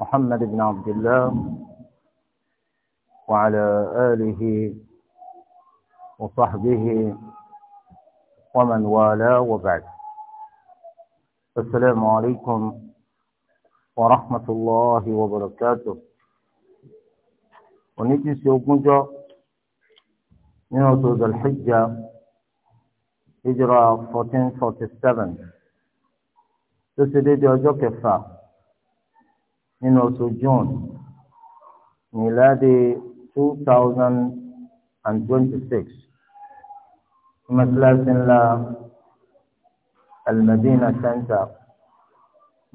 محمد بن عبد الله وعلى آله وصحبه ومن والاه وبعد السلام عليكم ورحمة الله وبركاته ونجي سيوكونجا من ذا الحجة هجرة 1447 تسديد أجوك الفاق nínú oṣù June miladi two thousand and twenty-six mọ́sálásí ńlá Al-Madina Center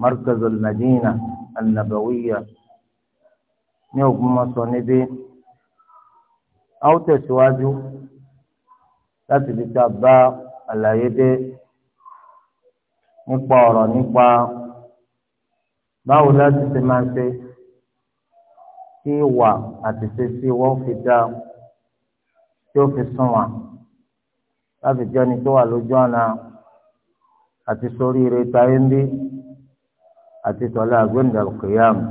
Markaz Al-Madina Al-Nabawiyya ní Ògbómọ̀ṣọ́ níbí a ó tẹ̀síwájú láti fi ta bá àlàyé dé nípa ọ̀rọ̀ nípa báwo láti ṣe máa ṣe kí ìwà àti ṣe sí wọ́n fi dá tí ó fi sún wa láti jẹ́ ẹni tó wà lójú ọ̀nà àti sórí ire táyé ń bí àti tọ́lá àgbéǹdàlùkìyàmù.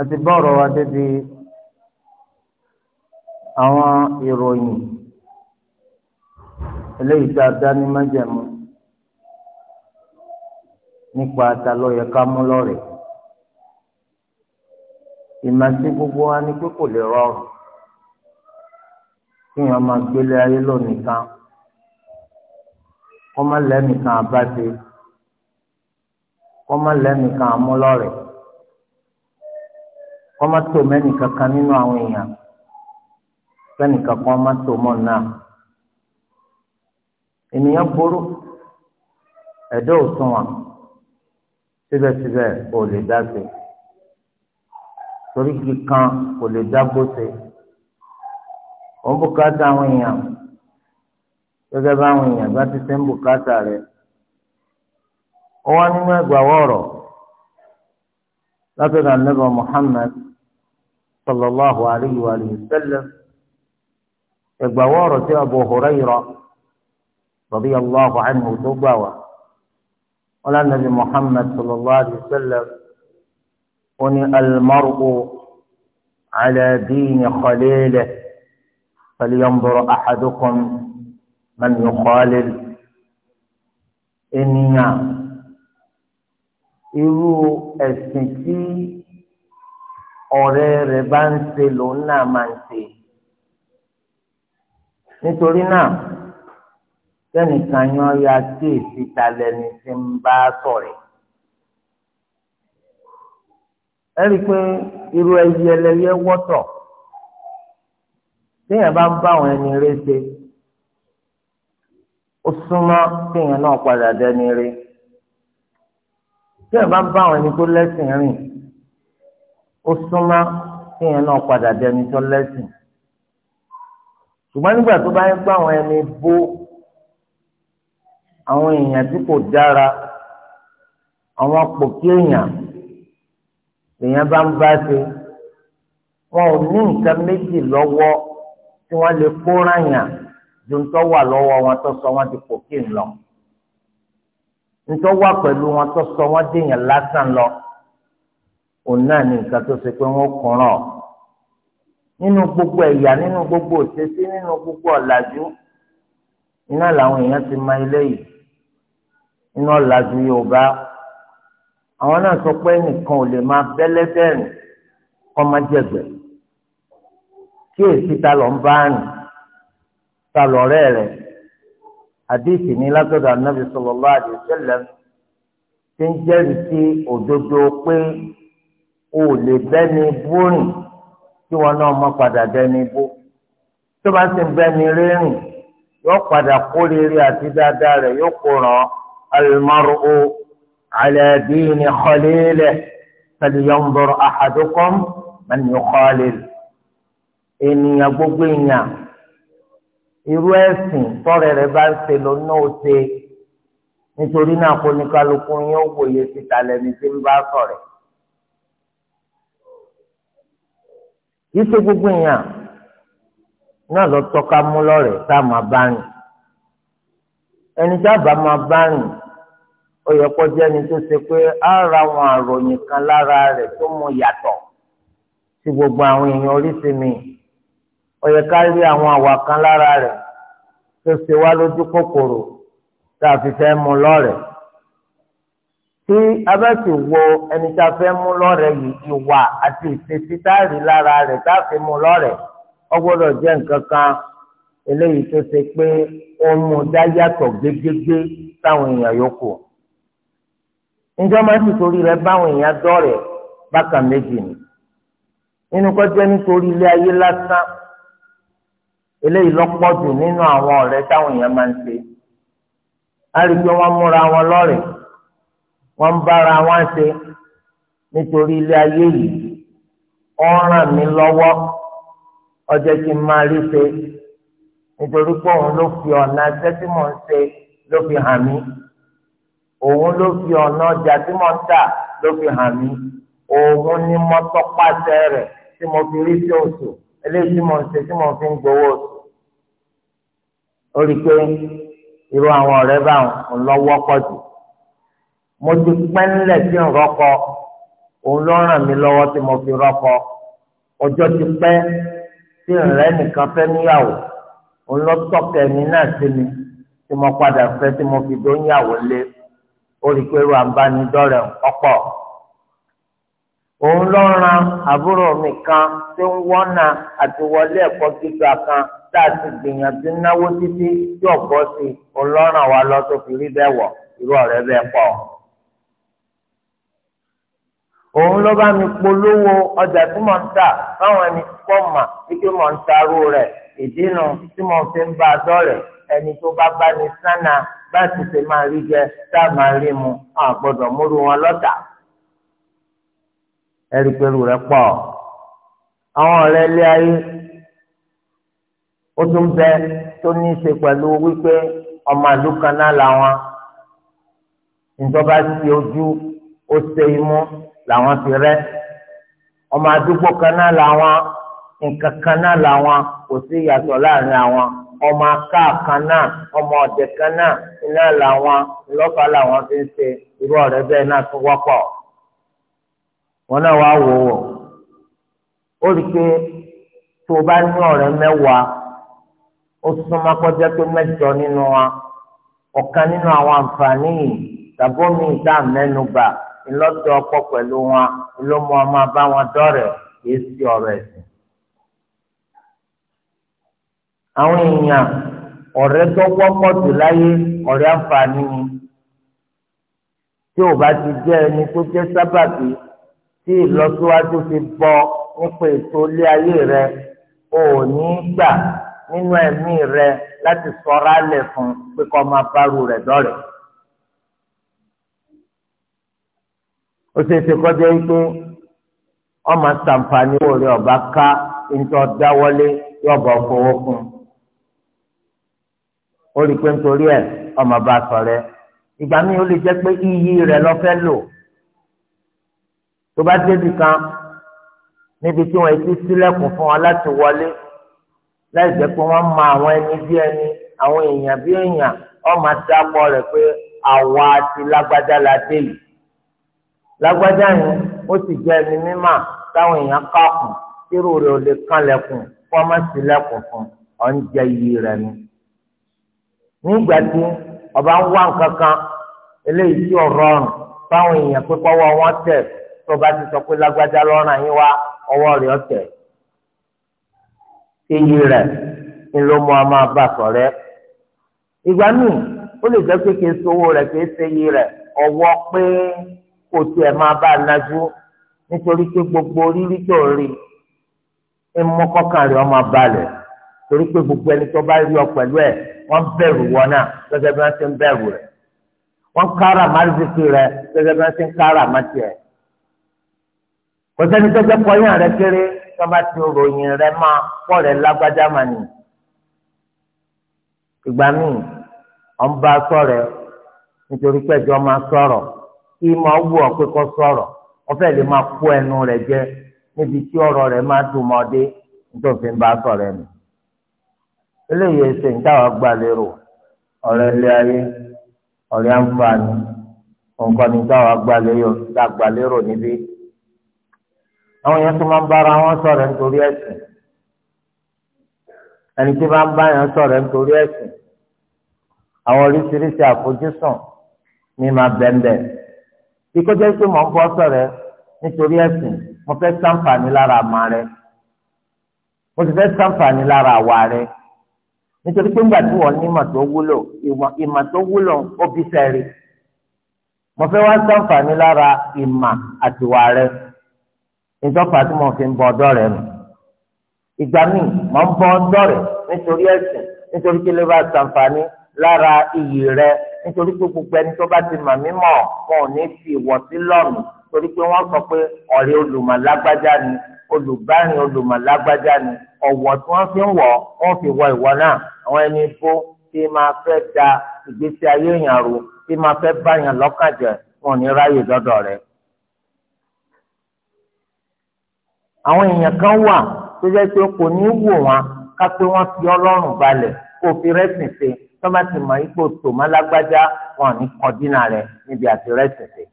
àti bọ́ọ̀rọ̀ wa débi àwọn ìròyìn eléyìí tá a dá ní májẹ̀mú. nípa ata lọ́yẹ ká mú lọ́rẹ̀ ìmọ̀sí gbogbo wa ni pé kò lè rọrùn kí máa gbélé ayé lónìí kan kó lẹ́nìkan àbáṣe kó lẹ́nìkan àmúlọ́rẹ̀ kọ má tò mẹ́nìkan kan nínú àwọn èèyàn má náà ènìyàn burú ẹ̀dọ́ wọn. síbẹ̀síbẹ̀ ò lè dá se torí kíkan kò lè dá bó ṣe o ń bùkátà àwọn èèyàn gẹ́gẹ́ bá àwọn èèyàn bá ti ṣe ń bùkátà rẹ̀ ó wá nínú ẹgbà wọ̀rọ̀ látọ̀dọ̀ anábọ̀ Muhammad sallallahu alayhi wa sallam ẹgbà wọ̀rọ̀ tí Abu Hurairah radiyallahu anhu tó gbà wá. ولأن النبي محمد صلى الله عليه وسلم وني المرء على دين خليله فلينظر أحدكم من يخالل إني irú ẹ̀sìn tí ọ̀rẹ́ rẹ̀ bá ń ṣe lòun náà máa ń ṣe nítorí náà. sẹ́nìkan yan ya tí ìsìta lẹni tí ń bá sọ̀rọ̀ ẹ rí i pé irú ẹyẹ ẹlẹyẹ wọ́tọ̀ téèyàn bá ń bá àwọn ẹni rẹ ṣe ó súnmọ́ téèyàn náà padà dẹni rẹ téèyàn bá ń bá àwọn ẹni tó lẹ́sìn rìn ó súnmọ́ téèyàn náà padà dẹni tó lẹ́sìn ṣùgbọ́n nígbà tó bá ń gbá àwọn ẹni bó àwọn èèyàn tí kò dára àwọn pòkí èèyàn èèyàn bá ń bá ṣe wọn ò ní nǹkan méjì lọ́wọ́ tí wọ́n lè kó ráyàn ju ntọ́ wà lọ́wọ́ wọn tó sọ wọ́n di pòkí ńlọ ntọ́ wà pẹ̀lú wọn tó sọ wọ́n dèèyàn lásán lọ òun náà ní nǹkan tó ṣe pé wọ́n kùnràn nínú gbogbo ẹ̀yà nínú gbogbo òṣèṣì nínú gbogbo ọ̀làjú iná làwọn èèyàn ti mọ ilé yìí nínú ọ̀làjú yorùbá àwọn náà sọ pé nìkan ò lè máa bẹ́lẹ́ bẹ́ẹ̀rù kọ́ kí èsì ta lọ ń bá rìn ta lọ́rẹ́ rẹ̀ àdéhìí ní látọ̀dọ̀ anábì sallallahu alaihi wasallam ti ń jẹ́rìí sí òdodo pé o ò lè bẹ́ni bórìn tí wọn náà mọ́ padà bẹ́ni bó tó bá ti ń bẹ́ni rírìn yóò padà kó rere àti dáadáa rẹ̀ yóò kó ràn án. المرء على دين خليله فلينظر أحدكم من يخالل ènìyàn gbogbo èèyàn irú ẹ̀sìn tọrẹ rẹ bá ń ṣe lọ́nà òṣè nítorí náà kó ní kálukú yín ó wòye síta lẹ́ni tí ń bá ṣọ̀rẹ́. kì ṣe gbogbo èèyàn náà lọ tọ́ka mú lọ́rẹ̀ẹ́ tá máa bá rìn ẹni tá a bá máa bá rìn ó yẹ kó jẹ́ ni tó ṣe pé ara àwọn àròyìn kan lára rẹ̀ tó mú yàtọ̀ sí gbogbo àwọn èèyàn oríṣi mi ó yẹ ká rí àwọn àwà kan lára rẹ̀ tó ṣe wá lójú kòkòrò tá a fi fẹ́ mú lọ́rẹ̀ tí a bá sì wo ẹni tá a fẹ́ mú lọ́rẹ̀ yìí ìwà àti ìṣesí tá a rí lára rẹ̀ tá a fi mú lọ́rẹ̀ ó gbọ́dọ̀ jẹ́ nǹkan kan eléyìí tó ṣe pé ó mú dá yàtọ̀ gbégbégbé táwọn èèyàn yòókù njẹ́ máa ti torí rẹ báwọn èèyàn dọ́rẹ̀ bákan méjì ni nínú kọjá nítorí ilé ayé lásán eléyìí lọ́pọ̀ jù nínú àwọn ọ̀rẹ́ táwọn èèyàn máa ń ṣe á rí i pé wọ́n múra wọn lọ́rẹ̀ wọ́n ń bára wọn ṣe nítorí ilé ayé yìí ó ń ràn mí lọ́wọ́ ọjọ́ kí n máa rí ṣe nítorí pé òun ló fi ọ̀nà iṣẹ́ tí mò ń ṣe ló fi hàn mí òun ló fi ọ̀nà ọjà tí mo ń tà ló fi hàn mí òun ni mo tọpasẹ̀ rẹ̀ tí mo fi rí sí oṣù eléyìí tí mo ń ṣe tí mo fi ń gbowó oṣù. ó rí i pé irú àwọn ọ̀rẹ́ bá ń lọ wọ́pọ̀ jù mo ti pẹ́ ńlẹ̀ tí ń òun ló ràn mí lọ́wọ́ tí mo fi rọ́kọ ọjọ́ ti pẹ́ tí ń nìkan fẹ́ níyàwó òun ló tọ́kẹ̀ mi náà sí mi tí mo padà fẹ́ tí mo fi dóyàwó lé ó rí i pé irú àǹbánidọ́rẹ̀ ọ̀pọ̀ òun ló ran àbúrò mi kan tí ń wọ́nà àti wọlé ẹ̀kọ́ gíga kan tá a ti gbìyànjú náwó títí tí ọ̀pọ̀ sí òun ló ràn wá lọ tó fi rí bẹ́ẹ̀ wọ̀ irú ọ̀rẹ́ bẹ́ẹ̀ pọ̀ òun ló bá mi polówó ọjà tí mò ń tà báwọn ẹni pọ̀ mà wípé mò ń tarú rẹ̀ ìdí nu tí mò fi ń bá a dọ́rẹ̀ ẹni tó bá bá ní sánà bá ti ṣe máa rí jẹ tá a máa rí mu a gbọ́dọ̀ múru wọn lọ́tà. ẹ̀rí pẹ̀lú rẹ̀ pọ̀ àwọn ọ̀rẹ́ ilé ayé ó tún bẹ tó ní í ṣe pẹ̀lú wípé ọmọ àlùkaná làwọn ìjọba ti ojú ó ṣe imú làwọn ti rẹ́ ọmọ àdúgbò kan náà làwọn nǹkan kan náà làwọn kò sí ìyàtọ̀ láàrin àwọn ọmọ aká kan náà ọmọ ọ̀dẹ̀ kan náà iná làwọn lọ́fà làwọn fi ń ṣe irú ọ̀rẹ́ bẹ́ẹ̀ náà tún wọ́pọ̀ wọn náà wá wò tó o bá ní ọ̀rẹ́ mẹ́wàá ó súnmọ́ kọjá pé mẹ́jọ nínú wa ọ̀kan nínú àwọn àǹfààní yìí tàbí omi ìdá ńlọ́dọ̀ pẹ̀lú wọn ló mú ọmọ kì í sí ẹ̀sìn. àwọn èèyàn ọ̀rẹ́ tó wọ́pọ̀ jù láyé ọ̀rẹ́ àǹfààní ni tí ò bá ti jẹ́ ẹni tó jẹ́ sábàbí tí ìlọsíwájú fi bọ nípa ètò ilé ayé rẹ ò ní gbà nínú ẹ̀mí rẹ láti sọ̀rọ̀ alẹ̀ fún pé kó máa bárù rẹ̀ dọ́rẹ̀. ó ṣe ṣe kọjá yìí ọmọ sàǹfààní owó rẹ ọba ká ń tọ́ dáwọ́lé yọ̀bọ̀ fowó fún un ó rí i pé nítorí ẹ̀ ọmọ bá sọ rẹ ìgbà míì ó lè jẹ́ pé iyì rẹ̀ lọ fẹ́ lò tó bá débi kan níbi tí wọ́n ti ṣílẹ̀kùn fún wa láti wọlé láì jẹ́ pé wọ́n mọ àwọn ẹni bí ẹni àwọn èèyàn bí èèyàn ọmọ dápọ̀ rẹ̀ pé àwa àti lágbájá la dé yìí lágbájá yẹn ó sì jẹ́ ẹni mímà táwọn èèyàn kàkùn tírò rẹ̀ ò lè kànlẹ̀kùn fọ́mọ́sílẹ̀kùn fún ọ̀ ń jẹ iyì rẹ̀ ni. nígbà tí ọba ń wá nǹkan kan eléyìí tí ọ̀rọ̀ ọ̀rùn fáwọn èèyàn pé kọ́wọ́ wọn tẹ̀ tó bá ti sọ pé lágbájá lọ́rùn yín wá ọwọ́ rẹ̀ ọ̀tẹ̀. iyì rẹ̀ ni ló mú a máa sọ̀rẹ́. ìgbà míì ó lè jẹ́ pé sowó gbogbo rírí tó rí mú torí pé gbogbo ẹni tó bá rí ọ pẹ̀lú ẹ̀ wọ́n bẹ̀rù wọn náà gẹ́gẹ́ bí wọ́n ti ń bẹ̀rù rẹ̀ wọ́n kára màrìsìkì rẹ̀ gẹ́gẹ́ bí wọ́n ti ń kára màtì ẹ̀. kò sẹ́ni tó jẹ́ pọ́yìn rẹ̀ kéré tó bá ti ròyìn rẹ̀ máa pọ̀ rẹ̀ lágbájá mà nì. ìgbà míì ọ̀n bá sọ̀rọ̀ nítorí pé máa sọ̀rọ̀ kí máa wù ọ́ pé kó sọ̀rọ̀ lè máa kó ẹnu rẹ̀ jẹ níbi eléyìí ẹsẹ̀ ń táwọn gbà lérò ọ̀rẹ́ ilé ayé ọ̀rẹ́ àǹfààní nǹkan ní táwọn gbà lérò níbí àwọn yẹn tó máa ń bára wọn sọ̀rọ̀ nítorí ẹ̀sìn ẹni tí máa ń bá yẹn sọ̀rọ̀ nítorí ẹ̀sìn àwọn oríṣiríṣi àfojúsùn ní máa bẹ̀ǹbẹ̀ ikú jẹ́ pé mò ń bọ́ sọ̀rọ̀ nítorí ẹ̀sìn mo fẹ́ ṣàǹfààní lára àmà rẹ mo sì fẹ́ ṣàǹfààní lára àwa rẹ nítorí pé ńgbà tí wọ́n ní ìmọ̀ tó wúlò ìmọ̀ tó wúlò ó bí sẹ́rí mo fẹ́ wá sàǹfààní lára ìmọ̀ àtiwà rẹ ìjọba tí mo fi ń bọ ọ̀dọ̀ rẹ nù ìgbà míì mo ń bọ ọ̀dọ̀ rẹ nítorí ẹ̀sìn nítorí kí ló bá sàǹfààní lára iyì rẹ nítorí pé gbogbo ẹni tó bá ti mà mí mọ̀ wọn ò ní fi ìwọ̀sí lọ́ọ̀nù torí pé wọ́n sọ pé ọ̀rẹ́ olùmọ̀ lágbájá ni olùbárin olùmọ̀lágbájá ni ọ̀wọ̀ tí wọ́n fi ń wọ̀ wọ́n fi wọ ìwọ náà àwọn ẹni fó tí máa fẹ́ da ìgbésí ayé èèyàn ru tí máa fẹ́ báyàn lọ́kàn jẹ́ wọn ò ní ráyè dọ́dọ̀ rẹ̀. àwọn èèyàn kan wà tó jẹ́ pé kò ní wò wọn ká pé wọ́n fi ọlọ́run balẹ̀ kó fi rẹ́sìn ṣe tọ́ba mọ̀ ipò tòmálágbájá wọn ní kọ́ dínà níbi àti rẹ́sìn ṣe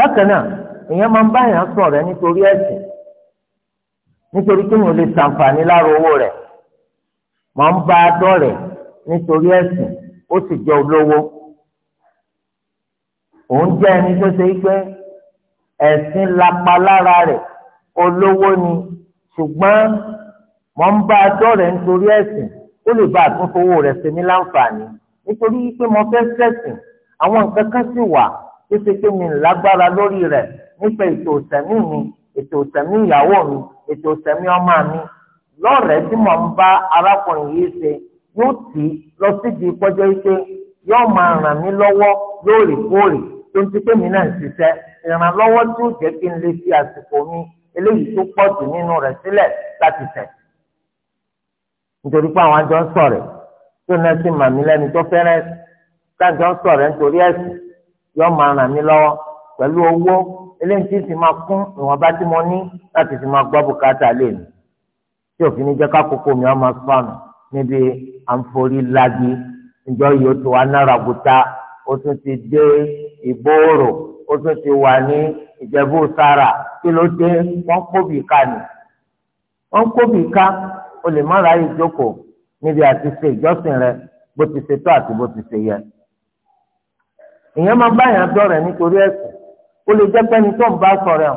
bákan náà èèyàn máa ń bá èèyàn sọ̀rọ̀ ẹ nítorí ẹ̀sìn nítorí kí wọn lè ṣàǹfààní lára owó rẹ̀ máa ń bá a dọ̀rẹ̀ nítorí ẹ̀sìn ó sì jẹ́ olówó òun jẹ́ ẹni tó ṣe pé ẹ̀sìn lapa lára rẹ̀ olówó ni ṣùgbọ́n máa ń bá a dọ̀rẹ̀ nítorí ẹ̀sìn ó lè bá àtúnfowó rẹ̀ ṣe ní láǹfààní nítorí pé mo fẹ́ ṣẹ̀sìn àwọn nǹkan kan sì wà pípé pé mi lágbára lórí rẹ̀ nípa ètò ìsẹ̀mí mi ètò ìsẹ̀mí ìyàwó mi ètò ìsẹ̀mí ọmọ mi lọ́rẹ̀ẹ́ tí mò ń bá arákùnrin yìí ṣe yóò tì í lọ síbi ìpọ́jọ́ ike yóò máa ràn mí lọ́wọ́ lóòrèkóòrè tó ń ti pé mi náà ń ṣiṣẹ́ ìrànlọ́wọ́ tí ó jẹ́ kí n lè fi àsìkò mi eléyìí tó pọ̀ jù nínú rẹ̀ sílẹ̀ láti tẹ̀. nítorí pé àwọn àjọ ń sọ̀rẹ̀ tó náà sì mà mí lẹ́ni tó fẹ́rẹ́ táàjọ ń sọ̀rẹ̀ nítorí ẹ̀sìn yọ ma ràn mí pẹlụ pẹ̀lú owó eléyìí tí máa kún ìwọ̀nba tí mo ní láti fi máa gbọ́ bùkátà lé mi tí òfin ní jẹ́ kákòókò mi ọmọ sọnù níbi àǹforí ìjọ ti náírà gùtà ó tún ti dé ìbòòrò ó tún ti wà ní sára kí ni ká o lè má ráyè jókòó níbi àti ṣe ìjọsìn rẹ bó ti ṣe tó àti yẹ. èèyàn máa bá yàn dọ̀rẹ́ nítorí ẹ̀sìn ó lè jẹ́ pẹ́ni tó ń bá sọ̀rọ̀ ẹ̀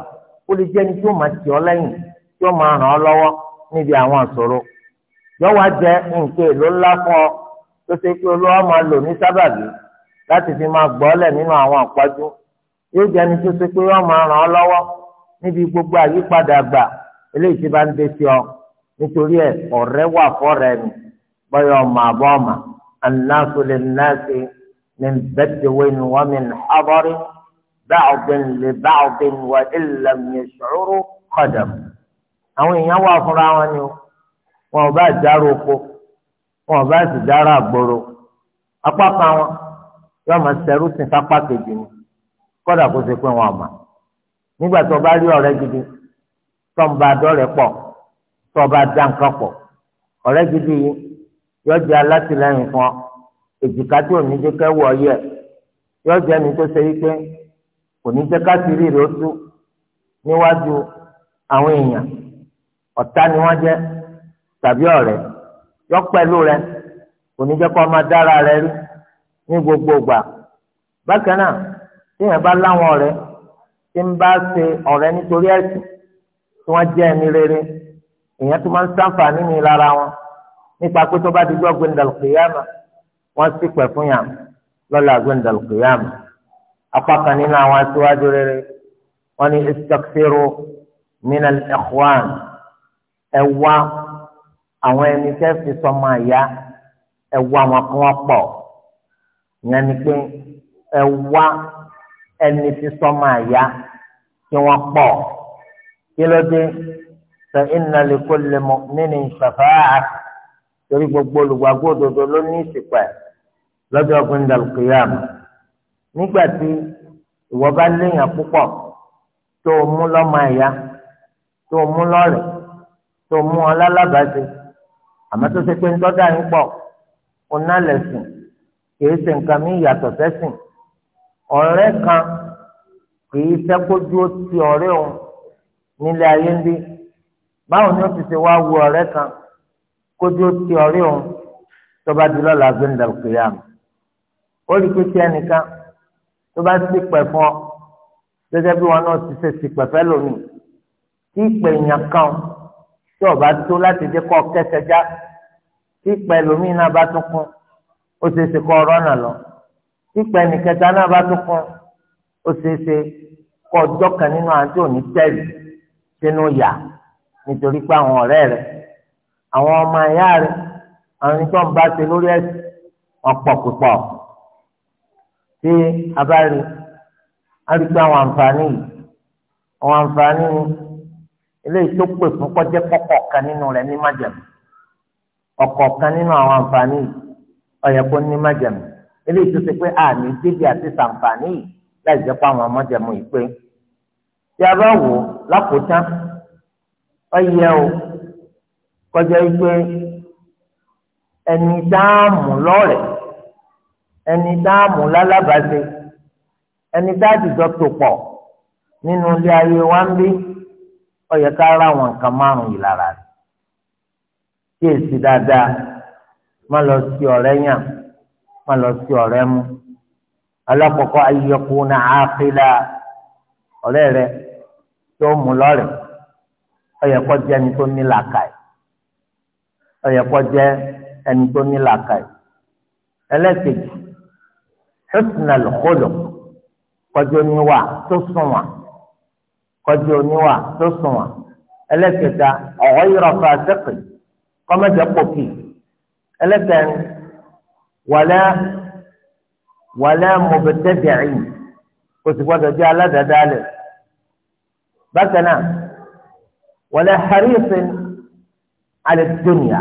ó lè jẹ́ ni tó máa tì ọ́ lẹ́yìn tó máa ràn ọ́ lọ́wọ́ níbi àwọn àṣòro yọ̀wá jẹ́ nǹkan èlò ńlá fún ọ tó ṣe pé olówó máa lò ní sábàbí láti fi máa nínú àwọn yóò jẹ́ ni tó ṣe pé wọ́n máa ràn ọ́ lọ́wọ́ níbi gbogbo àyípadà àgbà من بدو ومن حضر بعض لبعض وإن لم يشعروا قدم àwọn èèyàn wà fúnra wọn ni wọn ò bá dára oko wọn ò bá sì dára àgbòrò apá kan wọn yóò máa ṣẹrú sí sápá kejì ni kódà kó ṣe pé wọn àmà nígbà tó bá rí ọ̀rẹ́ gidi tó ń ba dọ́rẹ̀ pọ̀ tó bá dá nǹkan pọ̀ ọ̀rẹ́ gidi yóò jẹ́ alátìlẹ́yìn fún ọ èjìká tí òní yẹ yọ jẹ́ ni tó ṣe wípé kò ní jẹ́ ká sírí rẹ̀ ó níwájú àwọn èèyàn ọ̀tá ni wọ́n jẹ́ tàbí ọ̀rẹ́ yọ pẹ̀lú rẹ̀ kò ní jẹ́ kó máa dára rẹ̀ rí ní gbogbo ìgbà bákan náà tí èèyàn bá láwọn ọ̀rẹ́ tí ń bá ṣe ọ̀rẹ́ nítorí ẹ̀sìn tí wọ́n jẹ́ ẹni rere èèyàn tó máa ń ṣàǹfààní ní lára wọn nípa pé tó bá di gbọ́gbẹ́ ní dàlùkìyàmà wọ́n sì pẹ̀ fún yàn lọ́la gbẹ̀ndàlùkìyàm apá kan nínú àwọn aṣíwájú rere wọ́n ní istaghfiru min al-ikhwan ẹ wá àwọn ẹni tẹ́ fi sọmọ àyá ẹ wá wọn kí wọ́n pọ̀ ìyẹn ni pé ẹ ẹni tí sọmọ àyá kí wọ́n pọ̀ kí ló dé fa inna li kulli mu'minin shafa'a torí gbogbo olùgbàgbọ́ ló ní ìsìnkú ẹ̀ lọ́jọ́ gbẹndàlùkìyàmù nígbà tí ìwọ bá léèyàn púpọ̀ tó o mú lọ́mọ ẹ̀yà tó o mú lọ́rẹ̀ tó o mú ọ lálábàáṣe àmọ́ tó ṣe pé ń tọ́jà yín pọ̀ ó ná lẹ̀sìn kìí ṣe nǹkan mí ìyàtọ̀ sẹ́sìn ọ̀rẹ́ kan kìí sẹ́kójú ó ti ọ̀rẹ́ òun nílé ayé ń bí báwo ni ó ti ṣe wá wo ọ̀rẹ́ kan kójú ó ti ọ̀rẹ́ òun tó bá di lọ́la ó rí pé tí ẹnìkan tó bá ti pẹ̀ fún ọ gẹ́gẹ́ bí wọn náà ti ṣe ti pẹ̀ fẹ́ lónìí tí ìpè èèyàn kan tí ọba tó láti dé kọ́ kẹsẹ̀ já tí ìpè ẹlòmíín náà bá tún kún ó ṣe é ṣe kọ́ ọ̀rọ̀ náà lọ tí ìpè ẹnìkẹta náà bá tún kún ó ṣe ṣe kọ́ ọjọ́ kan nínú àti òní tẹ̀lé sínú yà nítorí pé àwọn ọ̀rẹ́ rẹ̀ àwọn ọmọ ẹ̀yà rẹ̀ àwọn ẹni tó ń bá ṣe lórí ẹ̀sìn ọ̀pọ̀ púpọ̀ tí a bá rí a rí pé àwọn àǹfààní yìí àwọn àǹfààní ni eléyìí tó pè fún kọjá kọkọ kan nínú rẹ̀ ní májàmú ọ̀kọ̀ọ̀kan nínú àwọn àǹfààní yìí ó yẹ kó ní májàmú eléyìí tó ṣe pé àmì débi àti sàǹfààní yìí láì jẹ́ pé àwọn májàmú yìí pé tí a bá wò ó lákòótán ó o kọjá yìí pé ẹni dáàmú lọ́rẹ̀ẹ́ ẹni tá a mú lálábàáṣe ẹni tá a dìjọ tó pọ̀ nínú ilé ayé wa ń bí ó yẹ ká ra àwọn nǹkan márùn yìí lára rẹ̀ kí èsì dáadáa má lọ sí ọ̀rẹ́ yàn má lọ sí ọ̀rẹ́ mú alákọ̀ọ́kọ́ ayẹkùn náà á pé láà tó mú lọ́rẹ̀ ó yẹ kó ẹni tó ní làákàyè ó yẹ kó ẹni tó ní làákàyè ẹlẹ́kejì husna al-khuluq kọjá oníwà tó sunwọ̀n kọjá oníwà tó sunwọ̀n ẹlẹ́kẹta ghayra fasiqin kọ́mẹ́jẹ pòkì ẹlẹ́kẹrin wala wala mubtadi'in kò sì gbọ́dọ̀ jẹ́ aládàádáalẹ̀ bákan náà wala harisin ala dunya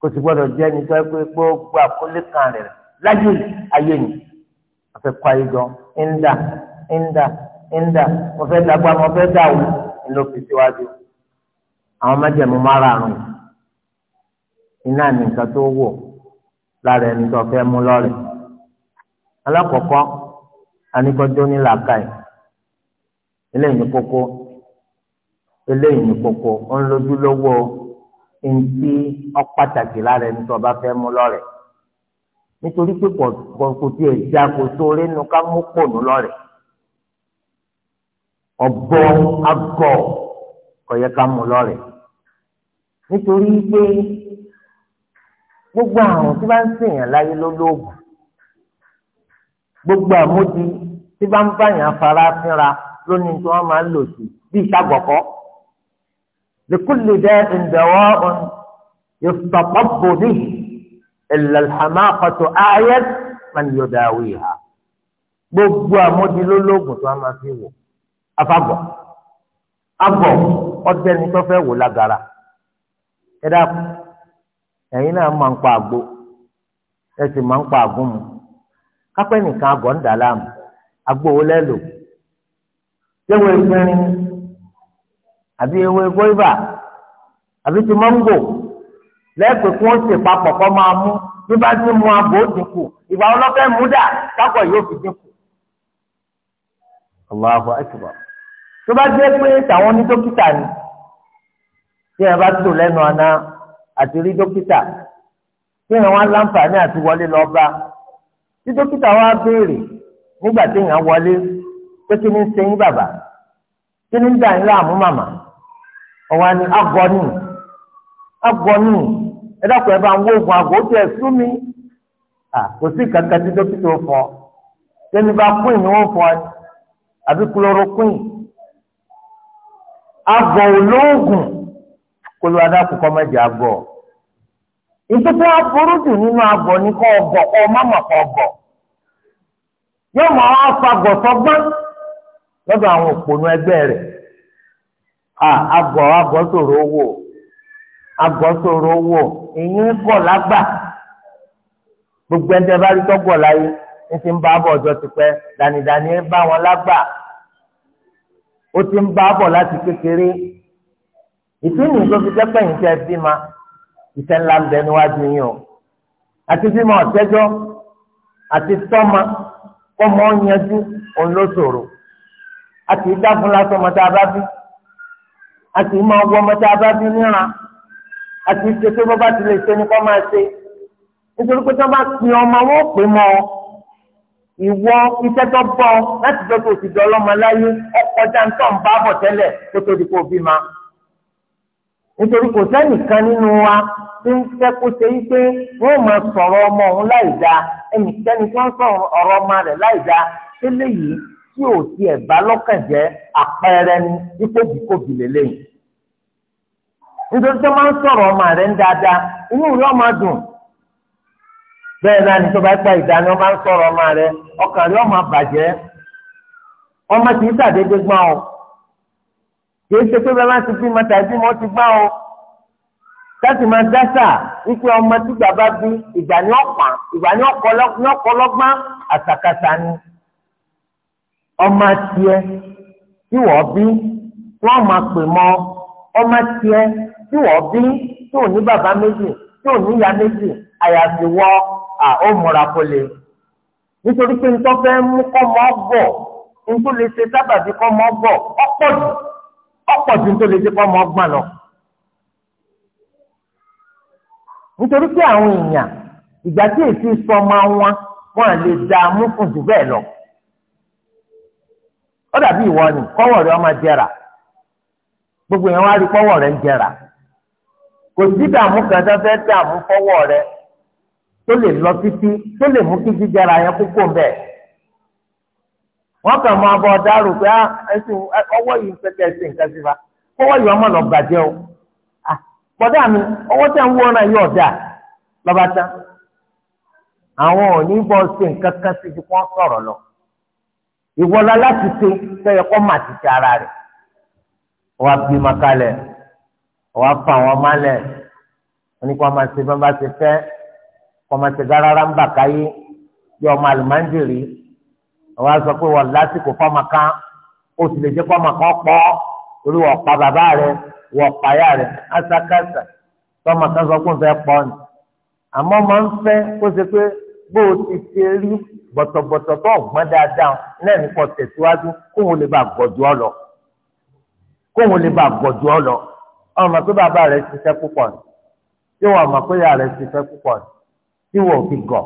kò sì gbọ́dọ̀ jẹ́ nípa pé gbogbo àkólé kan rẹ̀ afẹ́ kọ́ ayé jọ ńdà ńdà ńdà mo fẹ́ dàgbà mo fẹ́ dàwù ńlọ fi síwájú àwọn májẹ̀mú márààrún iná ní nǹkan tó wọ̀ lára ẹni tó fẹ́ mú lọ́rẹ̀ alákọ̀ọ́kọ́ anikọ́jọ́ ní làákàyè eléyìí ní kókó eléyìí kókó ó ń lójú lówó ntí ọ pàtàkì lára ẹni tó bá fẹ́ mú lọ́rẹ̀ nítorí pé kò tiẹ̀ já kò sóore nu ká mú pònú lọ́rẹ̀ ọ̀bọ agọ̀ kọ̀yẹ ká mú lọ́rẹ̀ nítorí pé gbogbo àrùn tí bá ń ṣèyàn láyé ló gbogbo àmódi tí bá ń báyàn afárá fínra lónìí tí wọ́n máa ń lò sí bí ìṣàgbọ̀kọ́ lèkúlè dẹ́ ìdẹ̀wọ́ yóò tọ̀pọ̀ bò níyì. إلا الحماقة hamaqatu من يداويها. yudawiha gbogbo àmọ́dínlólógún tó a máa fi wò afábọ̀ abọ̀ ọ̀dẹ́ni tó fẹ́ wò lágara ẹ dákun ẹ̀yin náà máa ń pa àgbo ẹ sì máa ń pa àgún mu kápẹ́ nìkan abọ̀ ń dà láàmú àgbo wo lẹ́lò ewé gbẹrin àbí ewé gbọ́ìbà àbí ti mọ́ngò lẹ́ẹ̀pẹ̀ kí wọ́n ṣe papọ̀ kọ́ máa mú bí bá ti mú abò dínkù ìgbà ọlọ́fẹ́ mú sápọ̀ yóò fi dínkù. Allahu akbar. tó bá jẹ́ pé tàwọn ní dókítà ni tí ẹ bá tó lẹ́nu àná àti rí dókítà tí ẹ wá láǹfààní àti wọlé lọ bá tí dókítà wa béèrè nígbà tí èèyàn wọlé pé kí ni ń ṣe yín bàbá kí ni ń dà yín láàmú màmá ọ̀wá ni agọ́nù agọ́nù. ẹ dákun ẹ bá ń wo oògùn àgbo tẹ a mi kò sí kankan tí dókítà ó fọ tẹni queen wọn fọ àbí chloroquine agọ olóògùn kó ló adákun kọ́ mẹ́jẹ àgọ̀ ìtútù aburú jù nínú àgọ̀ ní kọ́ ọgọ kọ́ yóò mọ àwọn àwọn òpònú sòrò èyí ń bọ̀ lágbà gbogbo ẹ̀ńtẹ́ bá rí tọ́gbọ̀ láyé ń ti ń bá bọ̀ ọjọ́ tipẹ́ dànìdàní bá wọn lágbà ó ti ń bá bọ̀ láti kékeré ìtúnyìn tó fi jẹ́ pẹ̀yìn tẹ́ bí ma ìtẹ́ ńlá ń bẹ níwájú yín o àti bí ma ọ̀tẹ́jọ́ àti tọ́ma kọ́mọ yanjú òun ló ṣòro àti ìdáfúnlá sọmọ tá a bá bí àti ìmọ̀ ọgbọ́n mọ́tà bá bí níran àti ṣe pé bọ́ bá ti lè ṣe ni kọ́ máa ṣe nítorí pé tó bá pin ọmọ wọn ò pè mọ́ ọ ìwọ iṣẹ́ tó bọ́ láti jẹ́ kó o ti di ọlọ́mọ láyé ọkọjá ń tọ̀ ń bá bọ̀ tẹ́lẹ̀ kó tó di kó o bí ma nítorí kò sẹ́nìkan nínú wa tí ń fẹ́ kó ṣe yí pé wọ́n máa sọ̀rọ̀ ọmọ òun láì dáa ẹnikẹ́ni tó ń sọ̀rọ̀ ọ̀rọ̀ ọmọ rẹ̀ láì dáa tẹ́lẹ̀ yìí tí ò tiẹ̀ bá lọ́kàn jẹ́ àpẹẹrẹ ni ipò bíkòbí lélẹ́yìn. nítorí tó máa ń sọ̀rọ̀ ọmọ rẹ̀ ń dáadáa inú ìlú ọmọ dùn bẹ́ẹ̀ náà ní tó bá gba ìdáni ọmọ ń sọ̀rọ̀ ọmọ rẹ̀ ọkàn rẹ̀ ọmọ bàjẹ́ ọmọ kì í sàdédé gbọ́n o kì í ṣe pé bẹ́ẹ̀ bá ti bímọ tàbí mo ti gbọ́n o láti máa dáṣà wípé ọmọ tí bàbá bí ìgbà ní ọ̀pá ìgbà ní ọ̀pọ̀lọ́gbọ́n àtàkàtà ni ọmọ tiẹ̀ tí wọ́n bí wọ́n tí wọ́n bí tí ò ní bàbá méjì tí ò ní ìyá méjì àyàfi wọ́ à ó múra kó nítorí pé nítorí fẹ́ mú kọ́ mọ́ bọ̀ nítorí lè ṣe sábàbí kọ́ mọ́ bọ̀ ọ̀pọ̀ jù ọ̀pọ̀ jù nítorí lè ṣe kọ́ mọ́ gbọ̀n lọ. nítorí pé àwọn èèyàn ìgbà ni kọ́wọ̀ rẹ ọmọ gbogbo yẹn wá rí kọ́wọ̀ kò sí dààmú kan tó fẹ́ dààmú fọwọ́ rẹ tó lè lọ títí tó lè mú kí jíjẹra yẹn kókó mbẹ wọn kàn máa bọ ọdarò pé ah, ẹsìn ọwọ́ yìí ń pẹkẹ ẹsìn nǹkan sí fa yìí ọmọ lọ gbàjẹ o ah, bọdá mi ọwọ́ ń tán àwọn òní ṣe nǹkan kan sí ju kó sọ̀rọ̀ lọ ìwọlá láti ọwọ́ afa àwọn malẹ̀ wọn ni kí wọ́n máa ṣe bá ń bá ṣe fẹ́ kí wọ́n máa ṣe gárárá ń bà káyé bí ọmọ àlùmáńdìrí ọwọ́ aṣọ pé wọ́n lásìkò fọ́ọ̀mà kan ó sì lè jẹ́ fọ́ọ̀mà kan pọ̀ orí wọ́n pa bàbá rẹ̀ wọ́n pa ìyá rẹ̀ ásákásá fọ́ọ̀mà kan sọ pé ń fẹ́ pọ̀ ni àmọ́ máa ń fẹ́ kó ṣe pé bó o ti ṣe rí bọ̀tọ̀bọ̀tọ̀ tó ọ̀gbọ́n dáadáa náà nípa tẹ̀síwájú kóun lè bá gbọ̀jú ọ lọ kóun lè bá gbọ̀jú ọ lọ ọ̀n mọ̀ pé bàbá rẹ̀ ṣiṣẹ́ púpọ̀ ni tí wọ́n mọ̀ pé ìyá rẹ̀ ṣiṣẹ́ púpọ̀ ni tí wọ́n fi gọ̀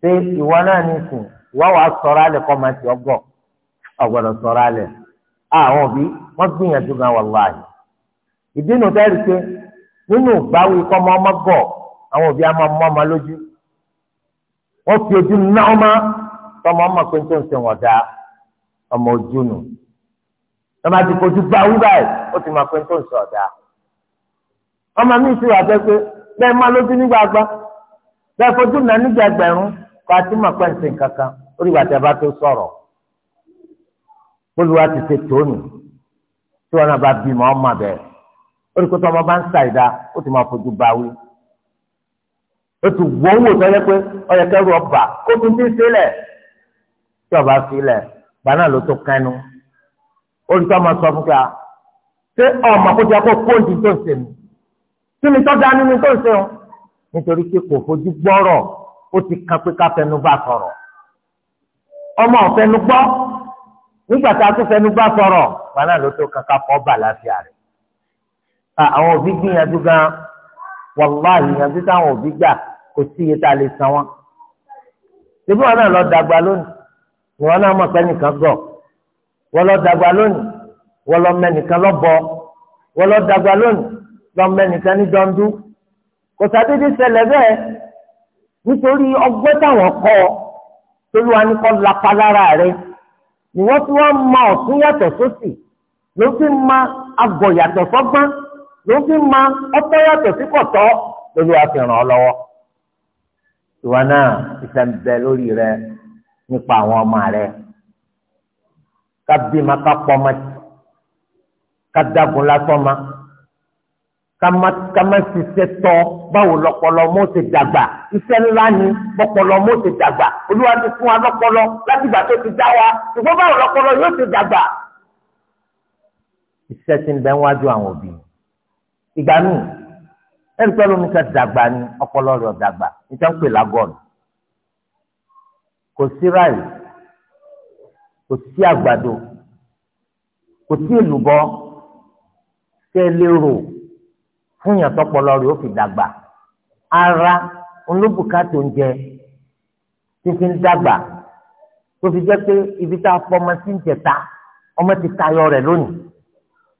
ṣé ìwọ náà ní sùn ìwọ wàá sọ̀rọ̀ alẹ́ kọ́ máa ti ọgọ̀ ọ̀gbọ̀dọ̀ sọ̀rọ̀ alẹ́ àwọn òbí wọ́n gbìyànjú gan wàláhì ìdínú tẹ́rì pé nínú ìgbáwí kọ́ mọ́ ọmọ gọ̀ àwọn òbí á máa mọ́ ọmọ lójú wọ́n fi ojú ná ọmọ tọmọ ọmọ pé tó ń ṣe wọ̀dà ọmọ ojú nù tọ́ba ti kojú gbáwí báyìí ó ti máa pé tó ń sọ ọ̀dà ọmọ mi ti wà bẹ́ẹ̀ pé bẹ́ẹ̀ máa lójú nígbà gbá bẹ́ẹ̀ fojú náà kó a ti máa pẹ́ ǹsìn kankan ó rí wàtí a bá tó sọ̀rọ̀ ti ṣe tóní tí wọn náà bá bímọ ọmọ bẹ́ẹ̀ ó rí kótó ọmọ bá ń ṣàìdá ó ti máa fojú báwí ó ti wọ́ tó yẹ pé ọba kó tún ti sílẹ̀ tí ọba sílẹ̀ gbaná ló tó kẹnu sọ fún ah, ṣé ọmọ kó ti akó fóònù tó ń ṣe mi kí ni tọ́jà nínú tó ń ṣe o nítorí pé kò fojú gbọ́rọ̀ ó ti kan pé ká fẹnu bá sọ̀rọ̀ ọmọ ọ̀fẹ́nu gbọ́ nígbà tá a tún fẹnu bá sọ̀rọ̀ gbaná ló tó kankan fọ́ bà láfíà rẹ̀ àwọn òbí gbìyànjú gan wàláhì ìyànjú táwọn òbí gbà kò sí iye tá a lè san wọn ṣébí wọn náà lọ dàgbà lónìí ìwọ náà mọ̀ pé nìkan gọ̀ wọn lọ dàgbà lónìí wọ́n lọ mẹ́nìkan lọ́bọ wọ́n lọ dàgbà lónìí lọ mẹ́nìkan ní dọ́ndú kò sàdédé ṣẹlẹ̀ bẹ́ẹ̀ nítorí ọgbẹ́ táwọn kọ́ ọ tolúwa ní kọ́ lapa rẹ ni wọ́n ti wá ma ọ̀tún yàtọ̀ sósì ló fi ma agọ̀ yàtọ̀ sọ́gbọ́n ló fi ma ọ̀tọ̀ yàtọ̀ sí kọ̀tọ́ lórí wa fi ràn ọ́ lọ́wọ́ ìwà náà ìsẹ̀ǹbẹ̀ lórí rẹ nípa àwọn ọmọ rẹ ká ma ká pọ́ ọmọ kadagun lásán ma kama sise tọ báwo lọpọlọ mo ti dàgbà iṣẹ́ ńlá ni bọpọlọ mo ti dàgbà olúwa ti fún wa lọpọlọ láti ìgbà tó ti dá wa ṣùgbọ́n báwo lọpọlọ yóò ti dàgbà. iṣẹ́ ti ń bẹ wájú àwọn òbí ìgbà nù ẹni pẹ́ lómi kan dàgbà ni ọpọlọ rẹ̀ dàgbà níta ń pè lágọ̀nù kò sí ráì kò sí àgbàdo kò sí èlùbọ́ tẹ́ lérò fún yàn tọpọlọ rẹ̀ ó fi dàgbà ara olóbùkátà oúnjẹ títí ń dàgbà tó fi jẹ́ pé ibi tá a fọ ọmọ sí ń jẹta ọmọ ti tayọ rẹ̀ lónìí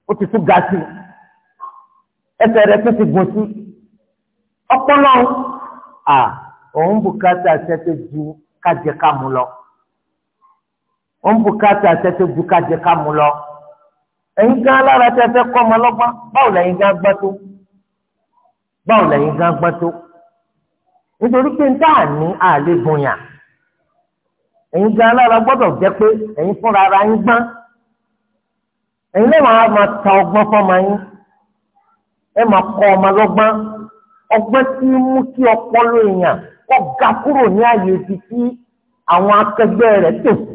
ó ti tún ga sí ẹsẹ̀ rẹ̀ tún ti gùn sí ọpọlọ à òun bùkátà ṣẹ́tẹ́ ju kájẹ ká mu lọ òun bùkátà ṣẹ́tẹ́ ju kájẹ ká mu lọ ẹ̀yin gan alára tẹ́ fẹ́ kọ́ ọmọ lọ́gbọ́n báwo lẹ́yìn gan gbọ́n tó báwo lẹ́yìn gan gbọ́n tó nítorí pé ń tà ní àlè gbọ̀nyàn ẹ̀yin gan alára gbọ́dọ̀ jẹ́ pé ẹ̀yin fúnra ara yín gbọ́n ẹ̀yin náà máa máa ta ọgbọ́n fọ́mọ yín ẹ máa kọ́ ọmọ lọ́gbọ́n ọgbọ́n tí mú kí ọpọlọ èèyàn kọ́ ga kúrò ní àyè ibi tí àwọn akẹgbẹ́ rẹ̀ tòkù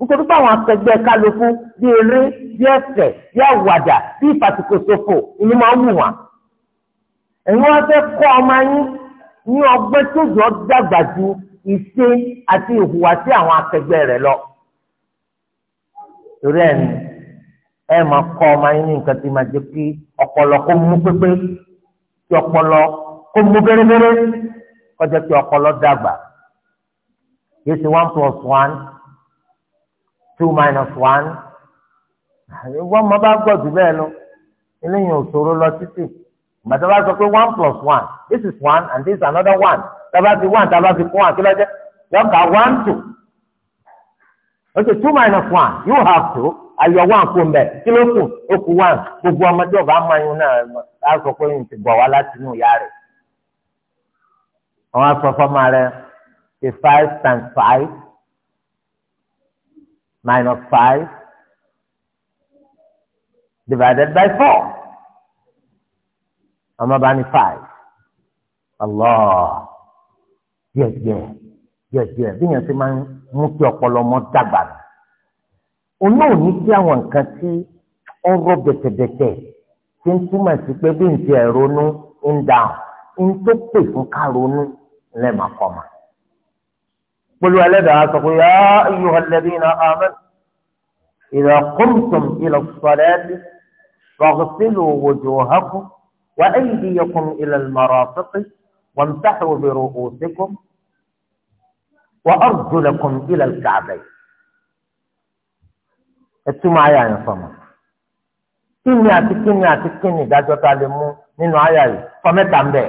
nítorí pé àwọn akẹgbẹ́ kálukú bí eré bí ẹ̀fẹ̀ bí àwàdà bí ìfàsìkòsòfò ìní máa ń wù wọ́n. ẹ̀yin wọn fẹ́ kọ́ ọmọ yín ní ọgbẹ́ tó yọ dàgbà ju ìṣe àti ìhùwàsí àwọn akẹgbẹ́ rẹ̀ lọ. torí ẹ̀ ẹ máa kọ́ ọmọ yín ní nǹkan tí máa jẹ́ kí ọpọlọ kó mú pépé kí ọpọlọ kó mú bérébéré kọjá kí ọpọlọ dàgbà. yéé one plus one. two minus one wọ́n mọ bá gbọ́ jù bẹ́ẹ̀ lọ eléyìí ò ṣòro lọ títì gbàtà bá sọ pé one plus one this is one and this is another one taba fi one tábà fi kún àkílọ́jẹ́ yọ̀ọ̀ka one two okay two minus one you have to ayọ̀ one kún bẹ́ẹ̀ kí ló kù ó kù one gbogbo ọmọdé ọba amáyún náà á sọ pé n ti bọ̀ wá láti inú ìyá rẹ̀ àwọn asọ̀fọ́mọ rẹ̀ ṣe five times five. minus five divided by four ọmọ bá ní five allah díẹ̀ díẹ̀ díẹ̀ díẹ̀ bí yẹn ti máa ń mú kí ọpọlọ ọmọ dàgbà nù òun ò ní kí àwọn nǹkan tí ọ̀rọ̀ bẹ̀tẹ̀bẹ̀tẹ̀ ti ń túmọ̀ sí pé bí n ti ẹ̀ ronú ń dáhùn ń tó pè fún ká ronú lẹ́ẹ̀ma kọ́ ma قل ولدها تقول يا أيها الذين آمنوا إذا قمتم إلى الصلاة فاغسلوا وجوهكم وأيديكم إلى المرافق وامسحوا برؤوسكم وأرجلكم إلى الكعبين ẹtúmọ̀ معايا yẹn fọmọ kíni àti kíni àti kíni ìdájọ́ ta lè mú nínú àyà yìí fọmẹ́ta ń bẹ̀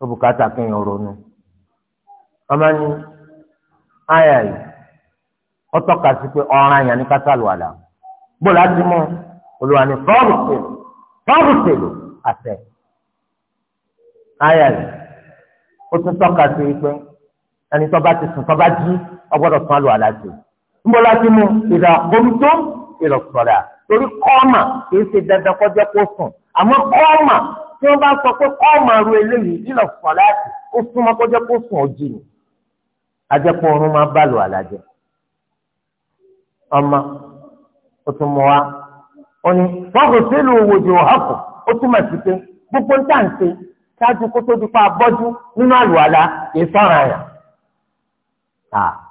ó bùkátà ronú. ọmọ ní àyà yìí ọtọ́ka sí pé ọ̀ràn yẹn ní kásálù àlà bóòlù àti mọ́ olùwà ní fọ́ọ̀bù tèlò fọ́ọ̀bù tèlò àtẹ àyà yìí ó tún tọ́ka sí pé ẹni tó bá ti sùn tó bá jí ọgbọ́dọ̀ tún àlù àlà sí ń bóòlù àti mọ́ ìdá omi tó ìlọ sọ̀rọ̀ torí kọ́ọ̀mà kì í ṣe dandan kọjá kó sùn àmọ́ kọ́ọ̀mà tí wọ́n bá sọ pé kọ́ọ̀mà ru eléyìí ìlọ sọ̀rọ̀ àti ó súnmọ́ kọjá kó sùn ó ajẹ́pọ̀ ọ̀run máa bá lò àlàjẹ́ ọmọ ó tún mọ wa o ní wọn kò sí ìlú òwòjì ọ̀hàkùn ó túmọ̀ sí pé gbogbo níta ń ṣe ṣáájú kó tó di pa abọ́jú nínú àlùwàlá kì í sọ̀rọ̀ àyà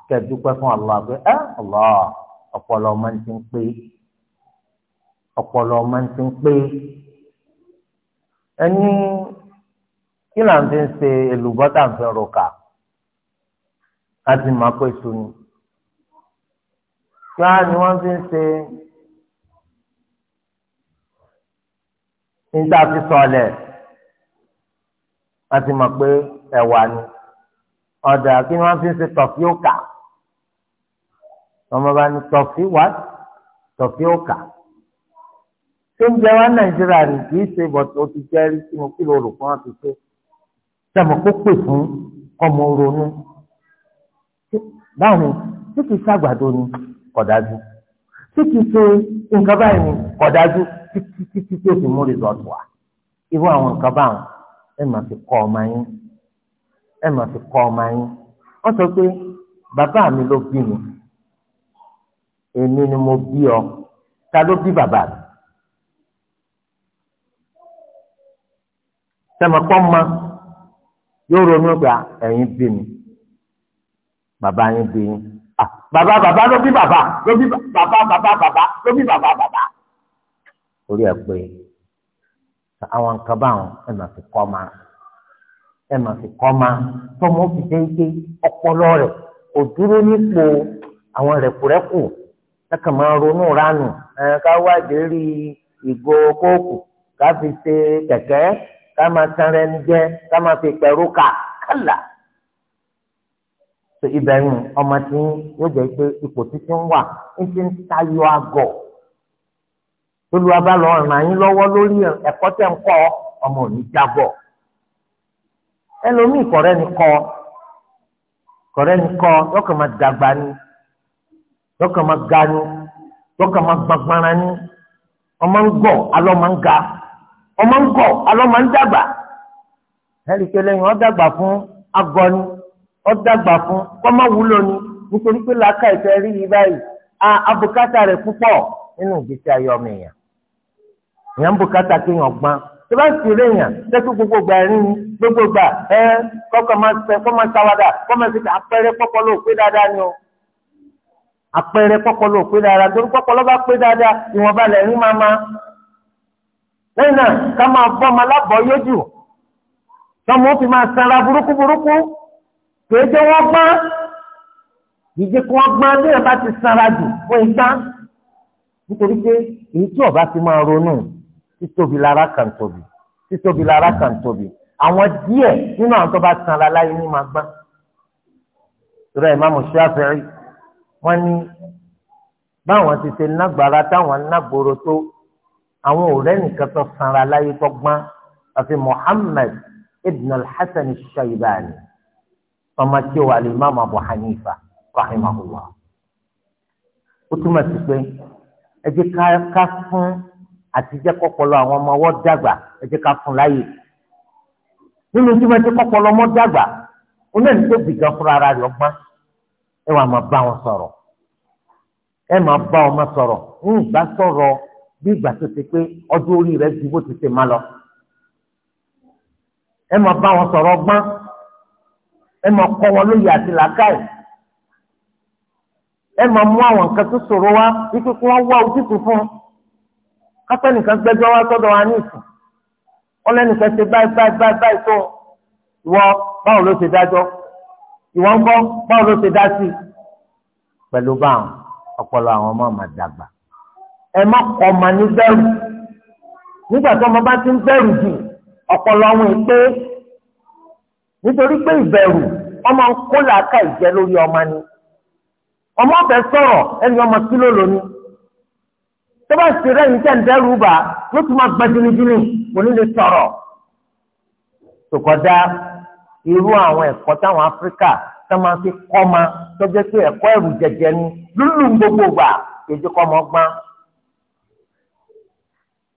kẹdùpẹ́ fún Allah pé ẹ Allah ọpọlọ ọmọ ti ń pé ọpọlọ ọmọ ti ń pé ẹni kí là ń fi ń ṣe èlùbọ́tà ń fi ń ro kà láti máa pé èso ni ṣá ni wọ́n fi ń ṣe níta fi sọlẹ̀ láti máa pé ẹ̀wà ni ọ̀dà kí ni wọ́n fi ń ṣe tọ̀fíòkà ọmọ bá ní tọ̀fí wá tọ̀fíòkà tó ń jẹ wá nàìjíríà rè kì í ṣe bọ̀tò ó ti jẹ́ sínú kí ló rò ti ṣe sẹ́mo kó pè fún ọmọ ronú báwo ni tí kìí ṣàgbàdo ni kọ̀dájú tí kìí ṣe nǹkan báyìí ni kọ̀dájú títí títí tí o fi mú rìsọ̀tù wa irú àwọn nǹkan báwọn ẹ máa fi kọ́ ọmọ yín ẹ máa fi kọ́ ọmọ yín wọ́n sọ pé bàbá mi ló bí mi èmi ni mo bí ọ ta ló bí bàbá mi sẹ́mi pọ́n ma yóò ronú pé ẹ̀yin bí mi bàbá yín bí yín ah, bàbá bàbá ló bí bàbá ló bí bàbá bàbá bàbá ló bí bàbá bàbá orí ẹ pé àwọn nǹkan báwọn ẹ máa fi kọ́ máa ẹ máa fi kọ́ máa tọmọ fi dé ike ọpọlọ rẹ kò dúró nípò àwọn rẹkùrẹkù lẹ́kàn máa ronú ránù ẹ ká wájú rí ìgò kóòkù ká fi ṣe kẹ̀kẹ́ ká máa tan ní jẹ ká máa fi pẹ̀rú kà kálà so ibẹ̀rù ọmọ tí yóò jẹ́ pé ipò títí ń wà ń ti ń tayọ àgọ̀ olùwàbá lọ ràn yín lórí ẹ̀kọ́ tẹ̀ ń kọ́ ọmọ òní jábọ̀ ẹlòmíì kọ̀rẹ́ ni kọ́ kọ̀rẹ́ ni kọ́ lọ́kàn máa dàgbà ni lọ́kàn máa ga ni lọ́kàn máa gbagbára ni ọmọ ń gọ̀ alọ́ máa ń ga ọmọ ń gọ̀ alọ́ máa ń dàgbà ẹ̀rí pé lẹ́yìn ọ́ dàgbà fún agọ́ni ọ̀dàgbà fún kọ́mọ wúlò ni nítorí pé làákà ìfẹ́ rí yìí báyìí abùkátà rẹ̀ púpọ̀ nínú ìgbésí ayé ọmọ èèyàn èèyàn ń bùkátà kéèyàn gbọ́n tó bá sì rí èèyàn tẹ́tù gbogbo gbà rí ni gbogbo gbà ẹ kọ́kọ́ máa sẹ kọ́ máa sáwádà kọ́ máa sèkè àpẹẹrẹ pọ́pọ́ ló pé dáadáa ni o àpẹẹrẹ pọ́pọ́ ló pé dáadáa torí pọ́pọ́ ló bá pé dáadáa ìwọ̀nba lẹ́rìn máa máa lẹ́yìn náà ká máa bọ́ ọmọ alábọ̀ yójú tọ́mọ fi máa sanra burúkú burúkú kìí jẹ́ wọ́n gbọ́n kìí jẹ́ kí wọ́n gbọ́n bí wọ́n bá ti sanra jù fún igbá nítorí pé èyí tí ọba ti máa ronú títóbi lára kan tóbi títóbi lára kan tóbi àwọn díẹ̀ nínú àwọn tó bá sanra láyé ní máa gbọ́n. ìrọ̀ ìmáàmù Ṣáfi'í wọ́n ní báwọn ti ṣe nágbára táwọn nágboro tó àwọn ọ̀rẹ́ nìkan tó sanra láyé tó gbọ́n àfi Muhammad ibn al-Hasan al-Shaybani. al hasan al ọmọ tí ó wà lè má máa bọ̀ hanifa rahimahullah ó túmọ̀ sí pé ẹ jẹ́ ká fún àtijọ́ kọ́pọ̀lọ́ àwọn ọmọ ọwọ́ dàgbà ẹ jẹ́ ká fún láàyè nínú tí wọ́n ti kọ́pọ̀lọ́ ọmọ dàgbà ó náà ní tó dìgbà fúnra ara rẹ̀ ọgbọ́n ẹ wàá máa bá wọn sọ̀rọ̀ ẹ máa bá ọmọ sọ̀rọ̀ ń gbà sọ̀rọ̀ bí ìgbà tó ti pé ọdún orí rẹ̀ ju bó ti ṣe má lọ ẹ máa bá wọn sọ̀rọ̀ ọgbọ́n ẹ máa kọ́ wọn lóye àti làákàyè ẹ máa mú àwọn nǹkan tó ṣòro wá wípé kí wọ́n wá ojútùú fún un kápẹ́ nìkan gbẹ́jọ́ wá sọ́dọ̀ wa ní ìsìn wọ́n lẹ́nìkan ṣe báyìí báyìí báyìí báyìí tó ìwọ báwo ló ṣe dájọ́ ìwọ ń bọ́ báwo ló ṣe dá sí i pẹ̀lú báwọn ọpọlọ àwọn ọmọ máa dàgbà ẹ má kọ́ ọmọ ní bẹ̀rù nígbà tó ọmọ bá ti ń bẹ̀rù jù ọpọlọ wọn pé nítorí pé ìbẹ̀rù ọmọ ń kó làákà ìjẹ́ lórí ọmọ ni ọmọ ọbẹ̀ sọ̀rọ̀ ẹni ọmọ kílò lóní tó bá sì rẹ́yìn tẹ̀ ń dẹ́rù bá ló tún máa gbẹ jìnnìjìnnì kò ní lè sọ̀rọ̀ tòkọ́dá irú àwọn ẹ̀kọ́ táwọn Áfíríkà tó máa fi kọ́ ma tó jẹ́ pé ẹ̀kọ́ ẹ̀rù jẹjẹ ni lúlù ń gbogbo gbà kéde kọ́ ọmọ gbọ́n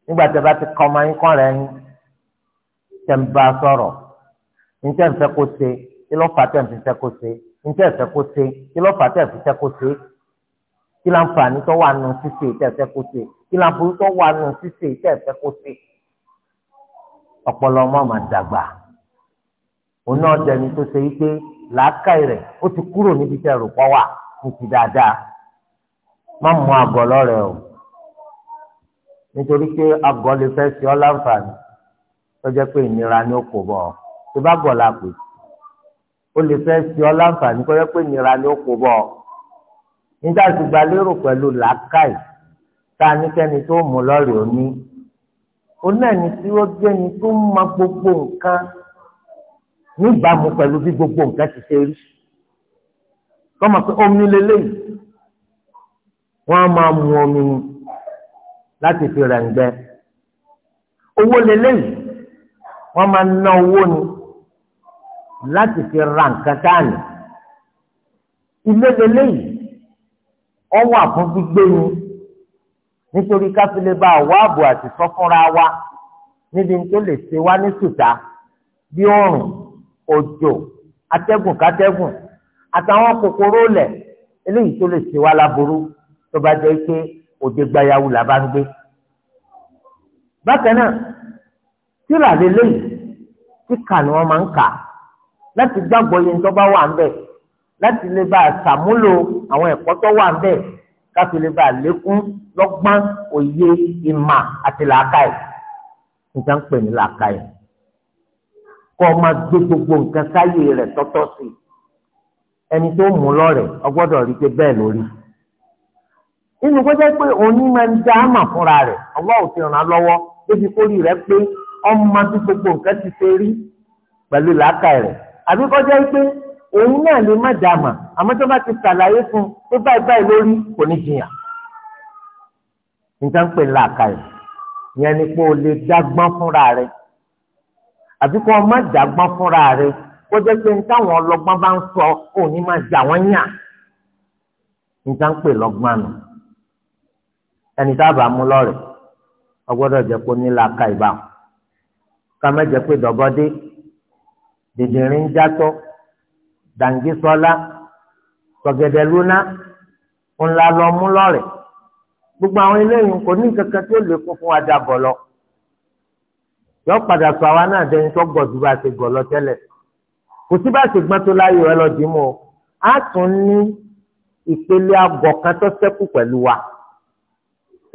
nígbà tẹ́ bá ti kọ́ ọmọ yín kọ́ rẹ̀ yín tẹ́ ń bá sọ̀rọ̀ njẹ́ nfẹ́ kó ṣe kí ló fà tẹ̀ nfẹ́ kó ṣe njẹ́ nfẹ́ kó ṣe kí ló fà tẹ̀ nfẹ́ kó ṣe kí láǹfààní tó wà nù ṣíṣe tẹ̀ fẹ́ kó ṣe kí láǹfààní tó wà nù ṣíṣe tẹ̀ fẹ́ kó ṣe ọpọlọ ọmọ máa dàgbà òun náà tó ṣe wípé làákàyè rẹ̀ ó ti kúrò níbi tẹ́ rò pọ̀ wà ní dáadáa má mú àgọ́ lọ́rẹ̀ o nítorí pé àgọ́ lè fẹ́ ṣe ọ́ láǹfààní tó jẹ́ pé ìnira ni ó kò bọ̀ ọ́ tó bá gọ̀ la pè ó lè fẹ́ ṣe ọ láǹfààní kọ́ yẹ pé nira ni ó kó bọ̀ ọ́ nígbà tí gbalérò pẹ̀lú làákàì tá a ní tó mú lọ́rì òní òun náà ni tí ó jẹ́ni tó mọ gbogbo nǹkan níbàámu pẹ̀lú bí gbogbo nǹkan ti ṣe rí kọ́mọ pé omi lélẹ́yìí wọ́n á máa mu omi láti fi rẹ̀ ń gbẹ owó lélẹ́yìí wọ́n máa ná owó ni láti fi ra nǹkan táàní ilé lélẹyìí ọwọ́ àfún gbígbé ni nítorí káfílẹ̀ bá wà ààbò àti sọ́fúnra wa níbi tó lè ṣe wá ní sùtá bí oòrùn òjò atẹ́gùn kátẹ́gùn àtàwọn kòkòrò lẹ̀ eléyìí tó lè ṣe wá láburú tó bá jẹ́ pé òde gbayawu là bá ń gbé. bákan náà tíra lélẹ́yìí tí kà ni ń kà á láti gbàgbọ́ yẹn tó bá wà ń bẹ̀ láti lè bá ṣàmúlò àwọn ẹ̀kọ́ tó wà ń bẹ̀ káfí lè bá lékún lọ́gbọ́n òye ìmà àti làákàyè níta ń pè ní làákàyè kọ́ ọ máa gbé gbogbo nǹkan sáyé rẹ̀ tọ́tọ́ sí ẹni tó mú lọ́rẹ̀ ọgbọ́dọ̀ rí pé bẹ́ẹ̀ lórí nínú kó jẹ́ pé òní máa ń dá àmà fúnra rẹ̀ ọwọ́ òfin ràn án lọ́wọ́ débi kórìí rẹ̀ pé ọmọ bí gbogbo nǹkan ti ṣe rí pẹ̀lú làákàyè rẹ̀ àbí kọjá pé òun náà lè má dà mà àmọ́ tó bá ti ṣàlàyé fún un báyìí báyìí lórí kò ní jiyàn. níta ń pè láàkàyè yẹn ni pé o lè dágbọ́n fúnra rẹ àbí kó o má dágbọ́n fúnra rẹ kọjá pé ní táwọn ọlọ́gbọ́n bá ń sọ òun ní máa jà wọ́n yàn. níta ń pè lọ́gbọ́n nù ẹni tá a bá mú lọ́rẹ̀ ọgbọ́dọ̀ jẹ́ pé ní láàkàyè báwọn ká má pé dọ́gọ́dé dìdìrín játọ dàǹgísọlá tọ̀gẹ̀dẹ̀ lúná ńlá lọ mú lọrẹ gbogbo àwọn eléyìí kò ní kankan tó lè kún fún ajá bọlọ yọ padà sọ àwa náà dẹni tó gbọ́ ju bá a ṣe gbọ́ lọ tẹ́lẹ̀ kò sí bá a ṣe gbọ́n tó láyò ẹ lọ dìímọ a tún ní ìpele agọ kan tó ṣẹ́kù pẹ̀lú wa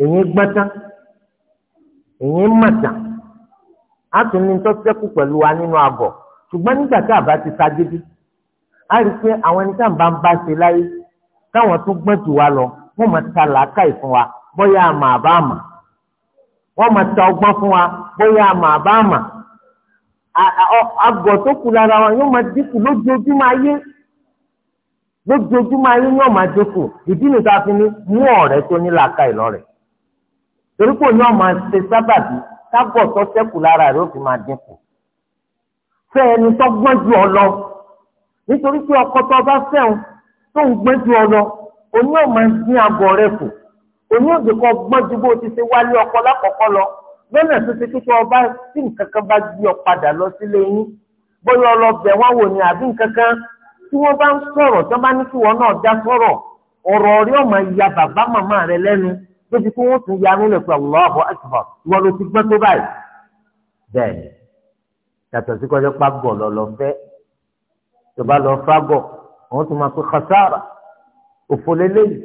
èyí gbọ́n èyí mọ̀ a tún ní tó ṣẹ́kù pẹ̀lú wa nínú agọ ṣùgbọ́n nígbà tá a bá ti ṣàgídí a rí i pé àwọn ẹni tá à ń bá ń bá ṣe láyé táwọn tó gbọ́n jù wá lọ wọ́n máa ta làákàyè fún wa bóyá àmà àbá àmà wọ́n máa ta ọgbọ́n fún wa bóyá àmà àbá àmà àgọ̀ tó kù lára wọn yóò máa dínkù lójoojúmọ́ ayé lójoojúmọ́ ayé yóò máa dínkù ìdí nìkan fi ní mú ọ̀rẹ́ tó ní làákàyè lọ́rẹ̀ torí pé yóò máa ṣe sábàbí kágọ̀ tó ṣẹ́kù lára rẹ̀ ó fi máa dínkù fẹ́ ẹni tó gbọ́n jù ọ lọ nítorí pé ọkọ tó bá fẹ́hùn tó ń gbọ́n jù ọ lọ oní ò máa ń dín àgọ́ rẹ kù oní òde kan gbọ́n ju bó ti ṣe wálé ọkọ lákọ̀ọ́kọ́ lọ lọ́nà tó ti kíkọ́ ọba tí nǹkan kan bá gbé ọ padà lọ sílé yín bóyá ọlọ́bẹ̀ wọn wò ní àbí nǹkan kan tí wọ́n bá ń sọ̀rọ̀ tí wọ́n bá ní kí wọn náà dá sọ̀rọ̀ ọ̀rọ̀ rí ọ̀mọ̀ ya bàbá màmá rẹ lẹ́nu lójú kí wọ́n tún yarú lẹ̀ pẹ̀lú ọ̀bọ̀ àtìmọ̀ ìwọ ló ti gbọ́n tó báyìí bẹ́ẹ̀ yàtọ̀ sí kọjá pàgọ́ lọ́lọ́ fẹ́ tó bá lọ fàgọ́ wọ́n tún máa pé kàsáàrà òfò lélẹ́yìí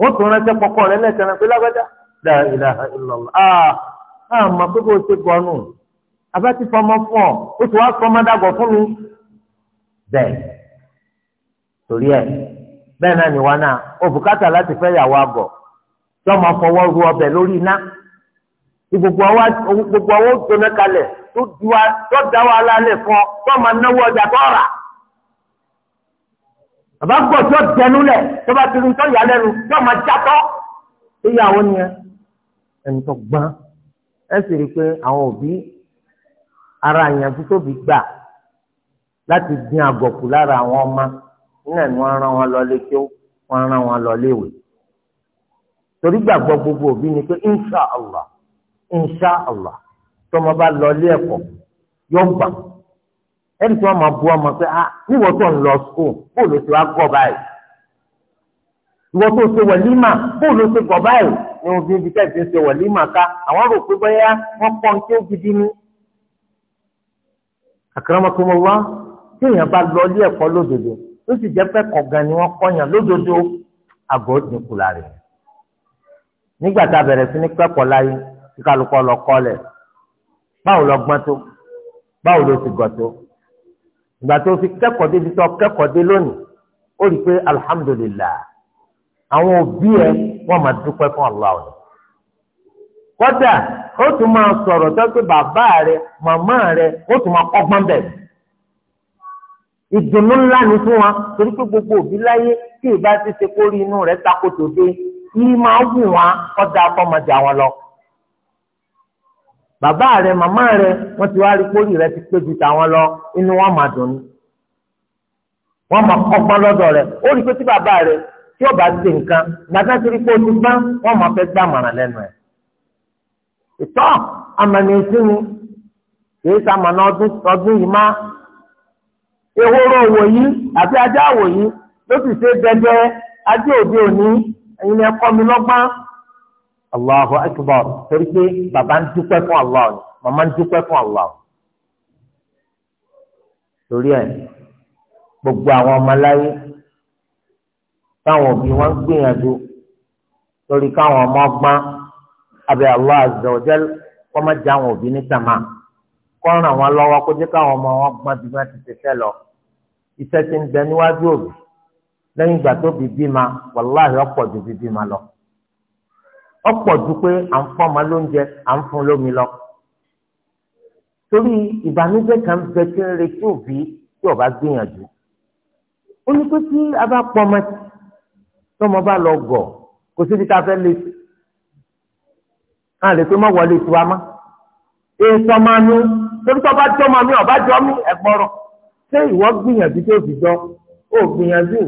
wọ́n tún ránṣẹ́ kọ́kọ́ rẹ lẹ́sẹ̀rẹ́ pé lágbájá la ilaha illallah ah ah mà pé kò ṣe gbọ́nù abẹ́ ti fọmọ fún ọ ó sì wá fọmọ dàgbọ̀ fún mi bẹ́ẹ̀ torí ẹ̀ bẹ́ẹ̀ náà ni wá náà ó bùkátà láti fẹ́ yàwó àgọ̀ tí wọ́n máa fọwọ́ ru ọbẹ̀ lórí iná gbogbo ọwọ́ gbóná kalẹ̀ tó dá wa lálẹ́ fún ọ tó máa náwó ọjà tó rà bàbá gbọ́ tó dẹnu lẹ̀ tó bá ti rí tó yà lẹ́nu tó máa jatọ́ ìyàwó ni ẹni tó gbọ́n ẹ sì rí i pé àwọn òbí ara àyànjú tóbi gbà láti dín àgọ̀kù lára àwọn ọmọ nílẹ̀ ni wọ́n rán wọn lọ lé kí wọ́n rán wọn lọ léwé torí gbàgbọ́ gbogbo òbí ni pé insha allah insha allah tọmọ bá lọ ilé ẹ̀kọ́ yóò gbà ẹni tí wọn máa bu ọmọ pé ah níwọ tó ń lọ school bóòlù tí wàá gọ báyìí ìwọ tó ṣe wẹlímà bóòlù tí gọ báyìí ni wọn fi ibi tẹ́ ti ṣe wẹlímà ká àwọn rò pé bóyá wọn pọ́n tí ó gidi ni. àkàràmọ́tòmọ́wá tí èèyàn bá lọ ilé ẹ̀kọ́ lódodo ó sì jẹ́ pé kọ̀ọ̀gan ni wọ́n kọ́yàn lódodo àgọ́ dínkù lára rẹ̀ nígbà tá a bẹ̀rẹ̀ sí ní pẹ́pọ̀ láyé kíkálukọ́ lọ kọ́lẹ̀ báwo lọ gbọ́n tó báwo ló ti gbọ́ tó ìgbà tó fi kẹ́kọ̀ọ́ dé ibi tó kẹ́kọ̀ọ́ dé lónìí ó rí i pé alihamudulilayi àwọn òbí ẹ wọ́n máa dúpẹ́ fún Allah ọ̀nà kódà ó tún máa sọ̀rọ̀ tó pé bàbá rẹ màmá rẹ ó tún máa kọ́gbọ́n bẹ̀ ìdùnnú ńlá ni fún wa torí pé gbogbo òbí láyé tí ìbá ti ṣe kórìí rẹ takò tó dé yìí máa wù wá kódà fọmọdé àwọn lọ. bàbá rẹ màmá rẹ wọ́n ti wá rí kórì rẹ ti pé ju tàwọn lọ inú wọn máa dùn ní wọ́n máa rẹ ó rí pé tí bàbá rẹ tí ó bá ṣe nǹkan gbàtà tí rí pé ó ti gbá wọ́n máa fẹ́ gbàmọ̀ràn lẹ́nu ìtọ́ ni kìí ọdún yìí má ehoro òwò yìí àti ṣe ajé òde òní Allahu akbar torí pé bàbá ń dúpẹ́ fún Allah ni màmá ń dúpẹ́ fún Allah torí ẹ̀ gbogbo àwọn ọmọláyé táwọn òbí wọn gbìyànjú lórí káwọn ọmọ gbọ́n abẹ Allah azza wa jal kọ́ má já àwọn òbí ní tàmá kọ́ ràn wọ́n lọ́wọ́ kó jẹ́ káwọn ọmọ wọn gbọ́n bí wọ́n ti tẹ̀sẹ̀ lọ iṣẹ́ ti ń bẹ níwájú òbí lẹ́yìn ìgbà tó bí bí ma wàláhì ọ̀pọ̀ ju bí bí ma lọ ọ̀pọ̀ ju pé à ń fún ọmọ lóúnjẹ à ń fún lómi lọ. torí ìbànújẹ́ kan bẹ tí ń retí òbí tí ọba gbìyànjú. ó ní pé tí a bá pọ ọmọ tí ọmọ bá lọ gọ̀ kò síbi tá a fẹ́ lé sí. a lè pé má wọlé tiwa mọ́. èso máa ní torí tó bá jọ́ máa mi ọ̀bá jọ́ mi ẹ̀gbọ́rọ̀ ṣé ìwọ gbìyànjú tó fi jọ ó gbìyànjú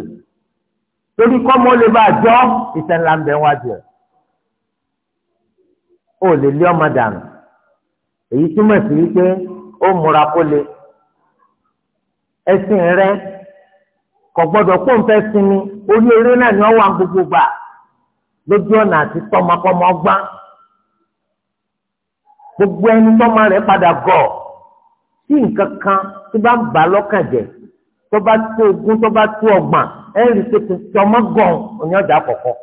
torí kọ́ lè bá a jọ ìṣẹ̀ńlá ń ẹ̀ ó lè lé ọmọ dànù èyí túmọ̀ sí wípé ó múra kó le ẹ̀sìn rẹ kò gbọ́dọ̀ kó ń fẹ́ sinmi orí eré náà ni wọ́n wà gbogbo gbà lójú ọ̀nà àti tọmọkọmọ gbá gbogbo ẹni tọ́mọ rẹ̀ padà gọ̀ tí nǹkan kan tí bá ń bà lọ́kàn jẹ́ tó bá tó ogún tó bá tó ọgbọ̀n ẹ̀ ń rí tọmọ gàn òní kọ̀ọ̀kan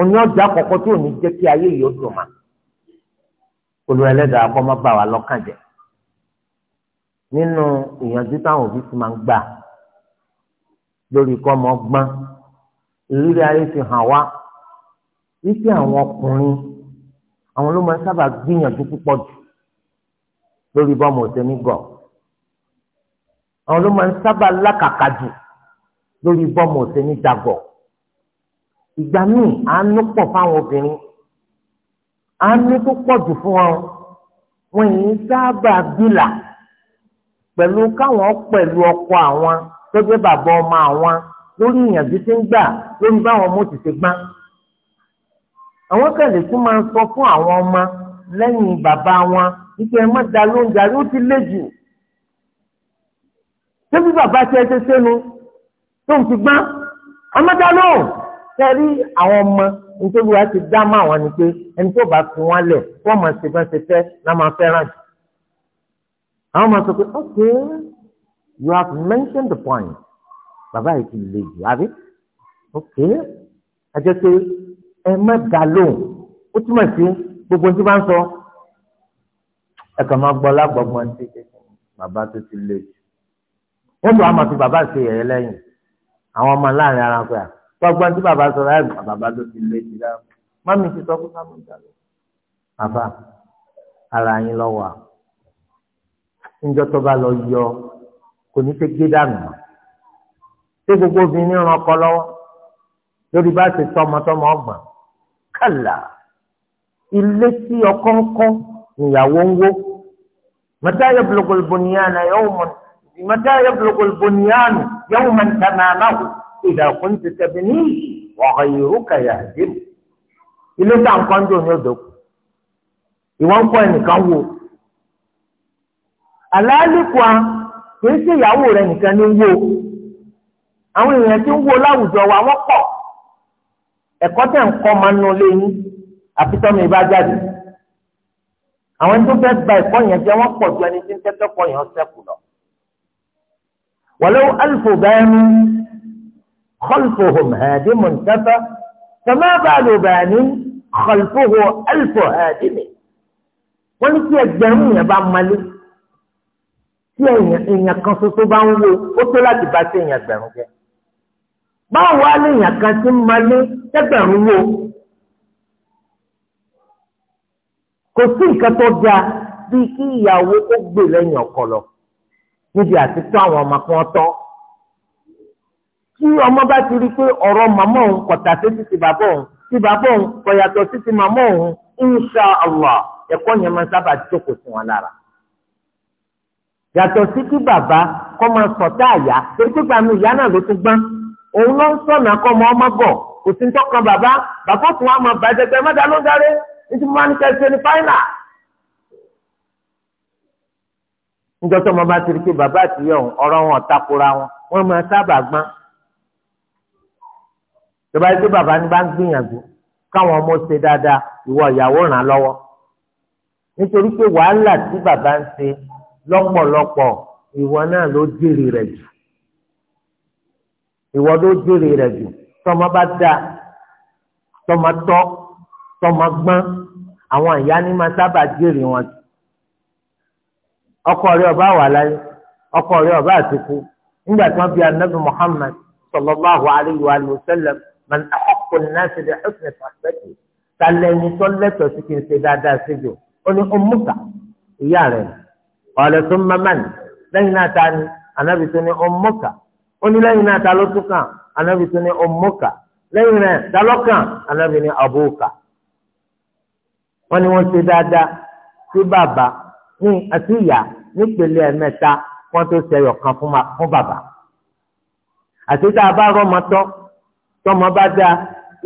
òní ọjà kọ̀kọ́ tó ní jẹ́ kí ayé yìí ó dùn mà Olúwa ẹlẹ́dàá kọ́ má bà wá lọ́kàn jẹ́ nínú ìyànjú táwọn òbí ti máa ń gbà lórí kọ́ ọmọ gbọ́n ìrírí ayé fi hàn wá wípé àwọn ọkùnrin àwọn ló máa ń sábà gbìyànjú púpọ̀ jù lórí bọ́ọ̀mù òsèmí gọ̀ àwọn ló máa ń sábà lákàkà jù lórí bọ́ọ̀mù òsèmí dàgọ̀ ìgbà míì àánú pọ̀ fáwọn obìnrin àánú tó pọ̀ jù fún wọn wọn yìí sábà bìlà pẹ̀lú káwọn pẹ̀lú ọkọ àwọn tó jẹ́ bàbá ọmọ àwọn lórí ìyànjú tí ń gbà lórí báwọn ọmọ ti ṣe gbá àwọn kẹlẹ tún máa ń sọ fún àwọn ọmọ lẹ́yìn bàbá wọn wípé ẹ má da lóúnjẹ àrí ó ti lé jù ṣé bí bàbá ṣe ṣe ṣe nu tóun ti gbá ẹ má dá lóhùn sẹ́rí àwọn ọmọ nítorí wàá ti dá mọ́ àwọn ni pé ẹni tó bá fi wọ́n lẹ̀ wọ́n máa ṣe ṣe fẹ́ náà máa fẹ́ràn jù. àwọn máa sọ pé okay you have mentioned the point bàbá yìí ti le jù àbí okay ẹ jẹ́ pé ẹ má dá lóhùn ó túmọ̀ sí gbogbo tí bá ń sọ ẹ kàn máa gbọ́ lágbọ̀gbọ́n tí bàbá tó ti le jù. wọ́n lọ àmọ̀ sí bàbá ṣe ẹ̀yẹ lẹ́yìn àwọn ọmọ láàrin ara pé à. Ah, gbọ́gbọ́n tí bàbá sọ̀rọ̀ ẹ̀ bàbá ló ti lé ti dá mọ́mí ti sọ fún sábà ìjà lọ. bàbá ara yín lọ wà níjọ́ tó bá lọ yọ kò ní í ṣe gé dànù mọ́ ṣé gbogbo obìnrin ràn ọkọ lọ́wọ́ lórí bá ṣe tọmọtọmọ ọgbọ̀n kàlà ilé tí ọkọ ń kọ́ níyàwó ń wó mata yablughu al-bunyana yawman mata yablughu al-bunyanu yawman tamamahu ìdá kúntì tẹ̀bìní ọ̀họ̀ ìrúkà yàdìm. ilé tá à ń kọ́ńdé òní odò ìwọ ń kọ́ ẹnìkan wò. àlàálìkù a kì í ṣe ìyàwó rẹ nìkan ní wò. àwọn èèyàn tí ń wò láwùjọ wa wọ́n pọ̀ ẹ̀kọ́ tẹ̀ ń kọ́ máa ń nu lé yín àfi tọ́mọ jáde àwọn tó fẹ́ gba ẹ̀kọ́ yẹn jẹ́ wọ́n pọ̀ ju ẹni tí ń tẹ́tọ́ kọ́ yẹn ọ̀sẹ̀ kù lọ. wọ́n lé خلفهم هادم كفى فما بال بان خلفه ألف هادم wọ́n ní kí ẹgbẹ̀rún yẹn bá malé tí èèyàn kan ṣoṣo bá ń wo ó tó láti bá sí èèyàn ẹgbẹ̀rún jẹ. báwo wá léèyàn kan ti ń malé tẹ́gbẹ̀rún wo kò sí nǹkan tó ga bíi kí ìyàwó ó gbè lẹ́yìn ọ̀kọ̀ lọ níbi àtitọ́ àwọn ọmọ kan tọ́. tí ọmọ bá ti rí pé ọ̀rọ̀ màmá òun kọ̀tà sí bàbá òun ti bàbá òun sí ti màmá òun insha allah ẹ̀kọ́ yẹn máa sábà jókòó sí wọn lára. yàtọ̀ sí kí bàbá kọ́ máa sọ̀tá àyà torí pé gbàmù ìyá náà ló tún gbọ́n òun ló ń sọ̀nà kọ́ ọmọ bàbá bàbá máa bàbá tọba yìí pé bàbá ni bá ń gbìyànjú káwọn ọmọ ṣe dáadáa ìwọ ìyàwó ràn án lọ́wọ́ nítorí pé wàhálà tí bàbá ń ṣe lọ́pọ̀lọpọ̀ ìwọ náà ló jèrè rẹ̀ jù ìwọ ló jèrè rẹ̀ jù tọmọ bá dáa tọmọ tọ́ tọmọ gbọ́n àwọn ìyá ni máa sábà jèrè wọn jù ọkọ rẹ ọba wà láyé ọkọ rẹ ọba àtìkú nígbà tí wọn bí anabi Muhammad sallallahu alayhi wa sallam man àkọ́kọ́ náà ṣe lè ṣùgbọ́n pàṣẹ́kì talẹ̀ ní tọ́lẹ̀tọ̀ sí kí n ṣe dáadáa sí jù ó ní ọmúkà ìyá rẹ̀ ọ̀rẹ́ tó máma ní lẹ́yìn náà ta ni anábì tó ní ọmúkà ó ní lẹ́yìn náà ta ló tún kàn anábì tó ní ọmúkà lẹ́yìn rẹ̀ ta ló kàn anábì ní abúkà wọ́n ní wọ́n ṣe dáadáa sí bàbá ní àti ìyá nípele ẹ̀mẹ́ta wọ́n tó ṣẹyọ̀ kan fún bàbá àti tá a bá rọ́mọtọ́ tọmọ bá dáa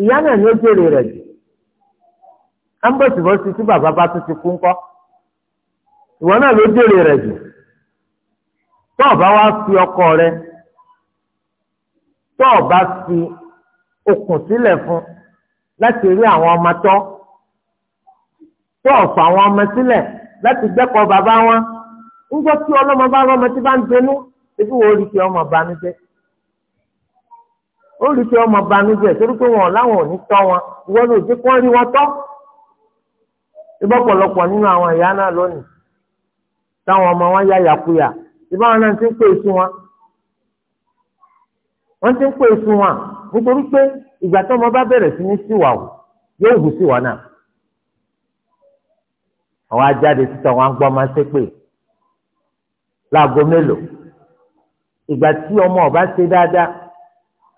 ìyá náà ni ó jèrè rẹ̀ jù á ń bọ̀sibọ́sí tí bàbá bá tún ti kú ńkọ́ ìwọ náà ló jèrè rẹ̀ jù tó o bá wá fi ọkọ rẹ tó o bá fi okùn sílẹ̀ fún láti rí àwọn ọmọ tọ́ tó o fà àwọn ọmọ sílẹ̀ láti gbẹ́kọ̀ọ́ bàbá wọn ń gbọ́ tí ọlọ́mọ bá lọ́mọ tí bá ń denú ebi wo rí kí ọmọ bá ní ó rí i pé ọmọ banújẹ́ torí pé wọn láwọn ò ní tọ́ wọn ìwọ ló dé kán rí wọn tọ́ ibà pọ̀lọpọ̀ nínú àwọn ìyá náà lónìí táwọn ọmọ wọn yá yàkuyà ibà wọn náà ti ń pè sí wọn wọn ti ń pè sí wọn nítorí pé ìgbà tó ọmọ bá bẹ̀rẹ̀ sí ní síwà o yóò hù síwà náà àwọn ajáde títọ wọn gbọ́ máa ṣe pé láago mélòó ìgbà tí ọmọ ọba ṣe dáadáa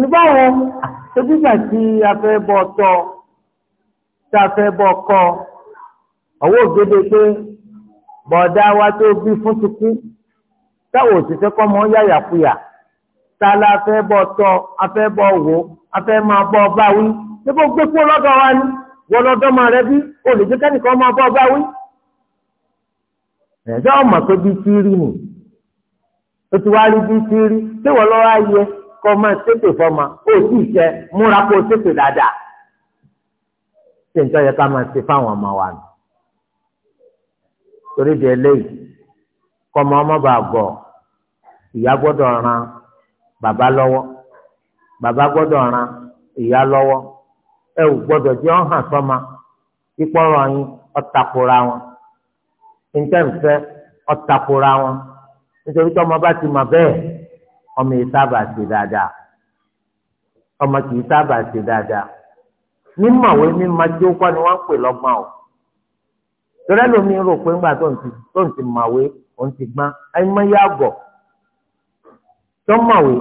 níbàwọ̀ ṣojúgbà tí a fẹ́ bọ́ tọ́ tí a fẹ́ bọ́ kọ́ ọwọ́ ògede pé bọ̀dá wa tó bí fún ti kú táwọn òṣìṣẹ́ kọ́ mọ́ yàyàkuyà tá a la fẹ́ bọ́ tọ́ a fẹ́ bọ́ wò a fẹ́ máa bọ́ bá wí gbé kú lọ́dọ̀ wa ni wọ́n lọ́dọ̀ máa rẹ bí olùjẹ́ kẹ́nìkan máa bọ́ bá wí. ọmọ tó bí tíírì nì ó ti wá rí bí tíírì tí wọ́n lọ́wọ́ á yẹ. kọ́ ọ máa ṣépè fọ́mà ó sì ṣe múra kó o dáadáa ṣé n tọ́ yẹ ká máa ṣe fáwọn ọmọ wa nù torí di eléyìí ọmọ bá gọ̀ ìyá gbọ́dọ̀ ran bàbá lọ́wọ́ bàbá gbọ́dọ̀ ran ìyá lọ́wọ́ ẹ ò gbọ́dọ̀ jẹ́ ọ̀hàn ọmọ yìí sábà ṣe dáadáa ọmọ kì í sábà ṣe dáadáa mímọ̀wé mímọ̀ tí ó kọ́ ni wọ́n ń pè lọ́gbọ́n o tọ́lá lomi rò pé ńgbà tó ń ti mọ̀wé òun ti gbọ́n ẹ̀mọ́ yá bọ̀ tó mọ̀wé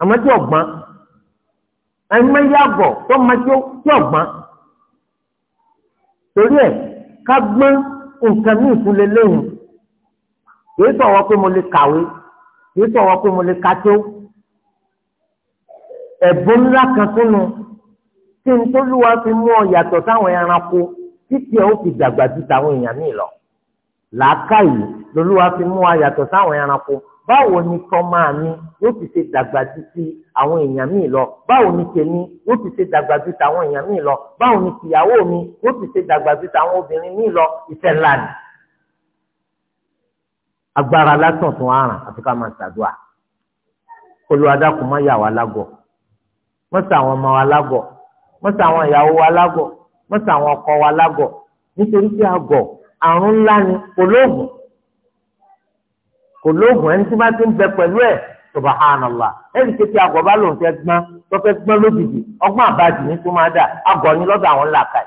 àmọ́ tí ọ̀gbọ́n ẹ̀mọ́ yá bọ̀ tó mọ̀ tí ọ̀gbọ́n torí ẹ̀ ká gbé nǹkan ní ìfúnlẹ̀ lẹ́yìn kì sọ̀rọ̀ pé mo lè kàwé kì í sọ̀rọ̀ pé mo lè ka tó ẹ̀bùn ńlá kan kúnnu tí n tó lúwa fi mú ọ yàtọ̀ táwọn ẹranko títí ẹ ó fi dàgbà ju táwọn èèyàn míì lọ làákàyè lolúwa fi mú ọ yàtọ̀ táwọn ẹranko báwo ni tọ́mọ mi yóò ti ṣe dàgbà títí àwọn èèyàn míì lọ báwo ni tèmi yóò ti ṣe dàgbà ju táwọn èèyàn míì lọ báwo ni tìyàwó mi yóò ti ṣe dàgbà ju táwọn obìnrin míì lọ ìfẹ́ ńlá ni agbára lásán tún àràn àti ká máa ṣàdúà olùwàdàkùn má yà wá lágọ̀ má ṣà àwọn ọmọ wa lágọ̀ má ṣà àwọn ìyàwó wa lágọ̀ má ṣà àwọn ọkọ wa lágọ̀ nítorí pé àgọ̀ àrùn ńlá ni kò lóògùn kò lóògùn ẹni tí bá ti ń bẹ pẹ̀lú ẹ̀ subahánàlá ẹni kékeré àgọ̀ bá lòun fẹ́ gbọ́n tó fẹ́ gbọ́n lójijì ọgbọ́n àbájì ní tó máa dà àgọ̀ ni lọ́dọ̀ àwọn làkàì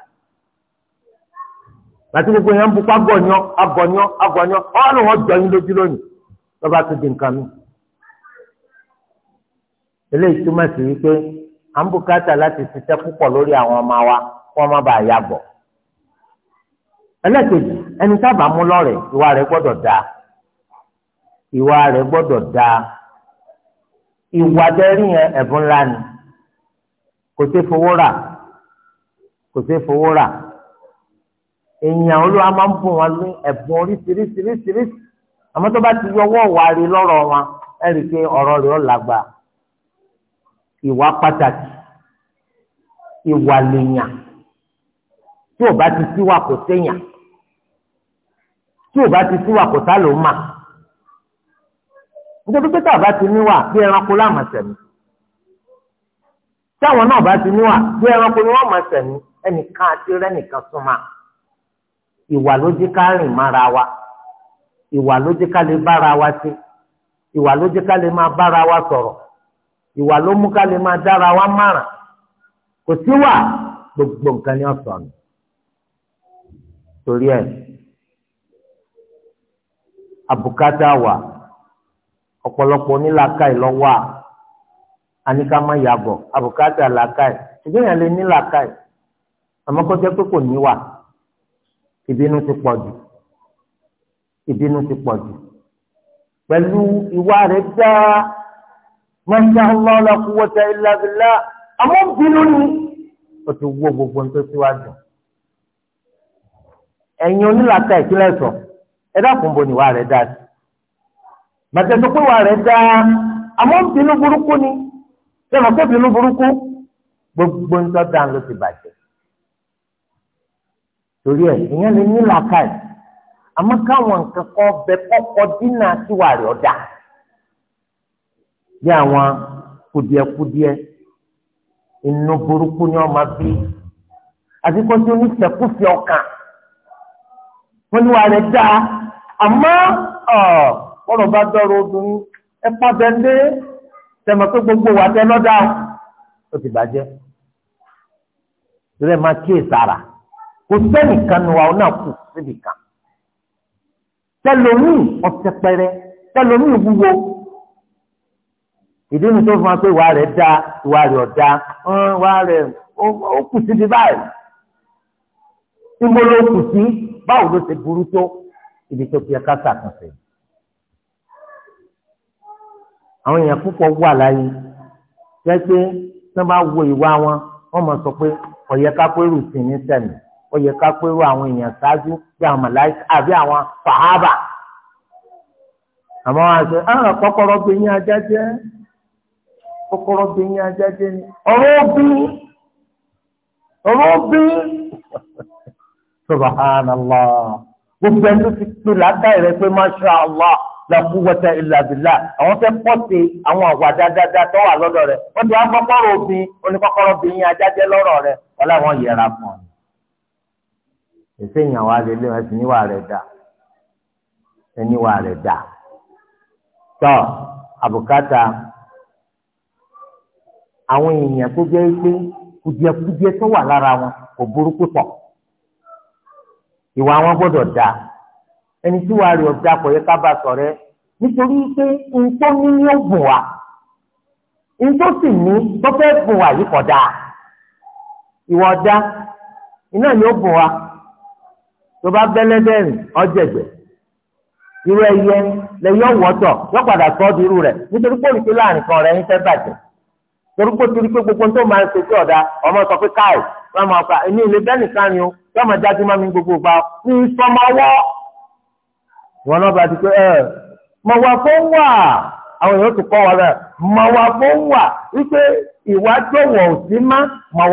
láti gbogbo yẹn ń bu pa gbọ̀nyọ́ agbọ̀nyọ́ agbọ̀nyọ́ ọ̀nà wọn jọ yín lójú lónìí lọ́ba tó di nǹkan mi. eléyìí túmọ̀ sí wípé à ń bùkátà láti ṣiṣẹ́ púpọ̀ lórí àwọn ọmọ wa kí wọ́n má bàa ya bọ̀. ẹlẹ́kejì ẹni sábà mú lọ́rẹ̀ ìwà rẹ̀ gbọ́dọ̀ dáa ìwà rẹ̀ gbọ́dọ̀ dáa ìwà dẹ́rí yẹn ẹ̀bùn ńlá ni kò sí fowó rà kò sí fowó rà èèyàn olúwa máa ń bùn wọn ní ẹ̀bùn oríṣiríṣiríṣiríṣi àmọ́ tó bá ti yọ ọwọ́ wa rí lọ́rọ̀ wọn ẹ rí i pé ọ̀rọ̀ rẹ̀ ó lágbà ìwà pàtàkì ìwà lèèyàn tí ò bá ti síwà kò séèyàn tí ò bá ti síwà kò sá ló mà ìwà ló jẹ́ ká rìn mára wa ìwà ló jẹ́ ká lè bára wa ṣe ìwà ló jẹ́ ká lè máa bára wa sọ̀rọ̀ ìwà ló mú ká lè máa dára wa mára kò sí wà gbogbo nǹkan ni ọ̀sán ni torí ẹ̀ àbùkátà wà ọ̀pọ̀lọpọ̀ onílàákà ìlọ́wọ́ à àníká má yàgò àbùkátà làákà ẹ̀ ṣùgbọ́n ìyàlẹ́ nílàákà ẹ̀ àmọ́ kó pé kò níwà ìbínú ti pọ̀ jù ìbínú ti pọ̀ jù pẹ̀lú ìwà rẹ̀ dá masha Allah la quwwata illa billah àmọ́ bínú ni o ti wó gbogbo ní tó síwájú ẹ̀yin onílàkà ìpínlẹ̀ sọ ẹ dákun bo ni ìwà rẹ̀ dá sí bàtẹ́ tó pé ìwà rẹ̀ dá àmọ́ bínú burúkú ni sẹ́wọ̀n kó bínú burúkú gbogbo ń tọ́ da ló ti bàjẹ́ torí ẹ̀ ìyẹn lè ní làákàyè àmọ́ káwọn nǹkan kan bẹ kọ́kọ́ dínà síwà rẹ̀ ọ̀dà bí àwọn kùdìẹ̀kùdìẹ inú burúkú ni wọ́n máa bí àti kó tí oníṣẹ́kùfì ọkàn wọ́n ní wà rẹ̀ dáa àmọ́ ọ̀rọ̀ bá dọ́rọ̀ obìnrin ẹ pàbẹ ń tẹmọ pé gbogbo wà tẹ lọ́dà ó ti bàjẹ́ ìrẹ́ máa kíyè sára kò sẹ́nìkan nu àwọn náà kù síbi kan tẹlomi ọ̀sẹ̀ pẹrẹ tẹlomi wúwo ìdí mi tó fún wa pé ìwà rẹ̀ da ìwà rẹ̀ ọ̀dà ìwà rẹ̀ ó kù síbi báyìí tí mo ló kù sí báwo ló ti burú tó ibi tó fi ẹ̀ka ṣàkànṣe. àwọn èèyàn púpọ̀ wà láyé jẹ́ pé tí wọ́n bá wo ìwà wọn wọ́n máa sọ pé ọ̀yẹ́ká pé rùsìn ní sẹ́mi ó yẹ ká pé àwọn èèyàn ṣáájú bí àwọn màláíkà àbí àwọn fàhábà àmọ́ wọn àṣẹ àwọn ah, kọ́kọ́rọ́ bí yín ajá jẹ́ kọ́kọ́rọ́ bí yín ajá jẹ́ ni ọ̀rọ̀ bí ọ̀rọ̀ bí subhanallah gbogbo ẹni tó ti pè ládàá rẹ pé masha allah la quwwata illa billah àwọn fẹ́ pọ̀sẹ̀ àwọn àwà tó wà lọ́dọ̀ rẹ̀ wọ́n ti wá kọ́kọ́rọ́ obìnrin oníkọ́kọ́rọ́ obìnrin ajá jẹ́ lọ́rọ̀ rẹ̀ wọ́n láwọn yẹra fún ọ. èsì èèyàn wa lè lé ẹsìn níwà rẹ̀ dà ẹníwà rẹ̀ dà tọ́ àbùkátà àwọn èèyàn tó jẹ́ pé kùdìẹ̀kùdìẹ̀ tó wà lára wọn kò burúkú pọ̀ ìwà wọn gbọ́dọ̀ dà ẹni tí wàá rí ọjà kò yẹ ká bá sọ̀rẹ́ nítorí pé nǹkan ní ní ó gùn wá ní tó fẹ́ wá tó bá bẹ́lẹ́ dẹ́rìn ọ̀jẹ̀gbẹ̀ irú ẹyẹ lẹ́yìn ọ̀wọ́tọ̀ yọ padà sọ di irú rẹ̀ nítorí pé òrìṣẹ́ láàrin kan rẹ̀ ń fẹ́ gbogbo tó máa ń ṣe sí ọ̀dà ọmọ sọ pé káì wọ́n gbogbo sọmọwọ́ wọn náà wà àwọn èèyàn ti kọ́ wọn rẹ̀ wà wípé má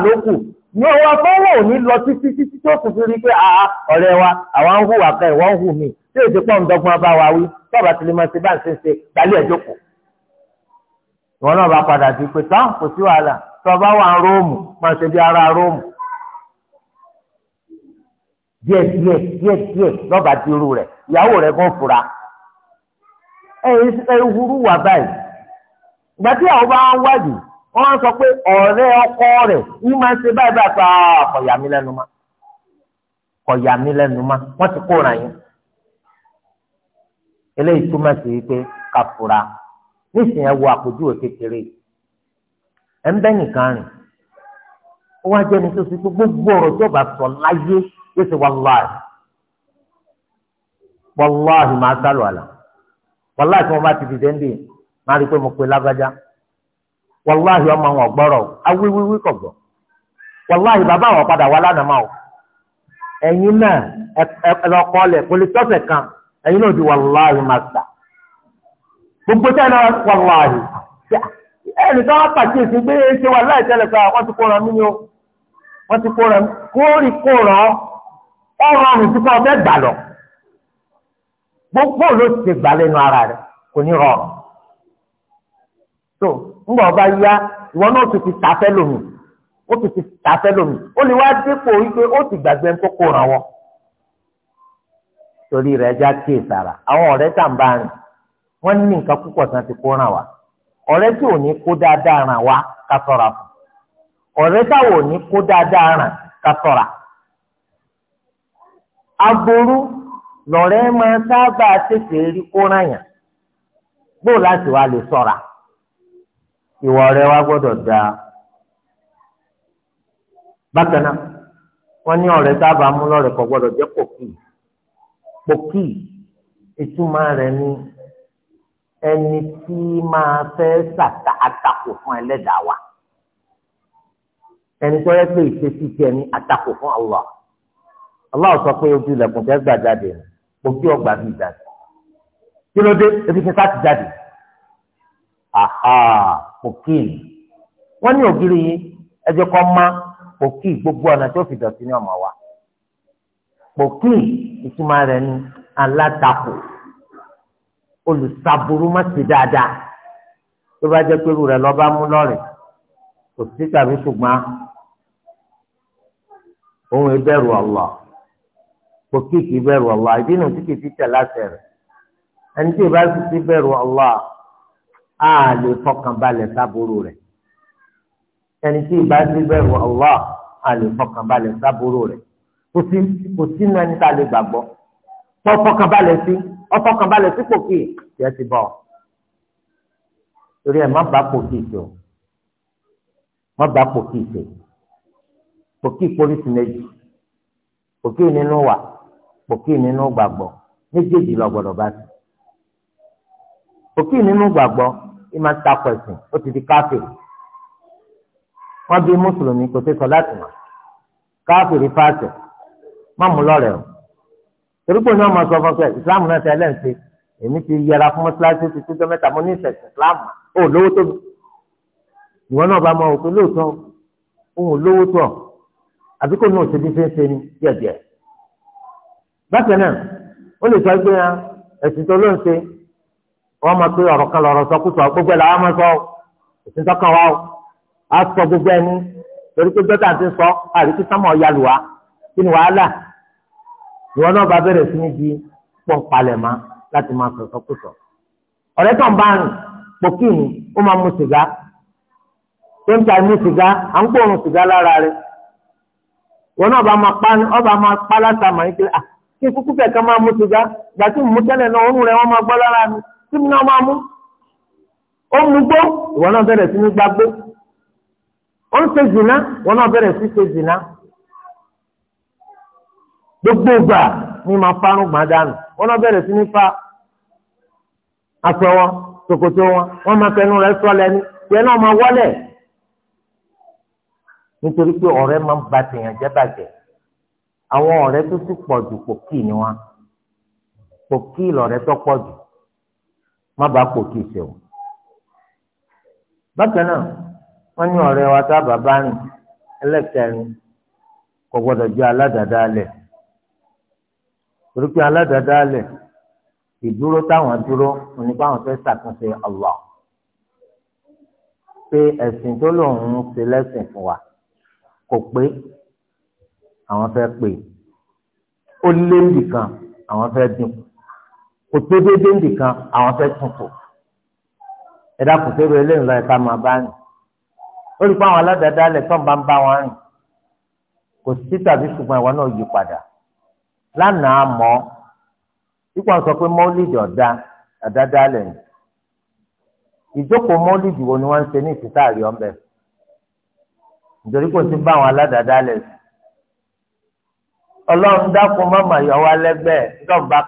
mọ̀wá ní ọwọ́ afọwọ́ ò ní lọ títí títí tó kù sí rí pé àá ọ̀rẹ́ wa àwa ń hùwà kan ìwọ ń hù mí tí èsì pọ̀ ń dọ́gbọ́n bá wa wí tọ́ba tí lè máa ṣe bá ń ṣe ń ṣe gbalẹ̀ ẹ̀jọ́ kù. ìwọ náà bá padà sí pé tán kò sí wàhálà tọba wà róòmù máa ṣe bí ara róòmù. díẹ̀ díẹ̀ díẹ̀ díẹ̀ lọ́ba ti rú rẹ̀ ìyàwó rẹ̀ gan fura. ẹ ẹ wúrú wà báyìí ìgbà tí àwọn bá wádìí wọ́n sọ pé ọ̀rẹ́ ọkọ rẹ̀ ń máa ṣe báyìí bá pa ah, kọ̀yà mi lẹ́nu ma kọ̀yà mi lẹ́nu ma wọ́n ti kóra yín eléyìí túmọ̀ sí wípé kàfùrà nísìnyẹn wo àpèjúwe kékeré ẹ̀ ń bẹ́ nìkan rìn ó wá jẹ́ ní tó ṣe pé gbogbo ọ̀rọ̀ tó bá sọ láyé yóò ṣe wàláhì wàláhì máa sálọ àlà wàláhì tí wọ́n bá ti dìde ń máa rí i pé mo pe lágbájá. wàláhì ọmọ wọn gbọ́rọ̀ awíwíwí kọ gbọ wàláhì bàbá wọn padà wà lánàá máa o ẹ̀yin náà ẹlọ́kọ́ lẹ̀ kan gbogbo tẹ́ náà wàláhì ẹnì wá ṣe sọ ti mí ni o ti mí kórì gbà lọ gbogbo ló ti gbà ńgbà ọba ya ìwọ náà ti ti tàfẹ́ lòmù ó ti tàfẹ́ lòmù ó lè wá dépò wípé ó ti gbàgbé tó ràn wọ́n. torí rẹ já kí àwọn ọ̀rẹ́ tá rìn wọ́n ní nǹkan púpọ̀ tán ti kó ràn wá ọ̀rẹ́ tí ò ní kó dáadáa ràn wá ká fún ọ̀rẹ́ táwọn ò ní kó dáadáa ràn ká ìwà rẹ wá gbọ́dọ̀ dáa bákan náà wọ́n ní ọ̀rẹ́ sábà mú lọ́rẹ̀ kò gbọ́dọ̀ jẹ́ pòkì pòkì ìtumọ̀ rẹ̀ ni ẹni tí máa fẹ́ sàtà àtakò fún ẹlẹ́dàá wa ẹni tó yẹ pé ìṣesí tiẹ̀ ní àtakò fún Allah Allah sọ pé ojú ilẹ̀kùn tẹ́ gbà jáde pòkì ọgbà bíi jáde kí ló dé ebi ṣe sá ti jáde aha pòkìlì wọ́n ní ògiri yìí ẹjẹ́ kọ́ má pòkì gbogbo ọ̀nà tó fi dọ̀tí ní ọmọ wa pòkì ìtumọ̀ rẹ̀ ni alátakò olùsàbùrù má ti dáadáa tó bá jẹ́ pé irú rẹ̀ lọ́ba mú lọ́rẹ̀ kò sí tàbí ṣùgbọ́n òun ìbẹ̀rù Allah pòkì kì í bẹ̀rù Allah ìdí nu tí kì í fi tẹ̀ láṣẹ rẹ̀ ẹni tí ì ti bẹ̀rù Allah a lè fọkàn balẹ̀ sábúrú rẹ̀ ẹni tí ìbá sí bẹ̀rù Allah a lè fọkàn balẹ̀ sábúrú rẹ̀ kò sí kò sí nu ẹni tá a lè gbàgbọ́ tó fọkàn balẹ̀ sí ọfọkàn balẹ̀ sí pòkì yẹ ti bọ̀ torí ẹ̀ má bá pòkì tó má bá pòkì tó pòkì polisi méjì pòkì nínú wà pòkì nínú gbàgbọ́ méjèèjì lọ gbọ́dọ̀ bá sí pòkì nínú gbàgbọ́ ìmọ̀ takọ̀ ẹ̀sìn ó ti di káfíìrì wọ́n bí mùsùlùmí kò ṣe sọ láti mọ̀ káfíìrì fáṣẹ̀ má mú lọ́rẹ̀ o torípò ní ọmọ sọ fún pé ìsìláàmù náà ṣe ẹlẹ́ǹṣe èmi ti yẹra fún mọ́ṣáláṣí ti tó jọ mẹ́ta mo ní ìṣẹ̀ṣẹ̀ ìsìláàmù ó lówó tóbi ìwọ náà bá mọ òfin lóòótọ́ òun ò lówó tó ọ àbí kò ní òṣèlú ṣe ń ṣe ní díẹ̀díẹ̀ bákan náà ó lè sọ pé ah, ẹ̀sìn tó ló ń ṣe wọ́n máa pé ọ̀rọ̀ kan gbogbo ẹ̀ làwọn máa sọ òsì o á sọ gbogbo ẹni torí pé dọ́tà ti sọ àríkí sámọ̀ kí ni wàhálà ìwọ ma láti máa sọ sọkúsọ. ọ̀rẹ́ tó ń bá rìn pòkì ni ó máa mu sìgá tó ń ta ní sìgá à ń sìgá lára rẹ̀ ìwọ náà bá máa pa máa pa kí kúkú máa mu sìgá gbàtí mo tẹ́lẹ̀ náà tí mi náà máa mú ó mú gbó ìwọ náà bẹ̀rẹ̀ sí gbàgbó ó ń ṣe zìnà ìwọ náà bẹ̀rẹ̀ sí ṣe zìnà gbogbo ìgbà ni màá fárún gbà dànù ìwọ náà bẹ̀rẹ̀ sí ní fa aṣọ wọn ṣòkòtò wọn wọn máa fẹnu rẹ sọ lẹni tiẹ̀ náà máa wọlé nítorí pé ọ̀rẹ́ máa ń ba tèèyàn jẹ́ bàjẹ́ àwọn ọ̀rẹ́ tó sì pọ̀ jù pòkì ni wọn pòkì lọ̀rẹ́ tó pọ̀ jù má bàa pò kí ìṣe o. bákan náà wọ́n ní ọ̀rẹ́ wa tá a bàbá rìn ẹlẹ́kẹrin kò gbọ́dọ̀ jẹ́ aládàáda alẹ̀ torí pé aládàáda alẹ̀ ìdúró táwọn dúró nípa àwọn fẹ́ ṣàtúnṣe Allah pé ẹ̀sìn tó lòun ń ṣe lẹ́sìn fún wa kò pé àwọn fẹ́ pè ó lé nìkan àwọn fẹ́ dínkù kò tó déédéé nìkan àwọn fẹ́ tuntun ẹ̀dá kò tó rẹ lẹ́yìn lọ ẹ̀ka máa bá rìn ó rí i pé àwọn aládàáda lẹ̀ tán bá ń bá wọn rìn kò sí tàbí ṣùgbọ́n ìwọ náà yí padà lánàá mọ́ ipò àwọn sọ pé mọ́lìdì ọ̀dà àdáda lẹ̀ ní ìjókòó mọ́lìdì wo ni wọ́n ń ṣe ní ìsìtá àrí ọ̀bẹ nítorí kò sí bá àwọn aládàáda lẹ̀ sí ọlọ́run dákun mọ́mọ́ ìyọ̀wá lẹ́gbẹ̀ẹ́ nígbà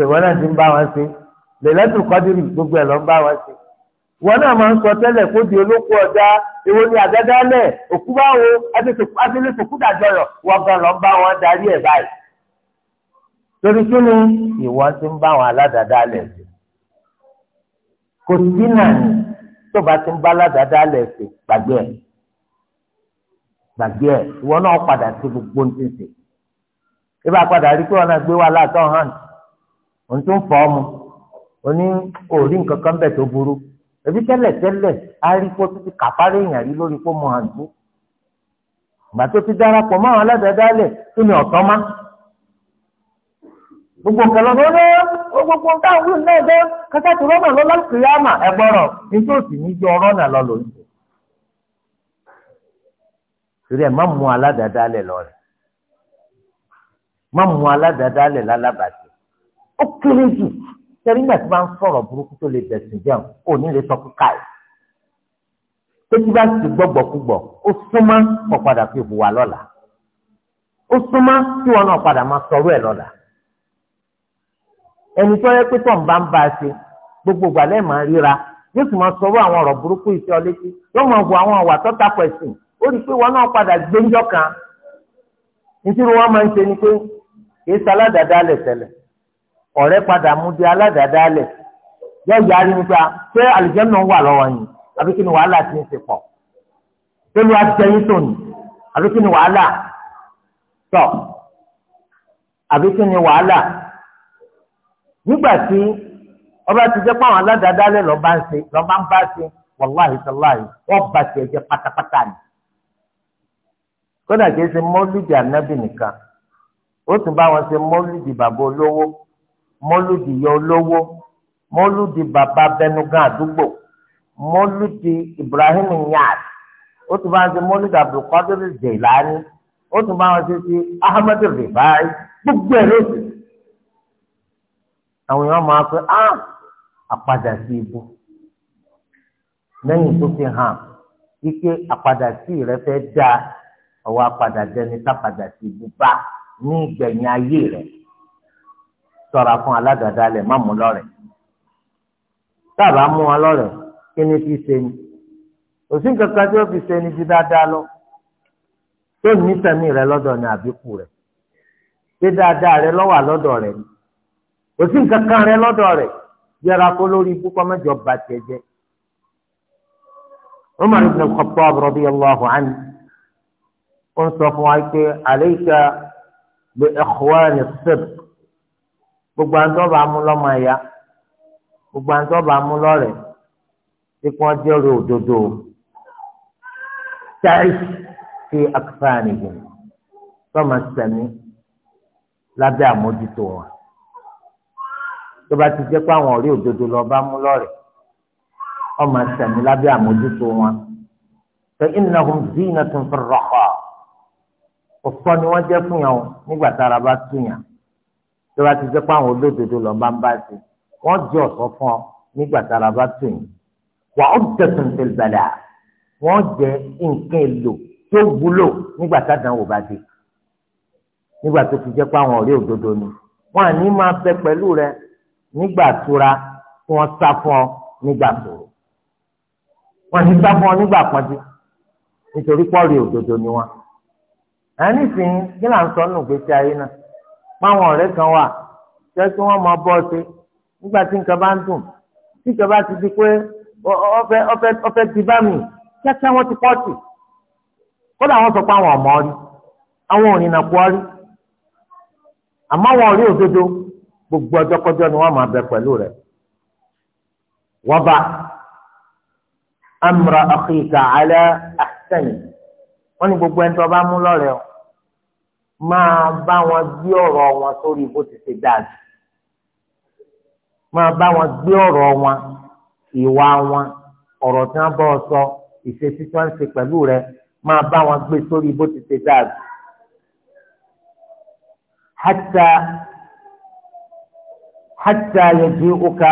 pèwọ́n náà ti ń bá wọn ṣe lẹ́lẹ́tù kọ́dírì gbogbo ẹ̀ ló ń bá wọn ṣe. wọn náà máa ń sọ tẹ́lẹ̀ kó di olóko ọjà èwo ni àdáda lẹ̀ òkú bá wo adílé sòkú dàjọyọ̀ wọ́n gan ló ń bá wọn darí ẹ̀ báyìí. torí kí ni ìwọ ti ń bá wọn aládàáda lẹ̀ ṣe. kò sí náà ni tó bá ti ń bá aládàáda lẹ̀ ṣe gbàgbé ẹ̀ gbàgbé ẹ̀ ìwọ náà padà sí gbogbo ní òun tó ń fọ ọmọ oní òrí nǹkan kan bẹ̀ tó burú ẹbí tẹ́lẹ̀ tẹ́lẹ̀ arípo títí kàfárẹ́ èèyàn rí lórí fóònù àǹtí ìgbà tó ti darapọ̀ mọ́ àwọn aládàádáálẹ̀ tó ní ọ̀tọ́ má gbogbo nǹkan lọ́dọ́ lọ́wọ́ gbogbo nǹkan àwọn ìlú náà dé kátà tó rọ́nà lọ láti rí àmà ẹgbọ́rọ̀ nítorí òsì ní jọ rọ́nà lọ lòun jù ẹ má mú aládàádáálẹ̀ lọ rẹ̀ má mú aládàádáálẹ̀ lálábàtì ó kéré jù sẹ́rí gbà tí wọ́n á sọ̀rọ̀ burúkú tó lè bẹ̀sìn jẹun ò ní lè sọ kó káì tẹ́tí bá ti gbọ́gbọ́kúgbọ̀ ó súnmọ́ kó padà fi hùwà lọ́la ó súnmọ́ kí wọn náà padà máa sọ̀rọ̀ ẹ̀ lọ́la ẹni tó yẹ pé tó ń bá ń bá a ṣe gbogbo ìgbà lẹ́ẹ̀ máa ríra yóò sì máa sọ̀rọ̀ àwọn ọ̀rọ̀ burúkú iṣẹ́ ọlẹ́tí yóò máa wo àwọn àwà tó takọ̀ ẹ̀sìn ó rí i pé wọn náà padà gbé ńjọ́ kan nítorí wọn máa ń ṣe ni pé kì í saládàá dálẹ̀ tẹ́lẹ̀ ọ̀rẹ́ padà mú di aládàádáálẹ̀ yóò yarí nípa ṣé àlùjànnà wà lọ́wọ́ yìí àbí kí ni wàhálà ti ń ṣe pọ̀ pẹ̀lú àtẹ̀yìn tòní àbí kí ni wàhálà tọ̀ àbí kí ni wàhálà nígbà tí ọba ti jẹ́ pàwọn aládàádáálẹ̀ lọ́ba ń ṣe lọ́ba ń bá ṣe wàláhì sàláhì wọ́n bá tiẹ̀ jẹ́ pátápátá ni kódà kìí ṣe mọ́lúdì ànábì nìkan ó tún bá wọn ṣe mọ́lúdì bàbá olówó mọ́lúdì yọ olówó mọ́lúdì bàbá bẹnugan àdúgbò mọ́lúdì Ibrahim Niass ó tún bá ń ṣe mọ́lúdì Abdulkadir Jelani ó tún bá wọn ṣe ti Ahmed Rifai gbogbo ẹ̀ lóṣù àwọn èèyàn máa pẹ́ á àpadà sí ibú lẹ́yìn tó fi hàn wípé àpadà sí rẹ fẹ́ dáa ọwọ́ àpadà jẹni tápadà sí ibú bá ní ìgbẹ̀yìn ayé rẹ̀ ṣọ́ra fún aládàádálẹ̀ má mú lọ́rẹ̀ tábà mú wọn lọ́rẹ̀ kí ni fi ṣe ni òsín kankan tí ó fi ṣe ni ti dáadáa lọ tó ní sẹ́mi rẹ lọ́dọ̀ ni àbíkù rẹ ṣé dáadáa rẹ lọ́wọ́ àlọ́dọ̀ rẹ ni òsín kankan rẹ lọ́dọ̀ rẹ yẹra kó lórí ikú kọ́ mẹ́jọ ba tiẹ̀ jẹ́ Umar ibn al-Khattab radiyallahu anhu ó ń sọ fún wa pé alayka bi ikhwani as-sidq gbogbo àǹtọ́ bá mú lọ́mọ ẹ̀yà gbogbo àǹtọ́ bá mú lọ́rẹ̀ tí wọ́n jẹ́ rẹ̀ òdodo táì fi akpáàní gùn tọ́mọ sẹ́mi lábẹ́ àmójútó wọn tó bá ti jẹ́ pé àwọn ọ̀rẹ́ òdodo lọ bá mú lọ́rẹ̀ ọmọ sẹ́mi lábẹ́ àmójútó wọn fa innahum zinatun fi rraha ọ̀pọ̀ ni wọ́n jẹ́ fún yàn nígbà tára bá tún yàn tó bá ti jẹ́ pé àwọn olódodo lọ́n bá ń bá ṣe wọ́n jẹ́ ọ̀sọ́ fún ọ nígbà tára bá tù yín wà ó dẹ̀tun tẹ̀lifàdà wọ́n jẹ́ nǹkan èlò tó wúlò nígbà tádànwò bá dé nígbà tó fi jẹ́ pé àwọn ọ̀rẹ́ òdodo ni wọ́n àní máa bẹ pẹ̀lú rẹ nígbà tura kí wọ́n sá fún ọ nígbà sòrò wọ́n ti sá fún ọ nígbà pọ́njú nítorí pọ́ọ̀rì òdodo ni wọ́n. àní sìn kí là ń sọ nù gbèsè ayé náà páwọn ọ̀rẹ́ kan wà jẹ́ kí wọ́n mọ bọ́ ṣe nígbà tí nǹkan bá ń dùn tí ìjọba ti di pé ọfẹ́ ọfẹ́ ọfẹ́ ti bá mi kíákíá wọ́n ti pọ́ọ̀tì kódà wọ́n sọ pé àwọn ọmọ rí àwọn òrìnà kú ọrí àmọ́ àwọn ọ̀rẹ́ òdodo gbogbo ọjọ́kọjọ́ ni wọ́n máa bẹ pẹ̀lú rẹ̀ wọ́n bá amra akhika ala ahsani wọ́n ní gbogbo ẹni tó bá mú lọ́rẹ̀ o máa bá wọn gbé ọrọ wọn sórí bó ti ṣe dáa jù máa bá wọn gbé ọrọ wọn ìwà wọn ọrọ tí bá ọ sọ ìṣesí tí rẹ máa bá wọn gbé sórí bó ti ṣe dáa jù. hatta hatta yaji'uka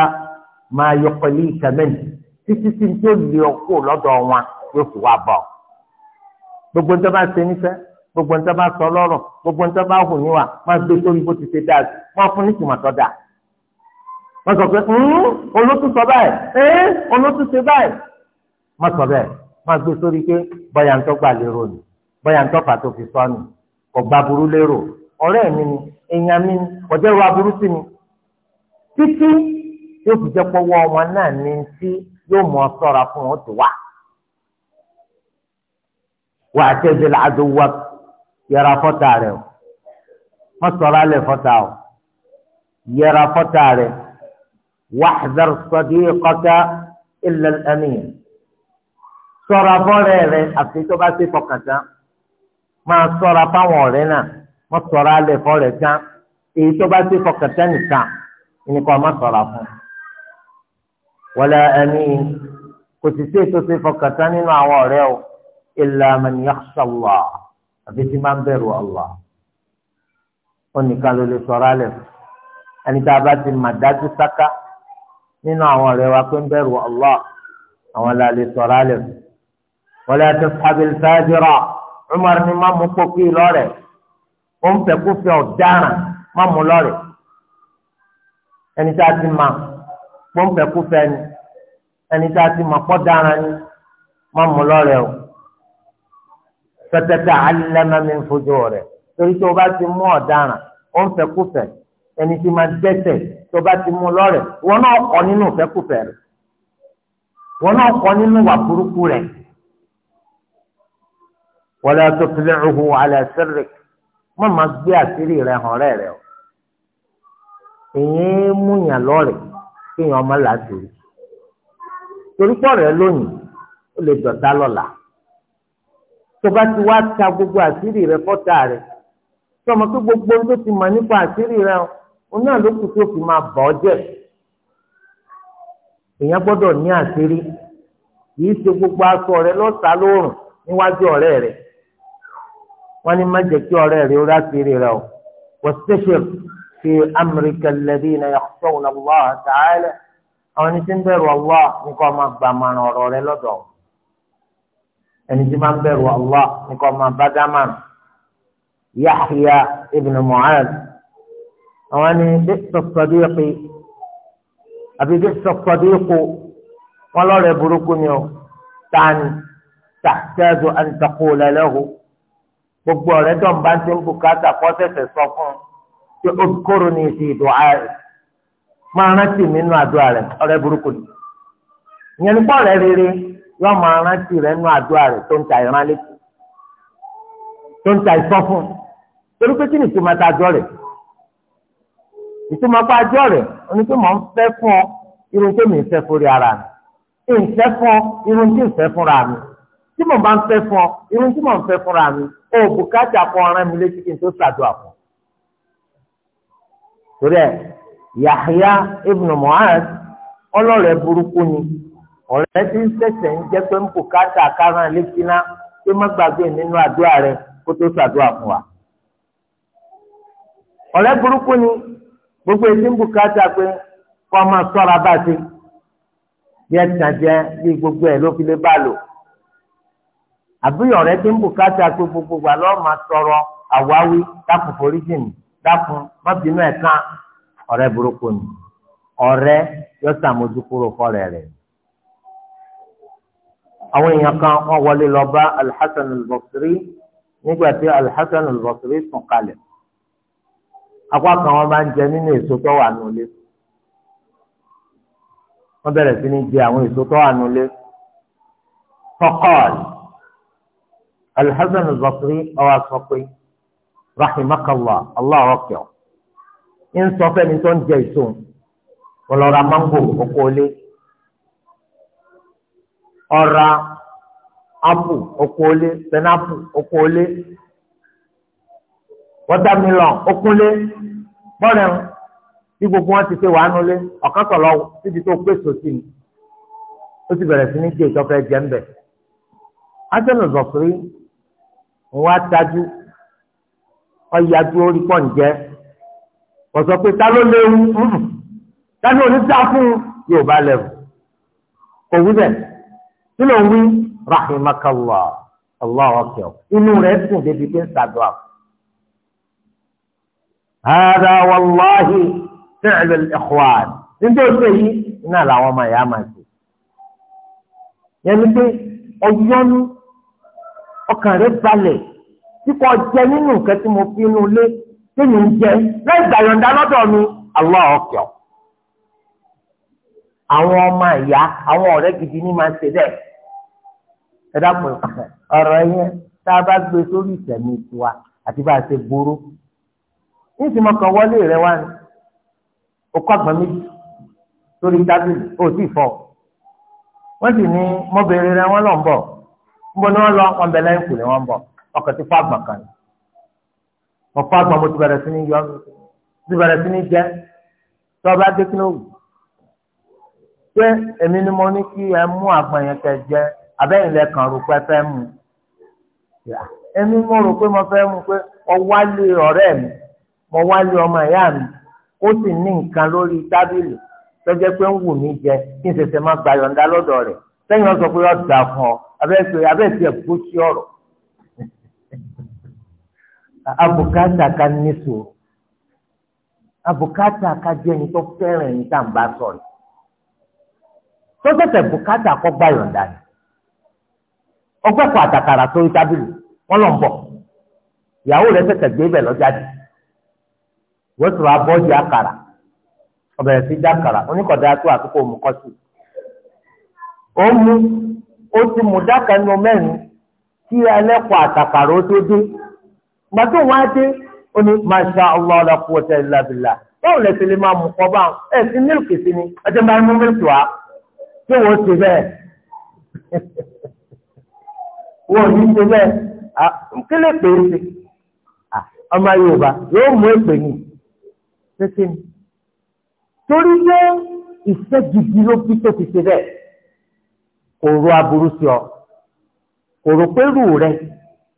ma yuqlika min títí tí n tó lè ọkọ wọn yóò fi wá gbogbo ń tọ́ bá gbogbo ń tẹ́ bá sọ lọ́rọ̀ gbogbo ń tẹ́ bá hù níwà má gbé sórí bó ti ṣe dáa sí má fún ní tìmọ̀ tọ́ dáa. wọ́n sọ pé hmm, olótú sọ báyìí ẹ́ eh, olótú ṣe báyìí má sọ bẹ́ẹ̀ má gbé sórí pé bọ́yà ń tọ́gbà lérò ni bọ́yà ń tọ́fà tó fi sọ ni kò gba burú lérò ọ̀rẹ́ mi ni èèyàn mi ni kò jẹ́ ro sí mi títí yóò fi jẹ́ pọ́wọ́ ọmọ náà ní tí yóò mọ sọ́ra fún wọn tó wà. wà á tẹ́jú yẹra fọ́tà rẹ o má sọ̀rọ̀ fọ́tà o yẹra fọ́tà rẹ wahdhar sadiqaka kọta ilẹ ẹni sọra afọ́rẹ́ rẹ àti tó bá ṣe fọkàtà máa sọra fáwọn ọ̀rẹ́ náà má sọ̀rọ̀ alẹ́ fọ́rẹ́ tán èyí tó bá ṣe fọkàtà nìkan ìnìkan má sọ̀rọ̀ fún wala ẹni kò sì sí ètò ṣe fọkàtà nínú àwọn ọ̀rẹ́ o ilẹ ẹni yakhsha sọlá. àbí tí máa ń bẹ̀rù Allah ó nìkan ló lè sọ̀rọ̀ alẹ̀ ẹni tá a bá ti mà dájú sáká nínú àwọn ọ̀rẹ́ wa pé ń bẹ̀rù Allah àwọn la lè sọ̀rọ̀ alẹ̀ wala tashabil fajira Umar ni má mú kókí lọ́rẹ̀ ó ń fẹ́ kó ọ̀daràn má mú lọ́rẹ̀ ẹni tá a ti mà pọ́ńpẹ́ fẹ́ ni ẹni tá a ti mà pọ́ dára ni má mú lọ́rẹ̀ o tẹ̀tẹ̀tẹ̀ alẹ́mẹ́mi fojú rẹ̀ torí tó o bá ti mú ọ̀daràn ó ń fẹ́kùfẹ́ ẹni tí máa dẹ́ṣẹ̀ tó o bá ti mú lọ́rẹ̀ wọn náà kọ́ nínú fẹ́kùfẹ́ rẹ̀ wọn náà kọ́ nínú wà burúkú rẹ̀ wọlé tó filẹ̀ ọ̀hún alẹ́ sẹ́rẹ̀ mọ́ máa gbé àṣírí rẹ̀ hàn rẹ̀ rẹ̀ o èyàn mú yàn lọ́rẹ̀ kéèyàn ọmọ làásìrì torí pọ̀ rẹ̀ lónìí ó lè dọ̀tá lọ́la tó bá ti wá ta gbogbo àṣírí rẹ fọ́tà rẹ tó mọ̀ pé gbogbo tó ti mọ̀ nípa àṣírí rẹ òun náà ló kù tó fi máa bà ọ́ jẹ́ èèyàn gbọ́dọ̀ ní àṣírí kìí ṣe gbogbo aṣọ rẹ lọ́sàá lóòrùn níwájú ọ̀rẹ́ rẹ wọ́n ní má jẹ́ kí ọ̀rẹ́ rẹ ó ráṣírí rẹ o wastashir fi amrika alladhina yakhshawna Allah ta'ala àwọn ẹni tí ń bẹ̀rù Allah nǹkan ọmọ gbàmọ̀ràn ọ̀rọ̀ rẹ lọ́dọ̀ ẹni tí máa ń bẹ̀rù Allah nìkan máa bá dámàrà Yahya ibn Mu'adh àwọn ni bi'sa sadiqi àbí bi'sa sadiqu wọn lọ́rẹ̀ burúkú ni ó tani tahtaju an taqula lahu gbogbo ọ̀rẹ́ tó ń bá ti ń bùkátà kọ́ sẹ̀sẹ̀ sọ fún un pé udkurni fi du'a máa rántí mi nínú àdúrà rẹ̀ ọ̀rẹ́ burúkú ni ìyẹn nípa ọ̀rẹ́ rere yóò máa rántí rẹ̀ nú àdúrà rẹ̀ tó ń ta ìran létí tó ń ta ìsọfún torí pé kí ni ìtumọ̀ ta jọ rẹ̀ ìtumọ̀ pa jọ rẹ̀ oní pé mò ń fẹ́ fún ọ irun tó mi ń fẹ́ fúnra ara mi ìfẹ́ fún ọ irun tí ń fẹ́ fúnra mi tí mò ń bá ń fẹ́ fún ọ irun tí mò ń fẹ́ fúnra mi ó bùkátà kan ọ̀rẹ́ mi létí kí n tó ṣàdúrà fún torí ẹ Yahya ibn Mu'adh ọlọ́rẹ̀ burúkú ni ọ̀rẹ́ tí ń tẹ̀sẹ̀ ń jẹ́ pé ń bù káàtà kárán létí ná pé má gbàgbé nínú àdúrà rẹ kó tó ṣàdúrà fún wa. ọ̀rẹ́ burúkú ni gbogbo ètí ń bù káàtà pé kọ́ máa sọ́ra bá ti bí ẹ tàn jẹ́ bí gbogbo ẹ̀ ló fi lé bá lò. àbí ọ̀rẹ́ tí ń bù káàtà pé gbogbo wa lọ́ọ́ máa sọ̀rọ̀ àwáwí dákun foríjì mi dákun má bínú ẹ̀ kan ọ̀rẹ́ burúkú ni ọ̀rẹ́ yọ sàmójúkúrò fọ́rẹ́ rẹ̀ àwọn èèyàn kan wọ́n wọlé lọ bá alhassan al-basri nígbà tí alhassan al-basri sùn kalẹ̀ apá kan wọ́n máa ń jẹ nínú èso tó wà nulẹ wọ́n bẹ̀rẹ̀ sí ní jẹ àwọn èso tó wà nulẹ faqal alhassan al ọwọ sọ pé allah ọkẹ ń sọ fẹ́ni tó ń jẹ èso ńlọra mango okòólé ọ̀ra apu okòólé pẹnapu okòólé wọ́tàmílọ̀n okúnlé bọ́ọ̀lù bí gbogbo wọn ti ṣe wà nulẹ̀ ọ̀kan sọ̀lọ́ títí tó pé sòsì ni ó ti bẹ̀rẹ̀ sí ní jẹ́ ìtọ́fẹ́ jẹ́ ń bẹ̀. asẹ́nu zọ̀fìrí wọn atájú ọ̀yájú orí pọ̀ ń jẹ́ ọ̀sọ̀ pé ta ló léwu ta ló ní dáa fún Yorùbá lẹ́wọ̀ kò wú kí ló ń wí rahimakallah allah ọkẹ ọ inú rẹ̀ sùn débi pé ń ṣàdúrà. hada wàláhi fi'l al-ikhwan nítorí pé yìí iná làwọn ọmọ ìyá máa ṣe. yẹn ni pé ọyọ́nú ọkàn rẹ̀ balẹ̀ tí kò jẹ nínú nǹkan tí mo fi inú lé tèmi ń jẹ láì gbàyọ̀ǹda lọ́dọ̀ mi allah àwọn ọmọ ìyá àwọn ọ̀rẹ́ gidi ní máa ṣe bẹ́ẹ̀ ẹ dákun ọ̀rọ̀ yẹn tá a bá gbé sórí ìtẹ̀mí tiwa àti bá a ṣe gbóró níṣì mo kàn wọlé rẹ wá ní okó àgbọn méjì lórí tábìlì ó sì fọ wọn sì ní mọbìnrin rẹ wọn lọ ń bọ ń bọ ní lọ wọn bẹ lẹ́yìn kù ni wọn ń bọ ọkọ ti fọ àgbọn kan mo fọ àgbọn mo ti bẹ̀rẹ̀ sí ní yọ ti bẹ̀rẹ̀ sí ní jẹ tó o bá ṣé èmi ni mo ní kí ẹ mú àgbọn yẹn kẹ jẹ abẹ́yìn lẹ́kàn rò pé fẹ́ mu èmi mo rò pé mo fẹ́ mu pé mo wálé ọ̀rẹ́ mi mo wálé ọmọ ìyá mi ó sì ní nǹkan lórí tábìlì tọ́jẹ́ pé ń wù mí jẹ kí n ṣẹ̀ṣẹ̀ máa gba yọ̀ǹda lọ́dọ̀ rẹ̀ sẹ́yìn ọ̀sọ̀ pé ọ̀dà fún ọ abẹ́ẹ̀sẹ̀ abẹ́ẹ̀sẹ̀ kú sí ọ̀rọ̀ abùkátà ká ní abùkátà ká jẹ́ ẹni tó fẹ́ràn ẹni tá à ń bá sọ̀rọ̀ tọ́jọ́ bùkátà kọ́ gbà yọ̀ǹda ni. ọgbẹ́ àtàkàrà sórí tábìlì wọ́n lọ ń bọ̀ ìyàwó rẹ̀ tẹ̀tẹ̀ gbé bẹ̀ lọ́jáde wọ́n sọ̀rọ̀ abọ́ọ̀dì àkàrà ọ̀bẹ̀rẹ̀ sí dákàrà oníkọ̀dá tó àkókò kọ́ sí ó mú ó ti mú dákàánu mẹ́rin kí ẹlẹ́kọ̀ àtàkàrà ó tó dé gbà ní masha allah báwo lè máa mú bá ẹ sí mílìkì sí ni ẹ máa mú mílìkì tí wọn ò ní ṣe bẹ́ẹ̀ kí lè pè é ṣe ọmọ yorùbá yóò mú èpè ní ṣéṣe ni torí pé ìṣe gidi ló bí tó fi ṣe bẹ́ẹ̀ kò ro aburú sí ọ kò rò pé rù rẹ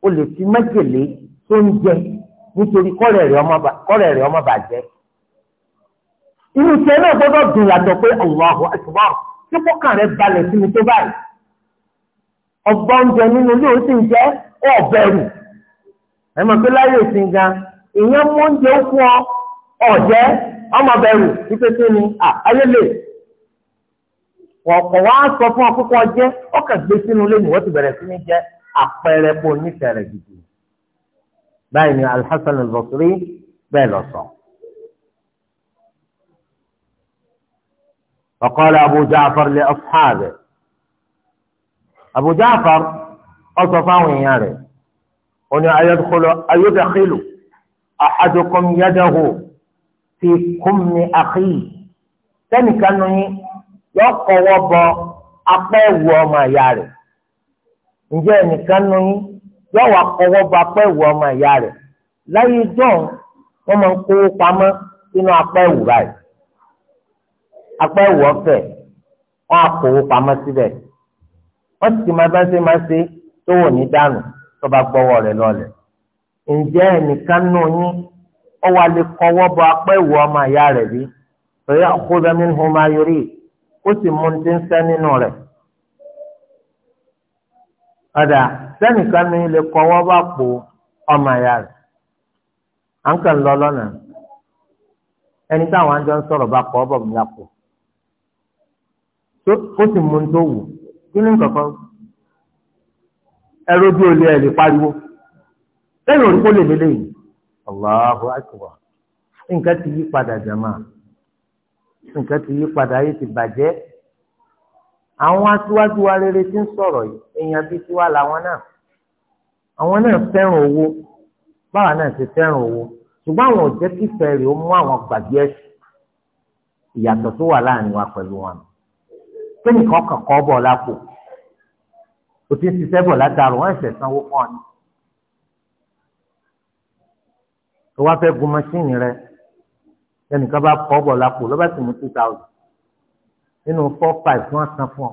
o lè fi májèlé tó ń jẹ nítorí kọ́rẹ̀ rẹ̀ ọmọ bàjẹ́ irú ìṣe náà gbọ́dọ̀ dùn yàtọ̀ pé Allahu akbar tí kọ́kàn rẹ balẹ̀ sí mi tó báyìí. ọgbọ́n oúnjẹ nínú ilé òun sì ń jẹ́ ọ̀bẹ̀rù ẹ mọ̀ pé láyé ìsìn gan ìyẹn mú oúnjẹ fún ọ ọ̀jẹ́ ọmọbẹ̀rù wípé kí ni ayé lè ọ púpọ̀ jẹ́ ọkà gbé sínú ilé ti bẹ̀rẹ̀ sí ní jẹ́ àpẹẹrẹ kó nífẹ̀ẹ́ gidi báyìí ni al bẹ́ẹ̀ lọ sọ. وقال أبو جعفر Abu Ja'far ó sọ fáwọn èèyàn rẹ̀ ó ní ayédèkìlù ahadukum yadahu fi kummi akhihi sẹ́nìkan nù yín yọ kọ́wọ́ bọ apá ẹ̀wù ọmọ ìyá rẹ̀ ǹjẹ́ ẹnìkan nù yín yọ wà kọ́wọ́ bọ apá ẹ̀wù ọmọ ìyá rẹ̀ láyé jọ́ọ̀ wọ́n máa ń kówó pamọ́ sínú apá ẹ̀wù báyìí ọ̀fẹ́ wọ́n á kówó pamọ́ síbẹ̀. Si wọ́n sì máa bá ṣe máa ṣe tó wò ní dànù tó bá gbọ́wọ́ rẹ̀ lọ́lẹ̀. ǹjẹ́ ẹnìkan nù yín ó wà lè kọwọ́ bọ apá ìwọ ọmọ ìyá rẹ̀ bí pẹ̀lú àkóbẹ́ mi hó máa yorí ó sì mú ti ń fẹ́ nínú rẹ̀. ọ̀dà sẹ́nìkan nù lè kọwọ́ bọ àpò ọmọ ìyá rẹ̀. à ń kàn lọ lọ́nà ẹni táwọn àjọ ń sọ̀rọ̀ bá kọ́ bọ̀ mi lápò ó sì mú tó wù gíní kankan ẹ̀rọ bí olè ẹ̀ lè pariwo lẹ́yìn òrùkó lè lélẹ̀ yìí Allahu akbar nǹkan ti yí padà jàmá nǹkan ti yí padà ayé ti bàjẹ́ àwọn aṣíwájú wa rere ti ń sọ̀rọ̀ yìí èèyàn bíi tiwa làwọn náà àwọn náà fẹ́ràn owó báwa náà ti fẹ́ràn owó ṣùgbọ́n àwọn ò jẹ́ kí ó mú àwọn gbàgbé ẹ̀sìn ìyàtọ̀ tó wà láàrin wa pẹ̀lú wọn kéènì kan kàn kọ́ bọ̀ lápò o ti ń ṣiṣẹ́ bọ̀ látàrọ̀ wọ́n ẹ̀sẹ̀ sanwó fún ọ ni. o wá fẹ́ gun mọ́ṣíìnì rẹ ẹnìkan bá kọ́ bọ̀ lápò lọ́ba sì mú two thousand nínú four five tí wọ́n san fún ọ.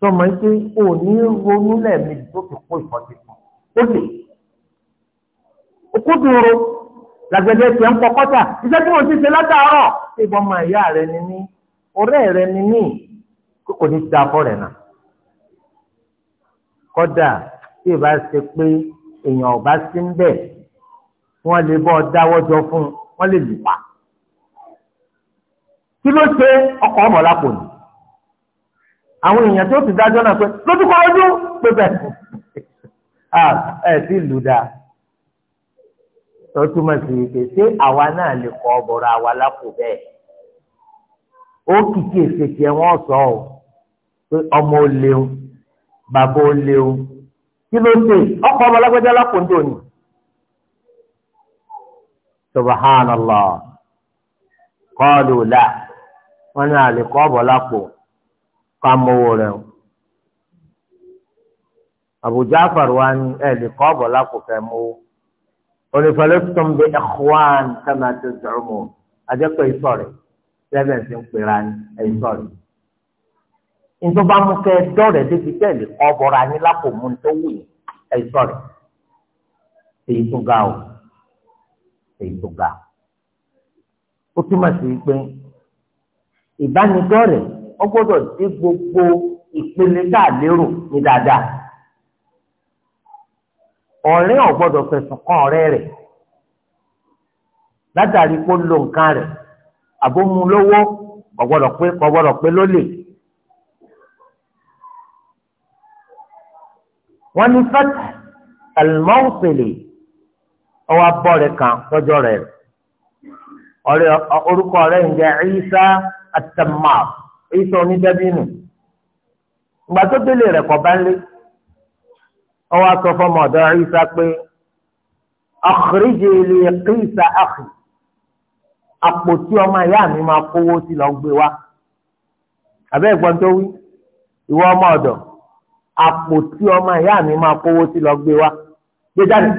sọmọ yìí pé o ní ronú lẹ́ẹ̀mejì tó fi kó ìfọ̀tí fún ó sì okú dúró làgbẹ̀dẹ̀ tiẹ̀ ń pọ̀ kọ́tà iṣẹ́ tí mo ti ṣe látàárọ̀ ṣé ìbọn ọmọ ìyá rẹ ni mí ọ̀rẹ́ rẹ ni mí kò ní da fọ́rẹ̀ náà kọ́dà tí ì bá ṣe pé èèyàn ọba sí ń bẹ̀ wọ́n lè bọ́ dáwọ́ jọ fún un lè lù pa kí ló ṣe ọkọ̀ ọmọlápò ni àwọn èèyàn tó ti dájọ́ náà pé lójúkọ ojú pé bẹ́ẹ̀ ah, ẹ ti lù dáa tó túmọ̀ sí wípé ṣé àwa náà lè kọ́ ọ̀bọ̀rọ̀ àwa lápò bẹ́ẹ̀ ó kìkì èsèké wọn sọ ọ́ pé ọmọ ò léwu bàbá ò léwu kí ló dé ọkọ ọmọ alágbèjà lápòǹdò ni subhanallah kọ́ọ̀lù là wọ́n ní àlèkọ́ ọ̀bọ̀ lápò ká mọ́wó rẹ̀ o Abu Ja'far wa ni ẹ̀ lè kọ́ ọ̀bọ̀ lápò kẹ́ mọ́wó onífẹ̀lẹ́sítọ́m bí ikhwan kama taz'umun àjẹpẹ́ ìsọ̀rẹ̀ sẹ́fẹ̀nsì ń pera ẹ̀yìn sọ̀rẹ̀ nítorí bá mú kẹ dọ́rẹ̀ débi bẹ́ẹ̀ lè kọ́ bọ́ra ní lápò mú tó wù yín ẹ sọ̀rọ̀ èyí tó ga o èyí tó ga o túmọ̀ sí pé ìbánidọ́rẹ̀ ó gbọ́dọ̀ dé gbogbo ìpele tá a lérò ní dáadáa ọ̀rẹ́ ò gbọ́dọ̀ fẹ̀sùn kàn ọ̀rẹ́ rẹ̀ látàrí kó lo nǹkan rẹ̀ àbómú lówó kò pé kò gbọ́dọ̀ pé lólè. wọ́n ní fath al-mawsili ọwọ́ abọ́rẹ̀ kan lọ́jọ́ rẹ̀ orúkọ rẹ̀ ń jẹ́ Isa at-Tammar Isa onídẹ́bínú ìgbà tó délé rẹ̀ kọ́ bá lé ọwọ́ fọmọ ọ̀dọ́ Isa pé akhriji li Qisa akhi ọmọ ìyá mi máa kówó sí lọ gbé wá àbẹ́ ìgbọ́n tó wí ìwọ ọmọ ọ̀dọ̀ àpò tí ọmọ ìyá mi máa kówó sí lọ gbé wá gbé jáde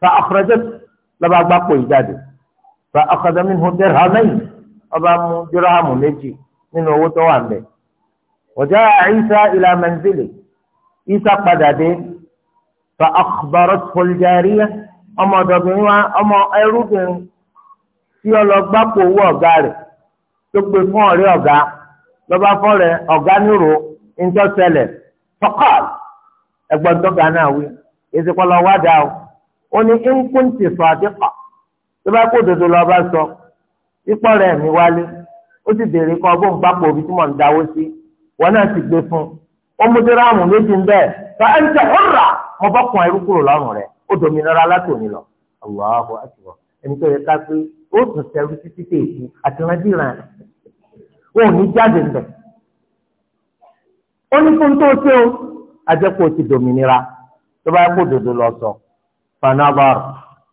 fa akhrajat lọ́ba gbápò ìjáde fa akhadha minhu dirhamayn ọba mú dírámù méjì nínú owó tó wà ń bẹ̀. ọ̀já Isa ila manzili Isa padà dé fa akhbarathu al-jariya ọmọdọ̀bìnrin wa ọmọ ẹrúbìnrin tí ó lọ gbápò owó ọ̀gá rẹ̀ tó gbé fún ọ̀rẹ́ ọ̀gá lọ́ba fọ́rẹ̀ ọ̀gá nírò ń tọ́ ṣẹlẹ̀ faqal ẹgbọ́n tó ga náà wí èsì kọ́ lọ wá dá o ó ní nkúntì sadiqa tó bá kó dodo lọ bá sọ ipò rẹ̀ mi wálé ó sì béèrè kan bó ń gbàpò òbí tí mò ń dáwó sí wọn náà sì gbé fún un ó mú díráàmù méjì ń bẹ́ẹ̀ fa anta hurra mo bọ́ kun ẹrú kúrò lọ́rùn rẹ̀ ó dòmìnira látòní lọ Allahu akbar ẹni tó yẹ ká pé ó tún sẹ́rú títí tèèkì àtìrántìrán wọn ò ní jáde ń bẹ̀ẹ́ ó ní fún tó ṣe o ajẹ́pọ̀ ti dòmìnira tó bá kó dòdò lọ sọ fanabar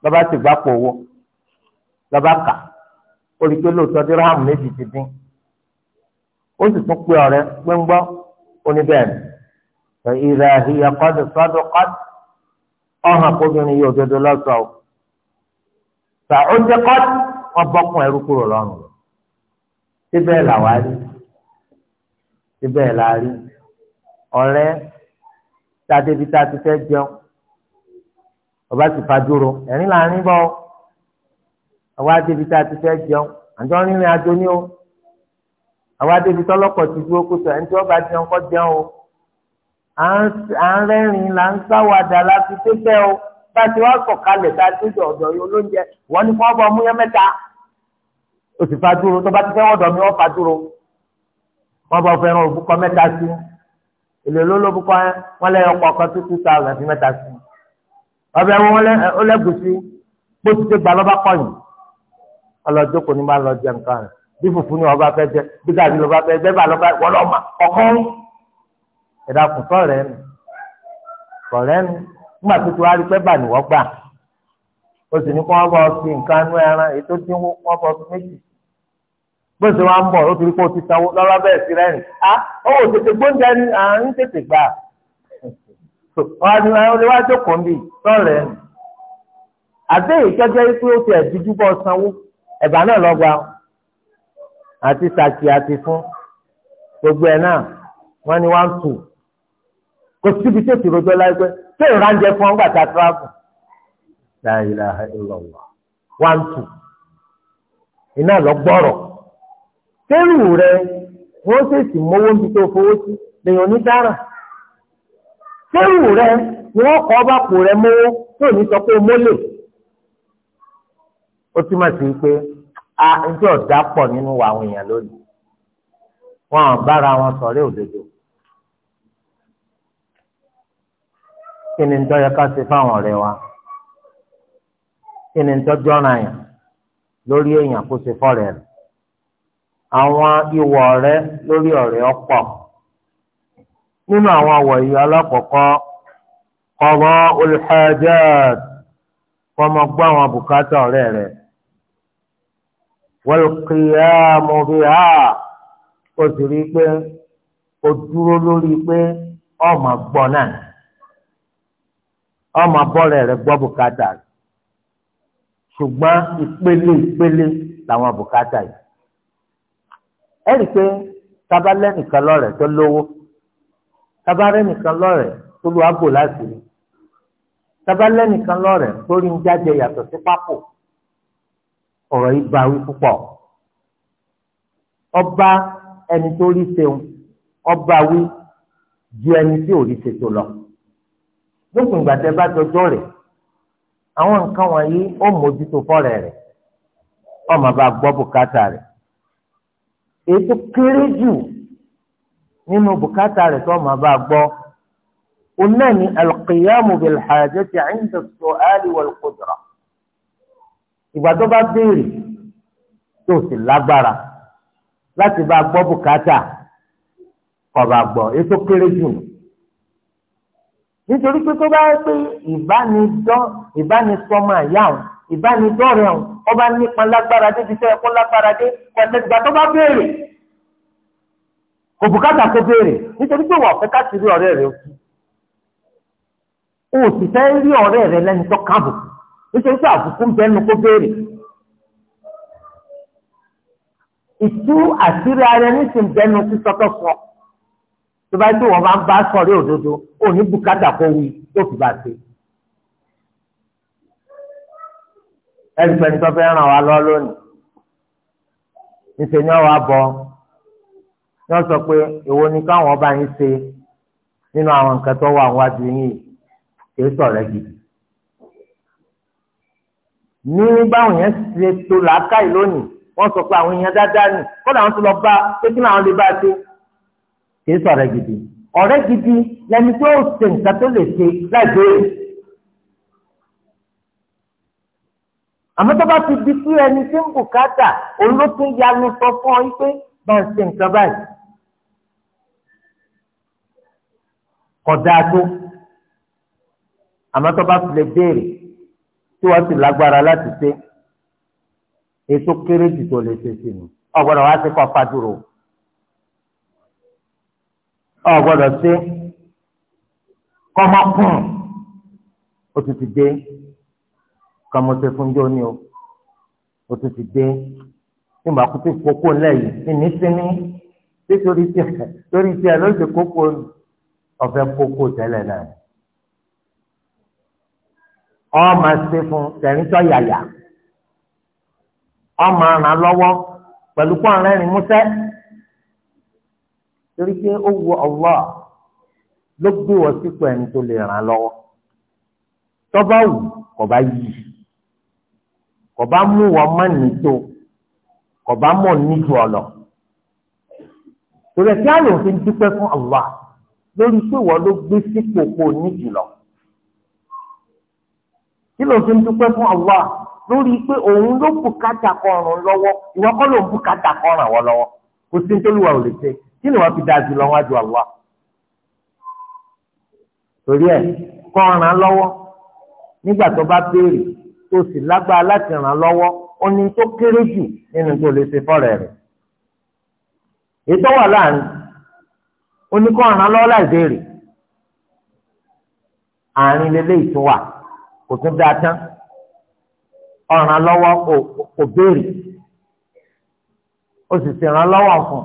lọ́ba ti gbà pọ̀ owó lọ́ba kà ó rí i pé lóòótọ́ dírámù méjì ti dín ó sì tún pé ọ̀rẹ́ pé ń gbọ́ oníbẹ̀rẹ̀ ẹ̀ ìrẹ̀ ìyàkọ́dù sọ́dún kọ́dù ọ̀hàn kóbìnrin yóò dodo lọ́sọ̀ o tà ó jẹ́ kọ́tù wọ́n bọ́kùn ẹrú kúrò lọ́rùn síbẹ̀ làwa síbẹ̀ la ọ̀rẹ́ tàdébi tá a ti fẹ́ jẹun ọba sì fàdúró ẹ̀rín là ń rìn bọ́ àwa débi tá a ti fẹ́ jẹun àjọ rìnrìn àjò ní o àwa débi tọ́lọ́kọ̀ ti dúró kó sọ ẹni tí wọ́n bá jẹun kọ́ jẹun o à ń rẹ́rìn là ń sáwàdà láti tẹ́tẹ́ o bá a ti wá sọ̀kalẹ̀ tá a ti dọ̀ ọ̀dọ̀ yìí olóúnjẹ wọ́n ní kọ́ bọ́ múyẹ́ mẹ́ta o sì fàdúró tó bá ti fẹ́ wọ́dọ̀ mi wọ́n fàdúró wọ́n bọ́ fẹ́ràn òbúkọ mẹ́ta sí i èlò olólobó kọ́ wọn lẹ́yìn ọkọ̀ ọkọ̀ tó two thousand fi mẹ́ta sí i ọbẹ̀ wọn ó lẹ́gùsí bó ti ṣe gbà lọ́ba kọ́yìn ọlọ́jọ́ kò ní bá lọ jẹ nǹkan rẹ̀ bí fùfú ni ọba fẹ́ jẹ bí gàdí lọ́ba fẹ́ jẹ bá lọ́ba wọ́n lọ́ mà ọkọ́ ẹ̀dá kù sọ̀rẹ́ nu sọ̀rẹ́ nu nígbà tó ti wá rí pẹ́ bà ní wọ́n gbà ó ní kí wọ́n bọ̀ sí nǹkan nú ẹran èyí tó dín wọ́n bọ̀ sí méjì sí bó ṣe wá ń bọ̀ ó torí pé ti sanwó lọ́wọ́ bẹ́ẹ̀ sí rẹ́rìn á tètè gbóúnjẹ ni à ń tètè gbà ọ̀hún àwọn olè wá jókòó níbi sọ̀rọ̀ àdéhùn ìjọba pé ó ti sanwó ẹ̀bà náà lọ́gba àti fún gbogbo ẹ̀ náà one two kò síbi tó ti rojọ́ láìpẹ́ tó fún ọgbà tá one two iná lọ gbọ́rọ̀. tẹ́rù rẹ wọ́n ṣèṣì mọ́wó ní tó fowó sí lèèyàn ní dára tẹ́rù rẹ ni wọ́n kọ́ bá pò rẹ mọ́wó tó ní sọ pé mọ́lẹ̀ ó túmọ̀ sí pé a ǹjẹ́ ọ̀dà pọ̀ nínú àwọn èèyàn lónìí wọn àwọn bára wọn sọ̀rọ̀ òdodo kí ni ń ká ṣe fáwọn ọ̀rẹ́ wa kí ni ń tọ́jú ọ̀ràn lórí èèyàn kó ṣe fọ́rẹ̀ rẹ̀ àwọn ìwọ̀ ọ̀rẹ́ lórí ọ̀rẹ́ ọ̀pọ̀ nínú àwọn àwọ̀ yìí alákọ̀ọ́kọ́ qada'ul hajat fọmọ gbọ́ àwọn bùkátà ọ̀rẹ́ rẹ̀ wal qiyamu biha ó sì rí i pé ó dúró lórí pé ọmọ gbọ́ náà ọmọ bọ́ọ̀rẹ́ rẹ̀ gbọ́ bùkátà ṣùgbọ́n ìpele ìpele làwọn bùkátà yìí ẹ rí i pé tábà lẹ́nìkan lọ́rẹ̀ẹ́ tó lówó tábà lẹ́nìkan lọ́rẹ̀ẹ́ tó lu àbò láti rí tábà lẹ́nìkan lọ́rẹ̀ẹ́ tó rí ń jáde yàtọ̀ sí pápò ọ̀rọ̀ yìí bá wí púpọ̀ ọba ẹni tó rí ṣeun ọba wí ju ẹni tí ò rí ṣe tó lọ lókun ìgbà tẹ bá jọjọ rẹ àwọn nǹkan wọ̀nyí ó mójútó fọrẹ rẹ ọmọ bá gbọ́ bùkátà rẹ èyí tó kéré jù nínú bùkátà rẹ̀ tó máa bá a gbọ́ òun náà ni alqiyamu bil hajati inda su'ali wal qudra ìgbà tó bá béèrè tó sì lágbára láti bá a gbọ́ bùkátà kọba gbọ́ ètò kéré jù nù nítorí pé tó bá yẹ pé ìbánidọ́ ìbánisọ́mọ àyà òun ìbánidọ́rẹ̀ ọ̀hún ọba nípa lágbára dé ti fẹ́ ẹ̀kọ́ lágbára dé pẹ̀lú ìgbà tó bá béèrè kò bùkátà kó béèrè nítorí pé wà fẹ́ káàkiri ọ̀rẹ́ rẹ̀ òkú o sì fẹ́ rí ọ̀rẹ́ rẹ̀ lẹ́ni tó káàbù nítorí pé àbùkù ń bẹnu kó béèrè ìtú àṣírí ara ẹni sì ń bẹnu sí sọ́tọ̀ fún ọ tó bá yẹ kí wọ́n bá ń bá sọ̀rọ̀ òdodo ò ní bùkátà kó wí tó fi bá ṣe. ẹgbẹ́ni tó fẹ́ ràn wá lọ lónìí níṣẹ́ ni wọ́n wá bọ̀ wọ́n sọ pé èwo ni káwọn bá yín ṣe nínú àwọn nǹkan tó wà wájú yín kìí sọ̀rọ̀ gidi. ní báwọn yẹn ṣe tó làákàyè lónìí wọ́n sọ pé àwọn èèyàn dáadáa ni kódà wọ́n ti lọ bá pé kí làwọn lè bá ṣe kìí sọ̀rọ̀ gidi ọ̀rẹ́ gidi lẹni tó ṣe nǹkan tó lè ṣe láì béèrè. àmọ́ tó bá ti di sí ẹni tí ń bùkátà òun ló tún yanu sọ fún ọ wípé bá ń ṣe nǹkan báyìí. kọ̀dáa tó àmọ́ tó bá fi lè béèrè tí wọ́n sì lágbára láti ṣe ètò kéré jù tó lè ṣe sí ni ọ̀gbọ́dọ̀ wá sí kọ́ fàdúrò ọ̀gbọ́dọ̀ ṣe kọ́mọkùn ó ti ti dé kọ́mọ́tẹ́ fúnjọ́ ni o o tún ti dé nígbà kúté kókó ńlẹ̀ yìí ní sinmi nítorí tí torí tí ẹ ló ṣe kókó ọ̀fẹ́ kókó tẹ́lẹ̀ náà ọ máa ṣe fún tẹ̀ríntọ́ yàyà ọ máa ràn án lọ́wọ́ pẹ̀lú kó àrẹ́ rìn músẹ́ torí pé ó wu Allah ló gbé wọ́n sípò ẹni tó lè ràn án lọ́wọ́ tọ́ba wù kò bá yí i kò bá mú wọn má nìtò kò bá mọ̀ níjù ọ̀lọ̀ tòlẹ̀ tí a lò fi dúpẹ́ fún Allah lórí pé wọ́n ló gbé sípò pò níjù lọ kí ló fi dúpẹ́ fún Allah lórí pé òun ló bùkátà kọrùn lọ́wọ́ ìwọ kọ́ ló ń bùkátà kọrùn àwọn lọ́wọ́ kò sí nítorí wa ò lè ṣe kí ni wọ́n fi dáa jùlọ wájú Allah torí ẹ̀ kọrùn lọ́wọ́ nígbà tó bá béèrè tó sì lágbára láti ràn lọ́wọ́ ó ní tó kéré jù nínú tó lè ṣe fọ́rẹ̀ rẹ̀ ètò láàrin ó ràn lọ́wọ́ láì béèrè àárín lélẹ́yìí tó kò tún dáa tán ọ̀ràn lọ́wọ́ kò béèrè ó sì ti ràn lọ́wọ́ fún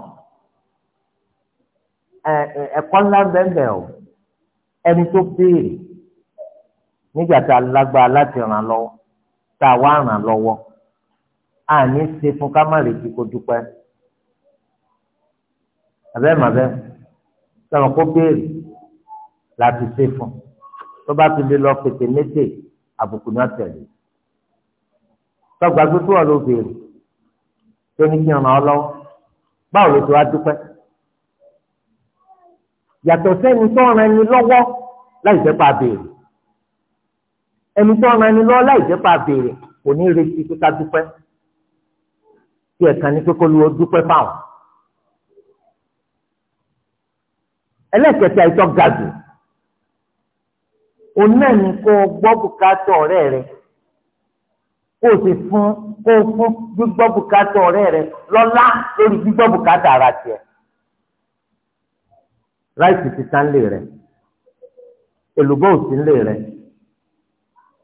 ẹ̀kọ́ ńlá bẹ́ẹ̀ o tá a wá ràn lọ́wọ́ àní ṣe fún ká má retí kó dúpẹ́ abẹ́ màbẹ́ sọ̀rọ̀ kó béèrè láti ṣe fún tó bá ti lè lọ pètè méjì àbùkù náà tẹ̀lé tọgbà gbogbo ọ̀ ló béèrè tó ní kí n ràn ọ́ lọ́wọ́ báwo ló ti wá dúpẹ́ yàtọ̀ sẹ́ni tó ràn ẹni lọ́wọ́ láì jẹ́ pa béèrè ẹni tó ràn ẹni lọ́wọ́ láì jẹ́ pa béèrè kò ní retí pé ká dúpẹ́ tí ẹ̀ka ní pé kó lu dúpẹ́ fáwọn. ẹlẹ́kẹ̀ẹ́ta ìtọ́ ga jù òun náà ni kó gbọ́ bùkátà ọ̀rẹ́ rẹ kó o sì fún kó o fún gbígbọ́ bùkátà ọ̀rẹ́ rẹ lọ́lá lórí gbígbọ́ bùkátà ara tiẹ̀ ráìsì ti tán rẹ èlùbọ́ òsì rẹ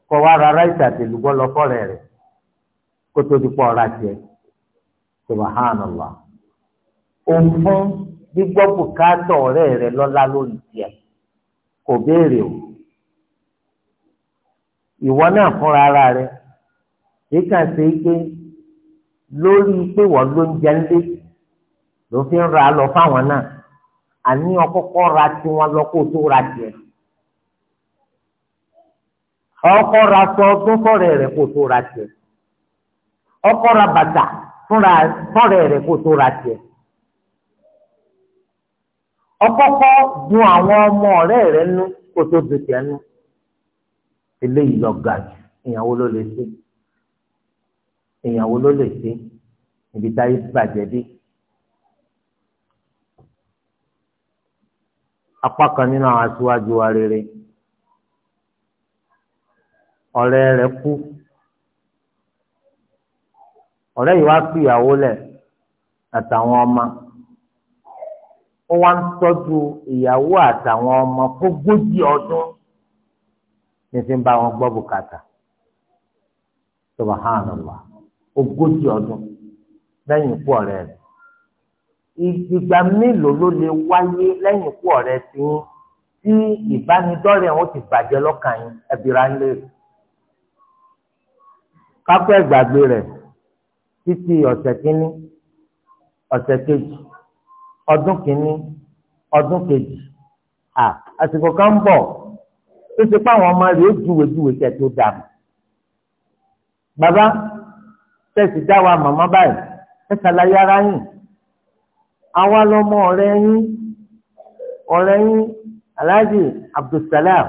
kọ́ wa rárá ìtàtẹ̀lùbọ́ lọ́kọ́rẹ́ rẹ̀ kó tó di pọ̀ ọ̀rá tiẹ̀ subahánàlá òun fún gbígbọ́ bùkátà ọ̀rẹ́ rẹ̀ lọ́lá lórí tiẹ̀ kò béèrè o ìwọ náà fúnra ara rẹ̀ èyí kàn ṣe é pé lórí pé wọ́n ló ń jẹ ńlé ló fi ń ra lọ fáwọn náà àní ọkọ́kọ́ ra tiwọn lọ kó tó ra tiẹ̀. ọkọ ra sọ ọgbọ́n fọ́rẹ̀ rẹ̀ tó ra tiẹ̀ ọkọ ra bàtà àwọn ọmọ ọ̀rẹ́ rẹ̀ nú tó dùn tiẹ̀ eléyìí lọ ga jù ìyàwó ló lè ṣe ìyàwó ló lè ṣe ibi táyé bàjẹ́ nínú àwọn aṣíwájú wa ọ̀rẹ́ rẹ̀ kú ọ̀rẹ́ yìí wá fi ìyàwó lẹ̀ àtàwọn ọmọ ó wá ń tọ́jú ìyàwó àtàwọn ọmọ fógójì ọdún ní fi ń bá wọn gbọ́ bùkátà subhanallah ogójì ọdún lẹ́yìn ikú ọ̀rẹ́ rẹ̀ ìgbà mélòó ló lè wáyé lẹ́yìn ikú ọ̀rẹ́ tí ìbánidọ́rẹ̀ẹ́ wọn ti bàjẹ́ lọ́kàn yín ẹ̀bìrán lérè kápẹ́ ìgbàgbé rẹ̀ títí ọ̀sẹ̀ kínní ọ̀sẹ̀ kejì ọdún kínní ọdún kejì à àsìkò kan ń bọ̀ tó ṣe pé àwọn ọmọ rẹ̀ ó júwèjúwe kẹ́ tó dà mọ́. bàbá tẹ̀sí dá wa màmá báyìí ẹ ṣàlàyé ara yín àwa lọmọ ọ̀rẹ́ yín ọ̀rẹ́ yín Alhaji Abdulsalam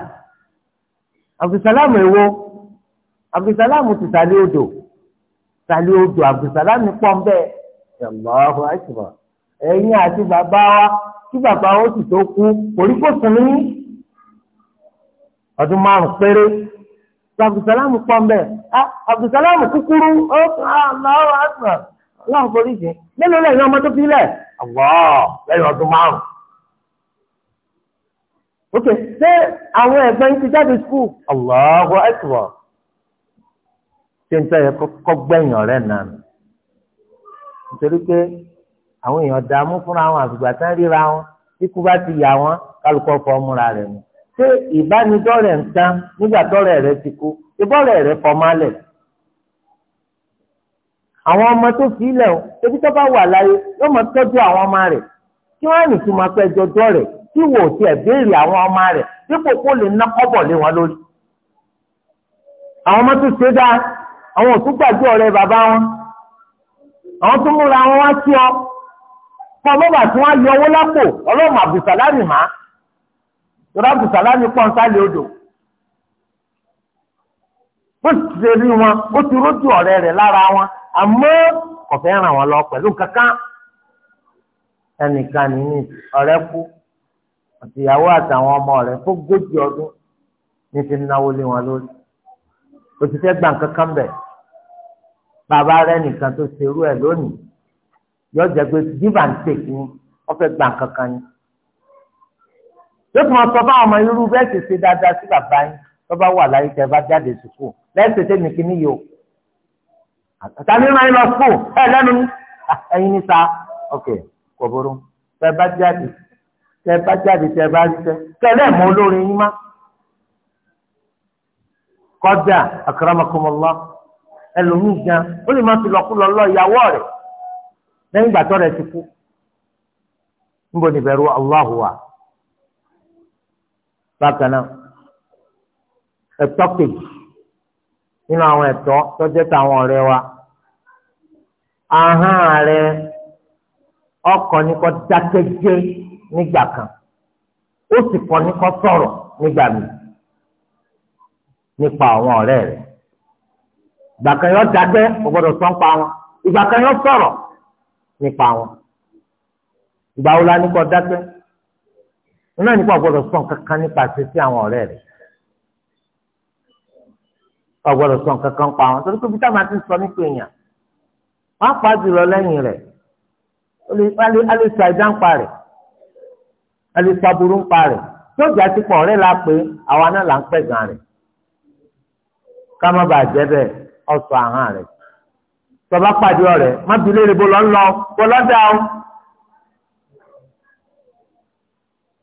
Abdulsalam èwo abdulsalam ti sàlẹ̀ odò sàlẹ̀ odò abdulsalam pọ̀ ń bẹ́ẹ̀ Allahu akbar ẹ̀yin àti bàbá wa tí bàbá wa sì tó kú oríkòsùn ní ọdún márùn péré abdulsalam pọ̀ ń bẹ́ẹ̀ ah, abdulsalam kúkúrú ó ah, Allahu akbar Allahu foríjì mélòó lẹ́yìn ọmọ tó fi lẹ̀ Allah lẹ́yìn ọdún márùn ok ṣé àwọn ẹ̀gbọ́n yìí ti jáde skul Allahu akbar ṣé n tẹ́ yẹ kọ́ gbẹ̀yìn ọ̀rẹ́ náà nù. nítorí pé àwọn èèyàn dààmú fúnra wọn àfìgbà tán ríra wọn kíkú bá ti yà wọn kálukọ́ fọ́ múra rẹ̀ nù. ṣé ìbánidọ́rẹ̀ ń tán nígbà tọ́rẹ̀ rẹ̀ ti kú ìbọ́rẹ̀ rẹ̀ fọ́ málẹ̀ àwọn ọmọ tó fi ilẹ̀ o ebi tó bá wà láyé yóò máa tọ́jú àwọn ọmọ rẹ̀ kí wọ́n á nì tún máa pẹ́jọ dọ́ rẹ̀ tí wò ó tiẹ̀ béèrè àwọn ọmọ rẹ̀ dípò kó lè ná kọ́bọ̀ lé wọn lórí. àwọn ọmọ tó ṣe dáa àwọn ò tún gbàgbé ọ̀rẹ́ bàbá wọn àwọn tó múra wọn wá sí ọ fún ọlọ́ba tí wọ́n á yọ owó lápò ọlọ́mọ àbùsàlámì má tọ́lá àbùsàlámì pọ́n sálẹ̀ odò bó ti ṣe rí wọn ó ti rójú ọ̀rẹ́ rẹ̀ lára wọn àmọ́ kò ràn wọ́n lọ pẹ̀lú kankan ẹnìkan ní ọ̀rẹ́ kú àtìyàwó àtàwọn ọmọ rẹ̀ fógójì ọdún ní ti náwó lé wọn lórí òṣìṣẹ́ gbà kankan bẹ́ẹ̀ bàbá rẹ nìkan tó ṣerú ẹ̀ lónìí yóò jẹ́ pé give and take ni wọ́n fẹ́ gbà kankan ni yóò tún máa sọ fáwọn ọmọ irú bẹ́ẹ̀ ṣe ṣe dáadáa sí bàbá yín tó bá wà láyé tẹ́ bá jáde sùkú lẹ́sẹ̀ tẹ́mi kìíní yìí o àtàní máa lọ sùkú ẹ lẹ́nu ẹ̀yin ní sa ok kò burú tẹ́ bá jáde tẹ́ bá jáde tẹ́ bá rí tẹ́ tẹ́ lẹ́ẹ̀mọ́ olórin yín má kọjá akramakumullah. ẹlòmíì gan ó lè má fi lọ́kúlọ lọ ìyàwó rẹ̀ lẹ́yìn ìgbà tó rẹ̀ ti kú níbo ni bẹ̀rù Allahu wa bákan náà kejì nínú àwọn ẹ̀tọ́ tó wa ní nígbà kan ó sì ní ìgbà kan yọ dákẹ́ ó gbọ́dọ̀ sọ nípa wọn ìgbà kan yọ sọ̀rọ̀ nípa wọn ìgbà wo la ní kó dákẹ́ iná nípa ó gbọ́dọ̀ sọ kankan nípa ṣe sí àwọn ọ̀rẹ́ rẹ̀ ó gbọ́dọ̀ sọ kankan pa wọn torí pé bí táwọn ti sọ nípa èèyàn wọn pa jùlọ lẹ́yìn rẹ̀ alẹ́sọ ajá ń pa rẹ̀ alẹ́sọ aburú ń pa rẹ̀ tó jà sí pọ̀ ọ̀rẹ́ la pé àwa náà là ń pẹ̀ gan rẹ̀ ká má bàa jẹ́ bẹ́ẹ̀ ọsọ ahọ́n rẹ̀ tọba pàdé ọ̀rẹ́ má bilé rẹ̀ bó lọ ń lọ bó lọ dá o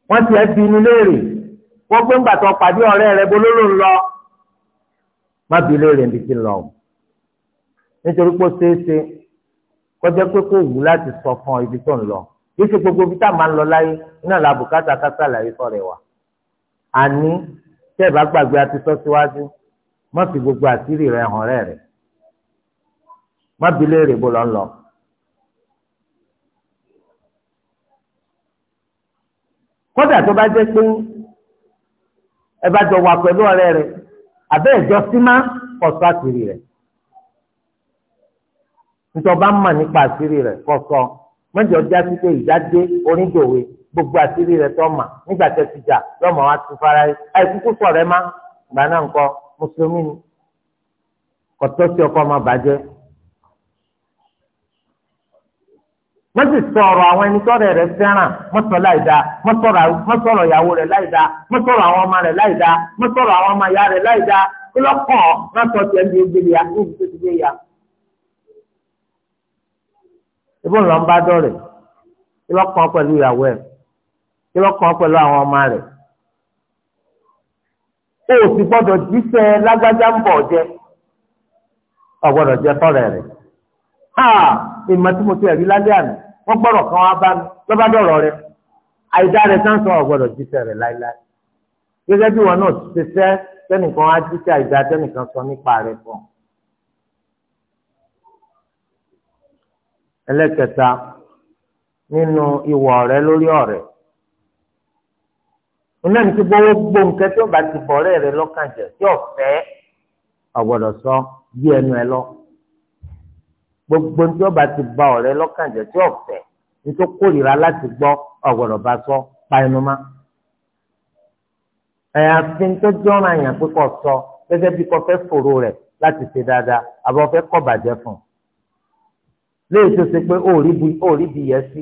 wọ́n ti ẹ́ bi inú léèrè wọ́n gbé ńgbà tó pàdé ọ̀rẹ́ rẹ̀ bó lóró ń lọ má bilé rẹ̀ níbi tí ń lọ o nítorí pé ó ṣeé ṣe kọjá pé kò wù láti sọ fún ọ ibi tó ń lọ yìí ṣe gbogbo ibi tá a máa ń lọ láyé náà la bùkátà kásá làyé sọ̀rọ̀ wà àní tẹ́ẹ̀ bá gbàgbé àti sọ síwájú má fi gbogbo àṣírí rẹ hàn rẹ rẹ má bi léèrè bó lọ ń lọ. kódà tó bá jẹ́ pé ẹ bá jọ wà pẹ̀lú ọ̀rẹ́ rẹ àbẹ́ ìjọ símá kọ̀ọ̀tọ́ àṣírí rẹ ntọ́ba ń mà nípa àṣírí rẹ̀ kọ́kọ́ mọ́jọ jásí pé ìjáde onídòwe gbogbo àṣírí rẹ̀ tó mà nígbà tẹ́ ti wa ti fara ẹ̀ kúkú sọ̀rọ̀ ẹ má gbà náà mùsùlùmí ni kọ̀tọ́ sí ọkọ ọmọ bàjẹ. wọ́n sì awọn àwọn ẹni tọ́rẹ̀ rẹ̀ fẹ́ràn mọ́sọ̀ láìda mọ́sọ̀rọ̀ ìyàwó rẹ̀ láìda mọ́sọ̀rọ̀ àwọn ọmọ rẹ̀ láìda mọ́sọ̀rọ̀ àwọn ọmọ ìyá rẹ̀ tiẹ̀ ń ya ní ibi ti ya. ibo ńlọ ń bá pẹ̀lú ìyàwó o sì gbọ́dọ̀ jíṣẹ́ lágbájá ń bọ̀ jẹ́ ọ̀gbọ́dọ̀ jẹ́ tọ́rẹ̀ rẹ̀ ha ìmọ̀ tí mo ti ẹ̀rí lálẹ́ àná wọ́n gbọ́dọ̀ kan wá bá mi lọ́ba dọ̀rọ̀ rẹ̀ àìdá rẹ̀ tán sọ ọ̀gbọ́dọ̀ jíṣẹ́ rẹ̀ láíláí gẹ́gẹ́ bí wọn náà ti ṣiṣẹ́ tẹ́nìkan á jíṣẹ́ àìdá tẹ́nìkan sọ nípa rẹ̀ fún un. ẹlẹ́kẹta nínú ìwọ̀ ọ̀rẹ́ lórí ọ̀rẹ́ náà ní kí gbogbo gbogbo nǹkan tí ó bá ti bọ̀ rẹ̀ lọ́kàn jẹ́ tí ọ̀fẹ́ ọ̀gbọ́dọ̀ sọ bí ẹnu ẹ lọ gbogbo tí ó bá ti bá ọ̀rẹ́ lọ́kàn jẹ́ tí ọ̀fẹ́ nítorí kórìíra láti gbọ́ ọ̀gbọ́dọ̀ bá sọ pa ẹnu má. ẹ̀yà fi ń tọ́jú ọ̀ràn àyàn pé kò sọ gẹ́gẹ́ bí kò fẹ́ fòrò rẹ̀ láti ṣe dáadáa àbọ̀ fẹ́ kọ̀ bàjẹ́ fún léyìí tó ṣe pé òòrí bi yẹ sí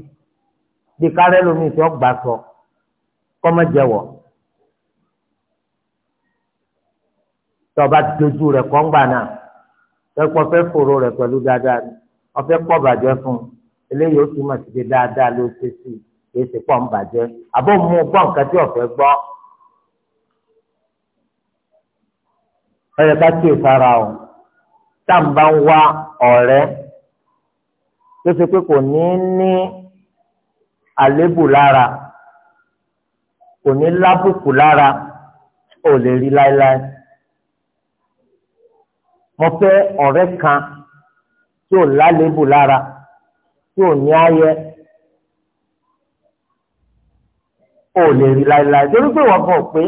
bí kárẹ́ lómi tí ó gbà sọ kọ́mọ́jẹ̀wọ̀ tọba dojú rẹ̀ kọ́ngbà náà tẹ́kọ̀ fẹ́ fòrò rẹ̀ pẹ̀lú dáadáa ọfẹ́ pọ̀ bàjẹ́ fún un eléyìí ó túmọ̀ sí pé dáadáa ló ṣe sí i kìí ṣe pọ̀ ń bàjẹ́ àbọ̀ mú gbọ́ nǹkan tí ọ̀fẹ́ gbọ́. ẹ̀rẹ̀ ká tí ò sára o tá n bá ń wá ọ̀rẹ́ tó ṣe pé kò ní ní àlébù lára kò ní lábùkù lára ò lè rí láéláé mo fẹ́ ọ̀rẹ́ kan tí ò lálébù lára tí ò ní ayẹ ò lè rí láéláé torí pé wọ́n kàn pé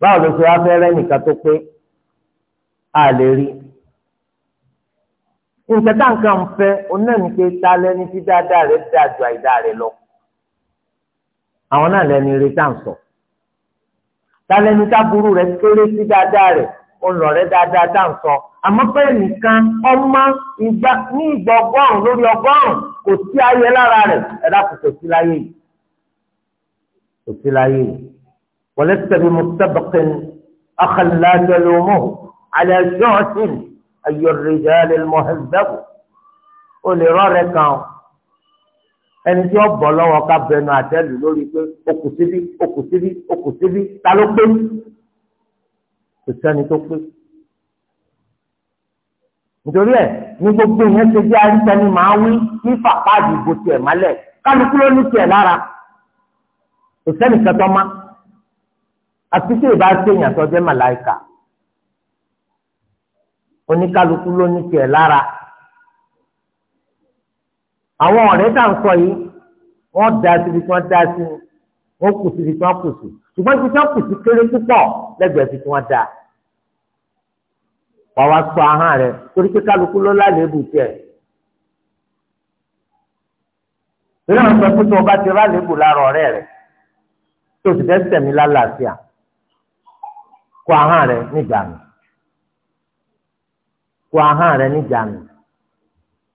báwo ló ṣe wá fẹ́ rẹ́ nìkan tó pé a lè rí nǹkan tá nǹkan fẹ́ onáà ní pé ta lẹ́ni tí dáadáa rẹ̀ dáa ju àìdáa rẹ̀ lọ àwọn náà lẹ́ni retí à ń sọ ta lẹ́ni tá burú rẹ̀ kéré sí dáadáa rẹ̀ olùrọ̀rẹ́ dáadáa dá nǹkan àmọ́ pé nìkan ọmọ ìgbà ní ìgbà ọgọ́rùn lórí ọgọ́rùn kò sí ayé lára rẹ̀ ẹ dákun kò sí láyé yìí kò sí láyé yìí wọlé tẹbi mùsàbàkìn akàlàjọlómọ àlẹjọsìn ayọrìjà lẹmọhẹdẹbù olùrọ rẹ kan ẹni tí ó bọ̀ lọ́wọ́ ká bẹnu àtẹ́lù lórí pé okùn síbí okùn ta ló pé kò sẹ́ni tó pé nítorí ẹ ní gbogbo ìyẹn ṣe jẹ́ àríṣẹ́ni máa wí ní fàpáàdì ìbò tiẹ̀ mọ́lẹ̀ kálukú ló ní tiẹ̀ lára kò sẹ́ni kẹtọ́ má àti tí ìbá ṣèyàn tó jẹ́ màláìkà oníkálukú ló ní tiẹ̀ lára àwọn ọ̀rẹ́ tá à ń sọ yìí wọ́n da síbi tí wọ́n da sí wọ́n kù síbi tí wọ́n kù sí ṣùgbọ́n ibi tí wọ́n kù sí kéré púpọ̀ lẹ́gbẹ̀ẹ́ fi tí wọ́n dáa wà wá sọ ahọ́n rẹ̀ torí pé kálukú ló lálébù tiẹ̀. torí àwọn sọ pé tí wọ́n bá ti lálébù lára ọ̀rẹ́ rẹ̀ tó sì fẹ́ sẹ̀mí lálàáfíà kó ahọ́n rẹ̀ níjànú kó ahọ́n rẹ̀ níjànú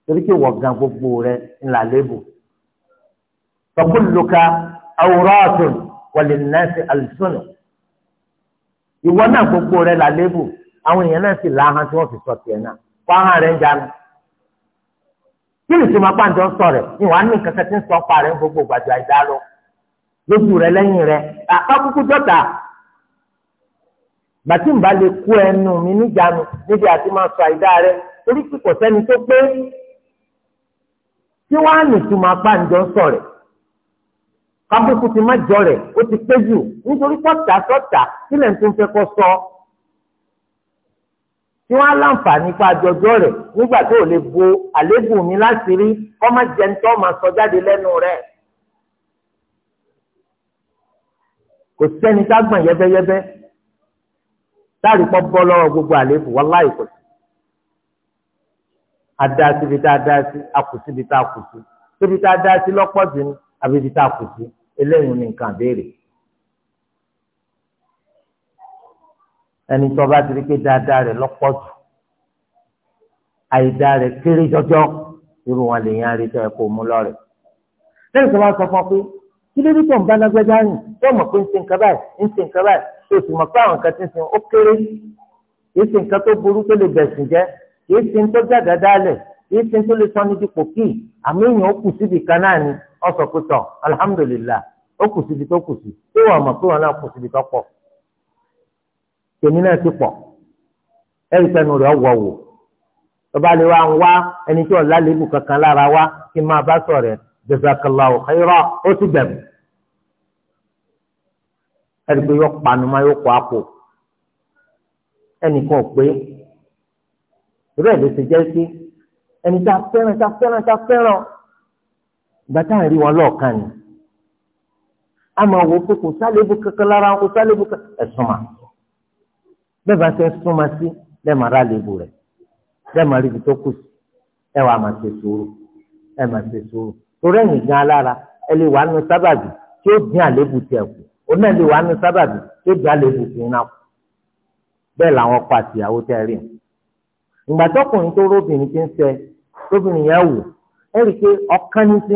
torí pé wọ́n gan gbogbo rẹ̀ ńlá lébù. sọ pé lùkà àwòrán ọ̀tún. wọlé nẹ́ẹ̀sì alisonu ìwọ náà gbogbo rẹ là lébù àwọn èèyàn náà sì láhàn tí wọ́n fi sọ tiẹ̀ náà kó rẹ ń jánu kí ni tí pa sọ rẹ̀ ni wàá ní kankan tí gbogbo gbàdúrà ìdá lójú rẹ lẹ́yìn rẹ àkọ́kúkú jọta gbàtí ń bá lè kú ẹnu mi níjànú níbi àti máa sọ àìdá torí tó pé tí wàá ní kábùkù ti má jọ rẹ̀ ó ti pé jù nítorí tọ́ta tọ́ta sílẹ̀ tó ń fẹ́ kọ́ sọ. tí wọ́n á láǹfààní pa àjọjọ́ rẹ̀ nígbà tó lè bo àléébù mi láti rí kọ́ má jẹun tó máa sọ jáde lẹ́nu rẹ̀. kò sẹ́ni tá gbọ̀n yẹ́bẹ́yẹ́bẹ́ táàrí pọ́ bọ́ lọ́wọ́ gbogbo àléébù wàláhì kò sí. adá síbi tá a dá sí akùsíbi tá a kùsí síbi tá a dá sí lọ́pọ̀ jù ni abíbi tá a kù sí eléyìí ní nǹkan béèrè. ẹni tó bá ti rí pé dáadáa rẹ̀ lọ́pọ̀ jù àìdáa rẹ̀ kéré jọjọ irú wọn lè yan arí tó ẹ kó mú lọ́rẹ̀. lẹ́yìn tó bá sọ fún ọ pé kí lórí tó ń bá lágbájá rìn yóò mọ̀ pé ń ṣe nǹkan báyìí ń ṣe nǹkan báyìí tó sì mọ̀ pé àwọn nǹkan ti ń sin ó kéré kì í ṣe nǹkan tó burú tó lè bẹ̀sìn jẹ́ kì í ṣe ń tó jáde dálẹ̀ isi ti ń tó lè sọ ní dípò kí àmì èèyàn ó kù síbi kan náà ni ọ sọ pé tọ alihamudulilayi ó kù síbi tó kù sí tí wọn mọ pé wọn náà kù síbi tó tèmi wa ń wá ẹni tí ọlá lébù kankan lára wa kí máa bá sọ rẹ ó ti bẹ̀rù pé yóò kọ àpò ò pé ẹni tá a fẹ́ràn tá a fẹ́ràn tá a fẹ́ràn ìgbà rí wọn lọ́ọ̀kan ni a máa wò pé kò sálébù kankan lára kò sálébù kankan ẹ̀sùn mà bẹ́ẹ̀ bá ṣe ń súnmọ́ sí lẹ́ẹ̀ máa rà lébù rẹ̀ lẹ́ẹ̀ máa rí ibi tó kù sí ẹ wàá máa ṣe sùúrù ẹ máa ṣe sùúrù torí ẹ̀yìn gan alára ẹ lè wàá nu sábàbí tí ó dín àlébù tiẹ̀ kù òun náà lè wàá nu sábàbí tí ó dín àlébù tiẹ̀ náà kù bẹ́ẹ̀ làwọn pa àtìyàwó tẹ́ rí ìgbà tọkùnrin tó róbìnrin ti ń ṣe tóbìnrin yẹn wò ẹ rí i pé ọ̀kan ní ti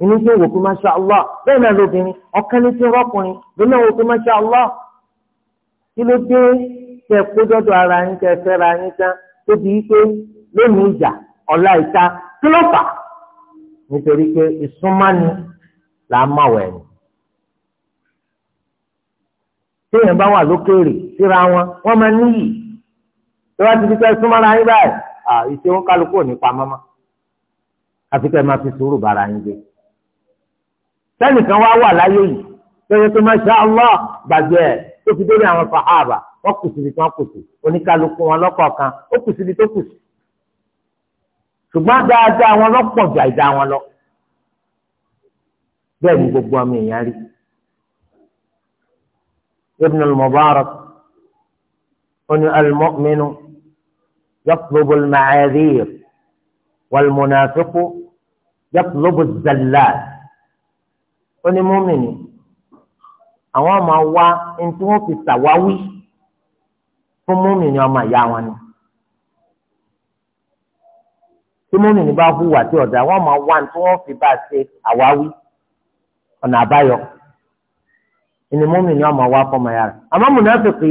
ń rí wò pé allah bẹ́ẹ̀ náà lóbìnrin ọ̀kan ní ti ń rọ́kùnrin allah kí ló dé ara yín tẹ fẹ́ra yín tán tóbi pé lónìí ìjà ọ̀la ìta kí ló fà nítorí pé ìsúnmáni là á máa wẹ̀ ni. téèyàn bá wà lókèèrè síra wọn máa níyì tí ìṣe wọn kálukú ò ní pamọ́ mọ́ àfi kẹ́ ẹ máa fi sùúrù bára yín gbé. sẹ́nìkan wá wà láyé yìí tẹ́lẹ̀ tó masha Allah gbàgbé ẹ̀ tó fi dórí àwọn sàhábà wọ́n kù síbi tí wọ́n kù sí oníkálukú wọn lọ́kọ̀ọ̀kan ó kù síbi tó kù sí. ṣùgbọ́n dáadáa wọn lọ́pọ̀ ju àìdá wọn lọ. bẹ́ẹ̀ ni gbogbo ọmọ èèyàn rí. ibn al-mubarak ó al-mu'minu. يطلب المعاذير والمنافق يطلب الزلات onímọ́mìnì àwọn ọmọ wa ní tí wọ́n fi ṣàwáwí fún mọ́mìnì ọmọ ìyá wọn ni tí mọ́mìnì bá hùwà tí ọ̀dà àwọn ọmọ wa ní tí wọ́n fi bá ṣe àwáwí ọ̀nà àbáyọ onímọ́mìnì ọmọ wa fọmọ ya rẹ̀ àmọ́ mùnàfíkì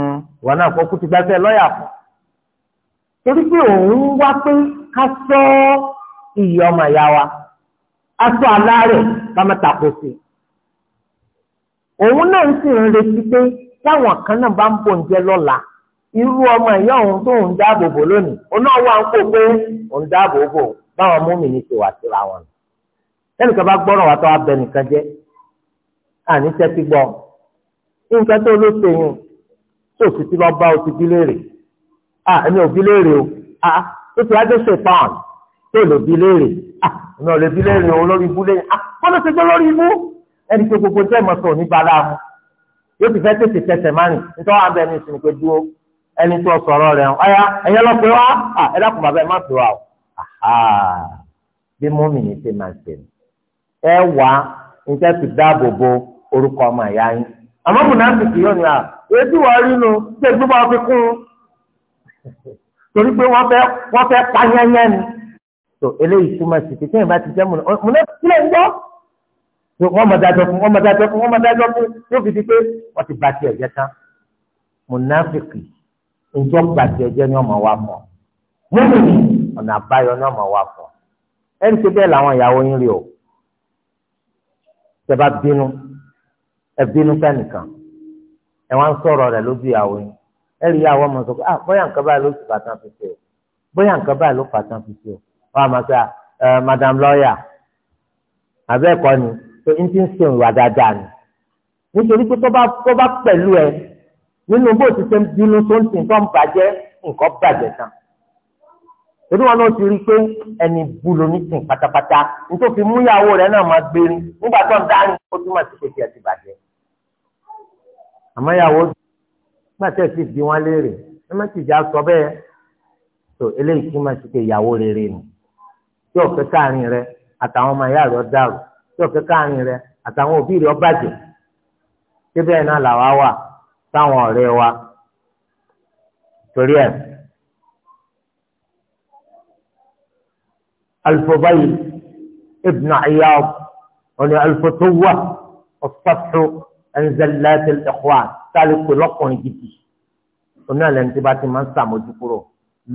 wọn náà kọ́kú ti gbàṣẹ́ lọ́ọ̀yà fún torí pé òun wá pé ká sọ ìyá ọmọ ìyá wa a sọ aláàrẹ̀ ká má tako sí i òun náà sì ń retí pé táwọn kan náà bá ń bò ń jẹ lọ́la irú ọmọ ìyá òun tó ń dáàbò bò lónìí òun wà ń kó pé òun dáàbò bò báwọn múmìnì ṣe wà síra wọn ẹnìkan bá gbọ́ràn wá tó abẹnìkan jẹ́ àníṣẹ́ ti gbọ́ nǹkan tó ló ṣe yùn òsì tí lọ́ọ́ bá o ti bí léèrè à èmi ò bí o à ó ti wájú ṣe pọ́n tó lò bí léèrè à èmi ò lè bí o lórí ibú léèrè à wọ́n ló ti gbé lórí ibú ẹni pé gbogbo tẹ́ mọ̀ sọ̀rọ̀ nípa ara wọn yóò ti fẹ́ tètè tẹsẹ̀ márùn nítorí wọn abẹ́ mi sì ní pé dúró ẹni tó sọ̀rọ̀ rẹ̀ ọ̀ya ẹ̀yẹ lọ pé wá à ẹ dákun bàbá ẹ má pè wá o bí mọ́mì ní ṣe máa ṣe ẹ wá níta ti dáàbò bo orúkọ àmọ́ mùnàfíìsì yóò ní à ètí wàá rí nu tí ègbé bá fi kún un torí pé wọ́n fẹ́ wọ́n fẹ́ pa yẹ́nyẹ́ ni tó eléyìí túmọ̀ sí pé kéèyàn bá ti jẹ́ mùnàfíìsì sílẹ̀ ń gbọ́ tó wọ́n mọ̀ dájọ́ fún wọ́n mọ̀ dájọ́ fún wọ́n mọ̀ dájọ́ fún yóò fi di pé wọ́n ti ba tiẹ̀ jẹ́ tán mùnàfíìsì ìjọ ba tiẹ̀ jẹ́ ni ọmọ wa mọ̀ mùnàfíìsì ọ̀nà àbáyọ ni ọmọ wa mọ̀ ẹni tó bẹ́ẹ̀ làwọn ìyàwó yín rí o tẹ bínú ẹ bínú sẹ́nìkan ẹ wá ń sọ̀rọ̀ rẹ̀ lójú ìyàwó yín ẹ rí ìyàwó ọmọ sọ pé ah bóyá nǹkan báyìí ló sì fàtàn fi ṣe o bóyá nǹkan báyìí ló fàtàn fi ṣe o wọn àmọ́ sọ ẹ madam lọ́ọ̀yà àbẹ́ẹ̀kọ́ ni pé n ti ń ṣe ìwà dáadáa ni nítorí pé tó bá pẹ̀lú ẹ nínú bó ti ṣe bínú tó ń tì tó ń bàjẹ́ nǹkan bàjẹ́ tán torí wọn náà ti rí i pé ẹni bu ló ní sìn pátápátá nítorí mú ìyàwó rẹ náà máa gbérin nígbà tó ń dárin ó túmọ̀ sí pé tiẹ̀ ti bàjẹ́ àmọ́ ìyàwó nígbà tẹ̀ sí bí wọ́n léèrè ẹ má ti jà sọ bẹ́ẹ̀ tó eléyìí túmọ̀ sí pé ìyàwó rere nù tí ọ̀fẹ́ káàrin rẹ àtàwọn ọmọ ìyá rẹ ọ dàrú tí ọ̀fẹ́ káàrin rẹ àtàwọn òbí rẹ ọ bàjẹ́ síbẹ̀ náà làwa wà táwọn ọ̀rẹ́ wa torí ẹ̀ الفضيل ابن عياض الفتوة الصفح عن زلات الإخوان ذلك لقون جدي oní àlẹ́ ní tí bá ti máa ń sàmójú kúrò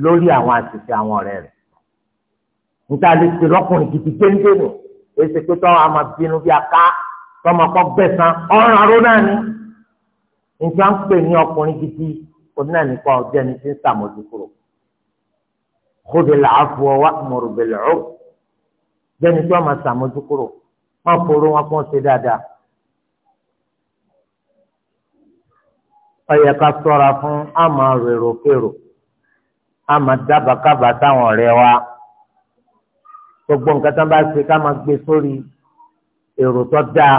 lórí àwọn àṣìṣe àwọn ọ̀rẹ́ rẹ̀ níta lè pe lọ́kùnrin gidi géńdé nù èsì pé tọ́ àmọ́ bínú bí aká tọ́mọ kọ́ gbẹ̀sán ọ̀ràn aró náà ni níta ń pè ní ọkùnrin gidi oní àlẹ́ nípa ọjọ́ ẹni tí ń sàmójú kúrò khudil afwa wa'mur bil 'urf jẹ́ni tí wọ́n máa sàmójúkúrò wọ́n forú wọn kún ṣe dáadáa. ó yẹ ká ṣọ́ra fún àmọ́ rèrò kérò àmọ́ dábàá kábàá táwọn ọ̀rẹ́ wa gbogbo nǹkan tó bá ṣe ká máa gbé sórí èrò tó dáa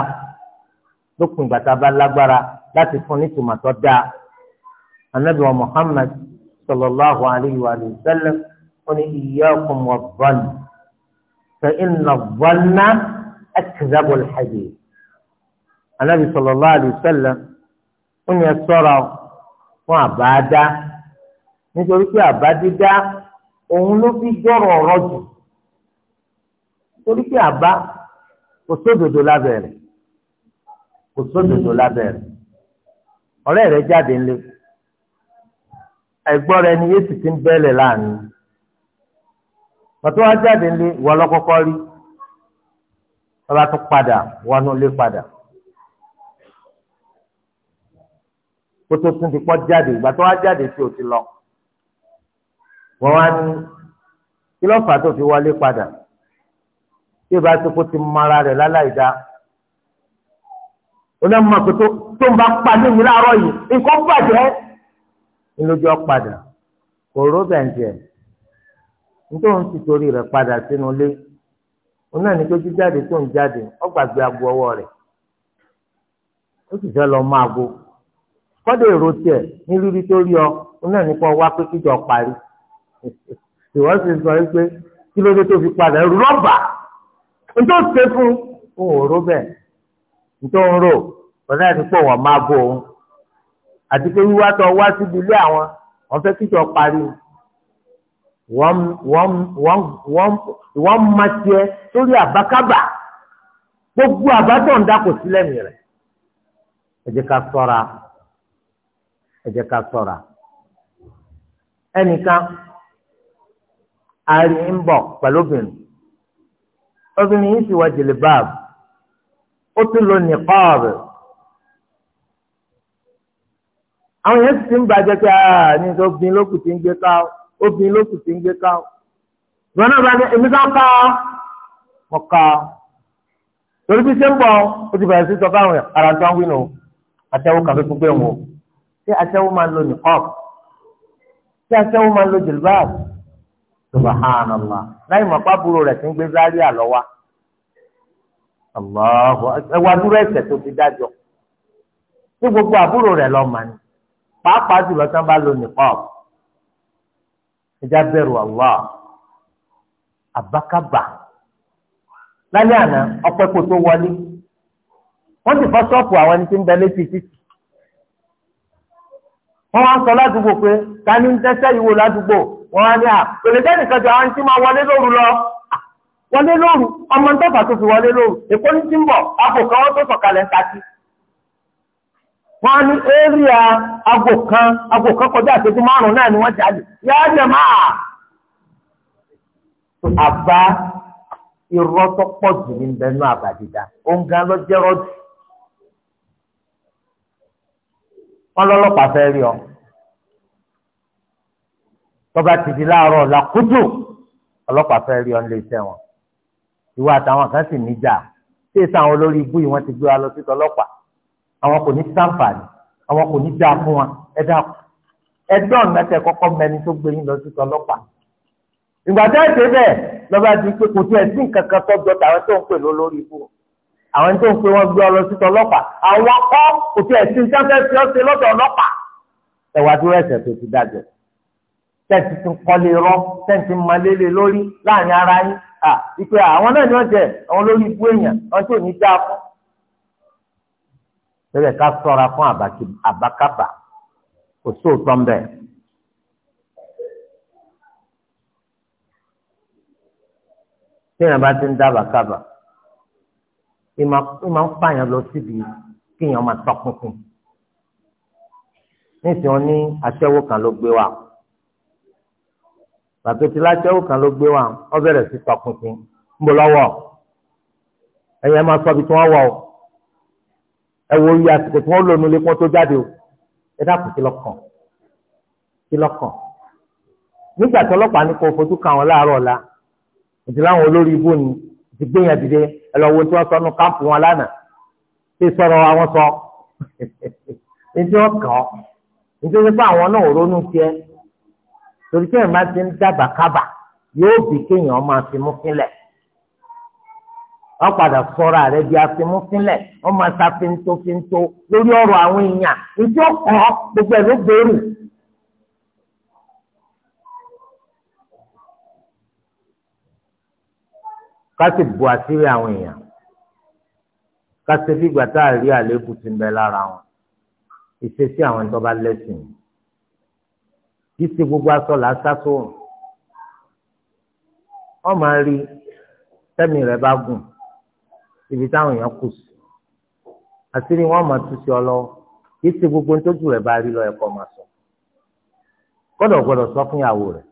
lópin ìgbà tá a bá lágbára láti fún nítumọ̀ tó dáa anabi wa muhammad sallallahu alayhi wa sallam wọ́n ní iyyakum wadh-dhann fa inna adh-dhanna akdhabu al-hadith anabi sallallahu alayhi wa sallam ó ní ẹ ṣọ́ra fún àbáadá nítorí pé àbádídá òun ló fi jọrọ ọ̀rọ̀ jù torí pé àbá kò sódodo lábẹ́ kò sódodo lábẹ́ rẹ̀ ọ̀rẹ́ jáde ńlẹ̀ ẹ̀gbọ́n rẹ̀ ni yéésù ti ń bẹ́lẹ̀ láàánú pàtó wá jáde lé wọ lọ́kọ́kọ́ rí ọba tó padà wọnú lé padà kótó tún ti pọ́ jáde ìgbà tó wá jáde tí o ti lọ wọ́n wá ní kí ló fà tó fi wọlé padà tí ìbá tó kó ti mara rẹ̀ láláì dá onímọ̀ kótó tó ń bá pàdé mi yìí nǹkan bàjẹ́ ńlójú padà kò róbẹ̀ ń jẹ́ nítorí òun ti torí rẹ̀ padà sínú ilé òun náà ní pé jíjáde tó ń jáde ó gbàgbé aago ọwọ́ rẹ̀ ó sì fẹ́ lọ máa go kọ́dọ̀ èrò tiẹ̀ ní rírí tó rí ọ òun náà ní kó wá pé kíjọ parí ìwọ sì sọ pé kí ló dé tó fi padà rọ́bà nítorí ó ṣe fún òun ò ró bẹ́ẹ̀ nítorí ń rò òun náà ní pé wọ́n máa bo òun àti pé wíwá tó wá síbi ilé àwọn wọ́n fẹ́ kíjọ parí wọ́n ma tiẹ̀ sórí àbákábà gbogbo àbátọ̀ dákò sílẹ̀ mi rẹ̀ ẹ ká ṣọ́ra ẹ ká ṣọ́ra ẹnìkan àárín ń bọ̀ pẹ̀lú obìnrin obìnrin yìí sì wá báàbù ó obìnrin ló sì ti ń gbé ká o ìwọ́n náà bá ní èmi ká ká mọ̀ ká torí bí ṣe ń bọ̀ ó ti bẹ̀rẹ̀ sí sọ fáwọn ará tó ń wí nù àtẹ̀wò kàfé gbogbo ẹ̀ wò ṣé àtẹ̀wò máa ń lo nìkọ́ọ̀ ṣé àtẹ̀wò máa ń lo jìlbáàbù subhanallah láì mọ̀ pàbúrò rẹ̀ ti ń gbé zárí àlọ́wà allahu ẹwà dúró ẹsẹ̀ tó fi dájọ́ ní gbogbo àbúrò rẹ̀ lọ́ọ́ mà ní pàápàá jùlọ tí wọ́n ẹja bẹ̀rù Allah àbákàbà lálẹ́ àná ọpẹ́ kò tó wọlé wọ́n ti fọ́ ṣọ́ọ̀pù àwọn ẹni tí ń bẹ létí títì wọ́n wá ń sọ ládùúgbò pé ta ni ń tẹ́sẹ̀ ìwò ládùúgbò wọ́n wá ní à pèlè tẹ́ nìkan jọ àwọn tí máa wọlé lóru lọ wọlé lóru ọmọ ń tọ́fà tó fi wọlé lóru èkó ní tí ń bọ̀ àpò kan wọ́n tó sọ̀kalẹ̀ ń ta wọ́n á ní éríà aago kan aago kan kọjá àṣetí márùn náà ni wọ́n jáde yáá jẹ máa. àbá irọ́ tó pọ̀ jù ní bẹnu àbàdìdá òǹgá ló jẹ́rọ́ jù. wọ́n lọ́lọ́pàá fẹ́ rí ọ tọba ti di láàárọ̀ làkútù ọlọ́pàá fẹ́ẹ́ rí ọ nílé iṣẹ́ wọn ìwọ àtàwọn kan sì níjà tí èsì àwọn olórí ibú yìí wọ́n ti gbé wa lọ sí tọlọ́pàá àwọn kò ní sáǹfààní àwọn kò ní dáa fún wa ẹ dákun ẹgbẹ́ ọ̀nà tẹ kọ́kọ́ mẹni tó gbé yín lọ sí tọlọ́pàá ìgbà tó ẹ̀ ṣe bẹ́ẹ̀ lọ́ba ti pé kò tiẹ̀ sí nǹkan kan tó jọ tàwọn tó ń pè ló lórí ikú àwọn tó ń pè wọ́n gbé ọ sí tọlọ́pàá àwọn kọ́ kò tiẹ̀ sí sáfẹ́ sí ọ́ sí lọ́dọ̀ ọlọ́pàá ẹ̀wà tó rẹ̀ ṣẹ̀ tó ti dájọ́ tẹ̀sí tún kọ́lé rọ́ tẹ̀sí malélé lórí láàrin ara yín à ìpè àwọn náà ni wọ́n jẹ àwọn lórí ikú èèyàn wọ́n tó ní dáa fún lórí ká ṣọ́ra fún àbákàbà kò sóòótọ́ ń bẹ̀. téèyàn bá ti ń dábàá kábà ẹ máa ń pààyàn lọ síbi kéèyàn máa tọpinpin nísìnyí wọn ní aṣẹ́wó kan ló gbé wa bàtòtí láṣẹ́wó kan ló gbé wa wọ́n bẹ̀rẹ̀ sí tọpinpin ń bọ̀ lọ́wọ́ ẹ̀yẹ́ máa sọ ibi tí wọ́n wọ̀ ọ́ ẹ wo iye àsìkò tí wọ́n lò nílé kó tó jáde o ẹ dákun kí lọ́kàn kí lọ́kàn nígbà tí ọlọ́pàá ní kó fojú kan wọn láàárọ̀ ọ̀la ìdí láwọn olórí ibú ni ti gbéyàn dìde ẹ lọ wo tí wọ́n sọ nù káàpù wọn lánàá tí sọ̀rọ̀ àwọn sọ ẹni tí wọ́n kàn ọ́ nítorí pé àwọn náà ronú tiẹ̀ torí kí ẹ̀ máa ti ń dábàá kábàá yóò bí kéèyàn máa fi mú sílẹ̀ wọ́n padà sọ̀rọ̀ rẹ̀ di afimúfínlẹ̀ wọ́n máa ta fintofinto lórí ọ̀rọ̀ àwọn èèyàn ìjọ kọ́ gbogbo ẹ̀ ló gbèrú. ká sì bu àṣírí àwọn èèyàn ká sì bí ìgbà tá a rí àléébù ti ń bẹ lára wọn ìṣesí àwọn ẹni tó bá lẹ́sìn kì í ṣe gbogbo aṣọ là á sá sóòrùn wọ́n máa rí tẹ́mi rẹ̀ bá gùn ibi táwọn èèyàn kù sí àṣírí wọn máa tún sí ọ lọ kì í ṣe gbogbo ní tójú rẹ bá rí lọ ẹkọ máa sọ gbọ́dọ̀ gbọ́dọ̀ sọ fún ìyàwó rẹ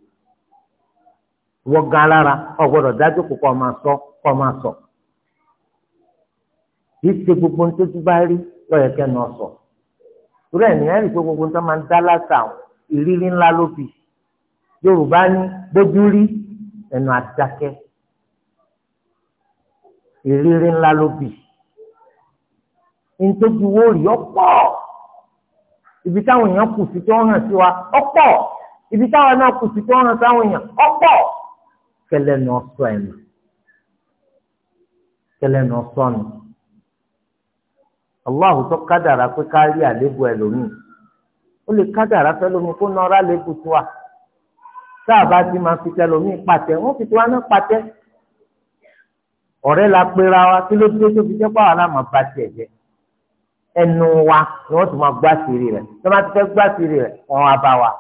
wọ gan lára ọ gbọ́dọ̀ dájú kó kọ máa sọ kọ máa sọ kì í ṣe gbogbo ní tójú bá rí lọ náà sọ torí ẹ nìyẹn pé gbogbo ní máa ń dá láṣà ìrírí ńlá ló fi yorùbá ní gbójú rí ẹnu àdákẹ́ ìrírí ńlá ló bì ntójú wo rí ọ̀pọ̀ ibi táwọn èèyàn kù sí tó hàn sí wa ọ̀pọ̀ ibi táwọn náà kù sí tó hàn sáwọn èèyàn ọ̀pọ̀ kẹlẹ ní ọsọ ẹnu kẹlẹ ní ọsọ ẹnu Allahu tó kádàrá pé ká rí àléébù ẹlòmíì ó lè kádàrá fẹlòmíì kó nọra lébu tiwa tá a bá ti máa fi tẹlòmíì pàtẹ wọn fi tiwa náà pàtẹ ọ̀rẹ́ la pera wa kí ló dé tó fi jẹ́ pàwọn aláàmọ̀ bá tiẹ̀ jẹ́ ẹnu wa ni wọ́n ti máa gbá siri rẹ̀ tí wọ́n bá ti fẹ́ gbá siri rẹ̀ wọ́n wá bá wa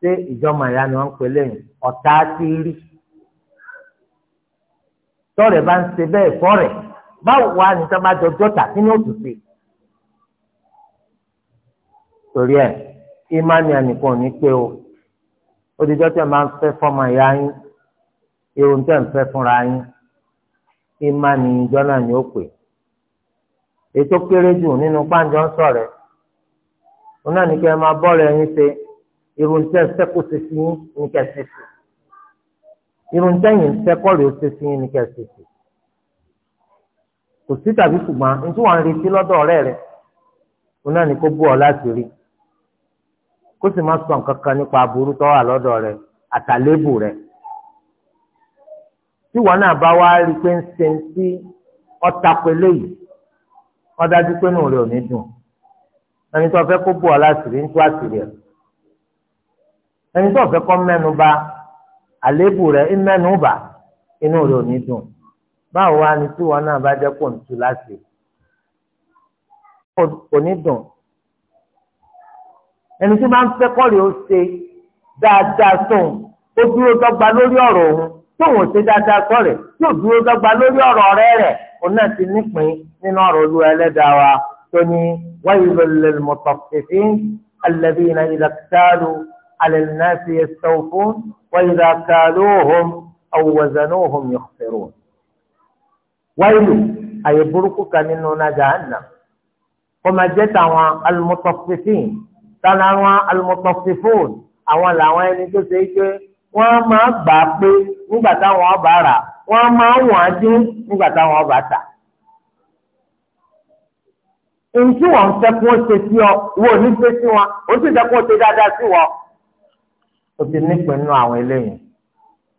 ṣé ìjọba ìyá ni wọ́n ń pè lẹ́yìn ọ̀tá ti rí tọ́rẹ̀ bá ń ṣe bẹ́ẹ̀ fọ́rẹ̀ báwo wá ní sábà jọjọ́ tà kí ni ó tún ṣe. torí ẹ ìmánì ànìkan ní pé o ó máa ń fẹ́ fọ́mọ ìyá yín irun tẹ̀ ń fẹ́ fúnra yín. ìmánì ìjọ náà ni ó pè ètò kéré jù nínú pàǹjọ ń sọ̀rọ̀ ẹ náà ní kẹ́ ẹ máa bọ́ọ̀lù ẹyin irun tẹ́ sẹ́kù ṣe sí yín ní kẹ́ ṣe sí irun tẹ́yìn sẹ́kọ̀rì ó ṣe sí yín ní kẹ́ ṣe sí kò sí tàbí ṣùgbọ́n nítorí wọn lọ́dọ̀ ọ̀rẹ́ rẹ náà ní kó bú ọ láti rí kó sì má sọ nǹkan kan nípa aburú tó wà lọ́dọ̀ rẹ àtàlébù tí wọn náà bá wá rí i pé ń ṣe ń sí ọta pẹ̀lẹ́ yìí wọn dájú pé nù rẹ ò ní dùn ẹni tó fẹ́ kó bò ọ láṣìírí ń tú àṣìírí ẹ ẹni tó fẹ́ kọ mẹ́nu bà àléébù rẹ ń mẹ́nu bà inú rẹ ò ní dùn báwo wá ni tí wọn náà bá jẹ kó ń tu láṣìírí kò ní dùn ẹni tí máa ń fẹ́ kọ́ rẹ̀ ó ṣe dáadáa sóun ó dúró dọ́gba lórí ọ̀rọ̀ òun tó wọ́n ṣe dáadáa sọ̀rẹ̀ tí ò dúró dọ́gba lórí ọ̀rọ̀ ọ̀rẹ́ rẹ̀ òun náà ti nípìn nínú ọ̀rọ̀ olúwa ẹlẹ́dàá wa tó ní waylul lil mutaffifin alladhina idha iktalu ala an-nasi yastawfun wa idha kaluhum aw wazanuhum yakhsirun. wáyé àyè burúkú kan nínú nájà àná kọ́má jẹ́ tàwọn al-mutaffifin tàwọn al-mutaffifun àwọn làwọn ẹni tó ṣe é wọ́n á máa gbà á pé nígbà táwọn ọba rà wọ́n á máa wọ̀n á dín nígbà táwọn ọba tà. Èyí tí wọ́n ń fẹ́ kí wọ́n ṣe sí ọ, wo ní ṣe sí wọn, ó sì fẹ́ kí wọ́n ṣe dáadáa sí wọn. O ti nípìn nínú àwọn eléyìí.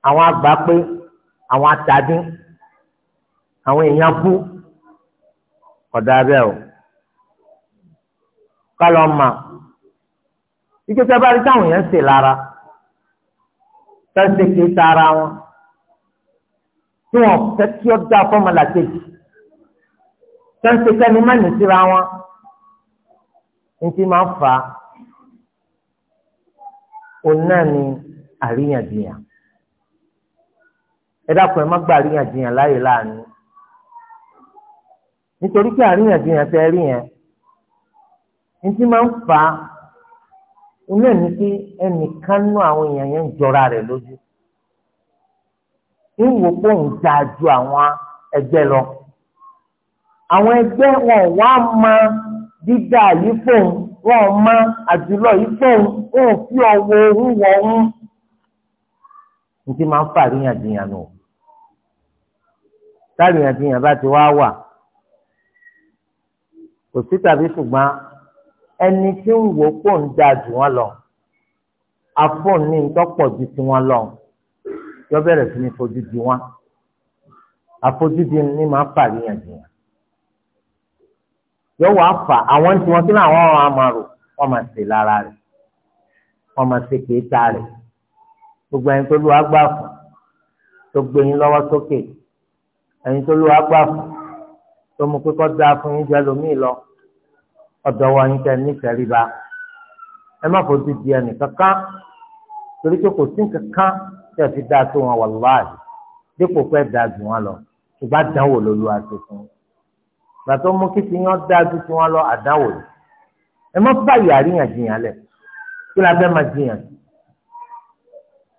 Àwọn àgbà pé àwọn atadín, àwọn èèyàn bú, ọ̀dà abẹ́ o. Kálọ̀ mà, ike tí bá rí táwọn èèyàn ṣe lára tẹ́sí kì í tara wọn tí wọn fẹ́ kí ó dá fọ́mọlàkejì tẹ́sí kẹ́ni má nì síra wọn ní ti máa ń fa òun náà ni àríyànjiyàn ẹ dákun ẹ má gba àríyànjiyàn láàyè láàánú nítorí pé àríyànjiyàn tẹ rí yẹn ní máa ń fa iná ní pé ẹnìkan nú àwọn èèyàn yẹn ń jọra rẹ̀ lójú ń wò pé òun dáa ju àwọn ẹgbẹ́ lọ àwọn ẹgbẹ́ wọn wá máa dídá yìí fóun wọn mọ àjùlọ yìí fóun wọn fi ọwọ́ òun wọ òun ní ti máa ń fa àríyànjiyàn nù táàríyànjiyàn bá ti wá wà kò sí tàbí ṣùgbọ́n ẹni tí ń wò pò ń da jù wọn lọ afọ́n ní ntọ́pọ̀ ju ti wọn lọ yọ bẹ̀rẹ̀ sí ní fojú di wọn àfojúdi ni máa fà níyànjiyàn yọ wàá fà àwọn tí wọn kíni àwọn ọmọ àmàrò wọn máa ṣe lára rẹ wọn máa ṣe kéétà rẹ gbogbo ẹni tó lu agbá fún tó gbé yín lọ́wọ́ sókè ẹni tó lu agbá fún tó mú pé kọ́ da fún yín jẹ́ lómi lọ ọ̀dọ̀ wa yín kẹ́ ní ìtẹríba ẹ má fojú di ẹnì kankan torí pé kò sí kankan tí ẹ fi dáa tó wọn wàláhì dípò pé dáa jù wọn lọ ṣùgbọ́n àdánwò ló lu àti fún un gbàtọ́ mú kí tiyán dáa ju tí wọn lọ àdánwò yìí ẹ má báyìí àríyànjiyàn lẹ̀ kí la fẹ́ máa jiyàn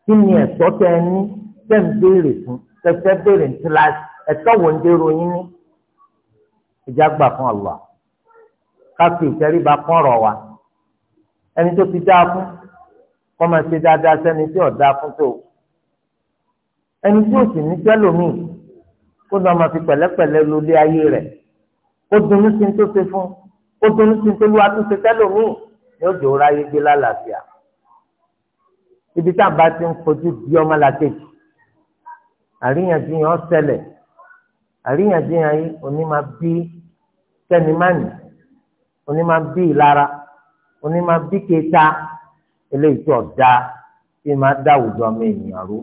kí ni ẹ̀tọ́ tẹ ẹ ní tẹ́ ń béèrè fún tẹ́tẹ́ béèrè ní ẹ̀tọ́ wo ń dérò yín ní ìjà gbà fún Allah káfí ìtẹríba kọ́rọ̀ wa ẹni tó ti dáa fún kọ́ máa ṣe dáadáa sẹ́ni tí ò dáa fún tó ẹni tí ò sì ní tẹ́lòmíì kó lọ́ọ́ máa fi pẹ̀lẹ́pẹ̀lẹ́ lólé ayé rẹ̀ ó dunnú sí tó ṣe fún ó dunnú sí tó lúwa tó ṣe tẹ́lòmíì ni ó jòrò ayé gbé lálàáfíà ibi tá a bá ti ń fojú bí ọmọ làkejì àríyànjiyàn ṣẹlẹ̀ àríyànjiyàn yìí òní máa bí sẹ́ni máa nìí oní máa bí ìlara oní máa bí kẹta eléyìí tó ọ̀dà tí máa dá àwùjọ ọmọ ènìyàn rú.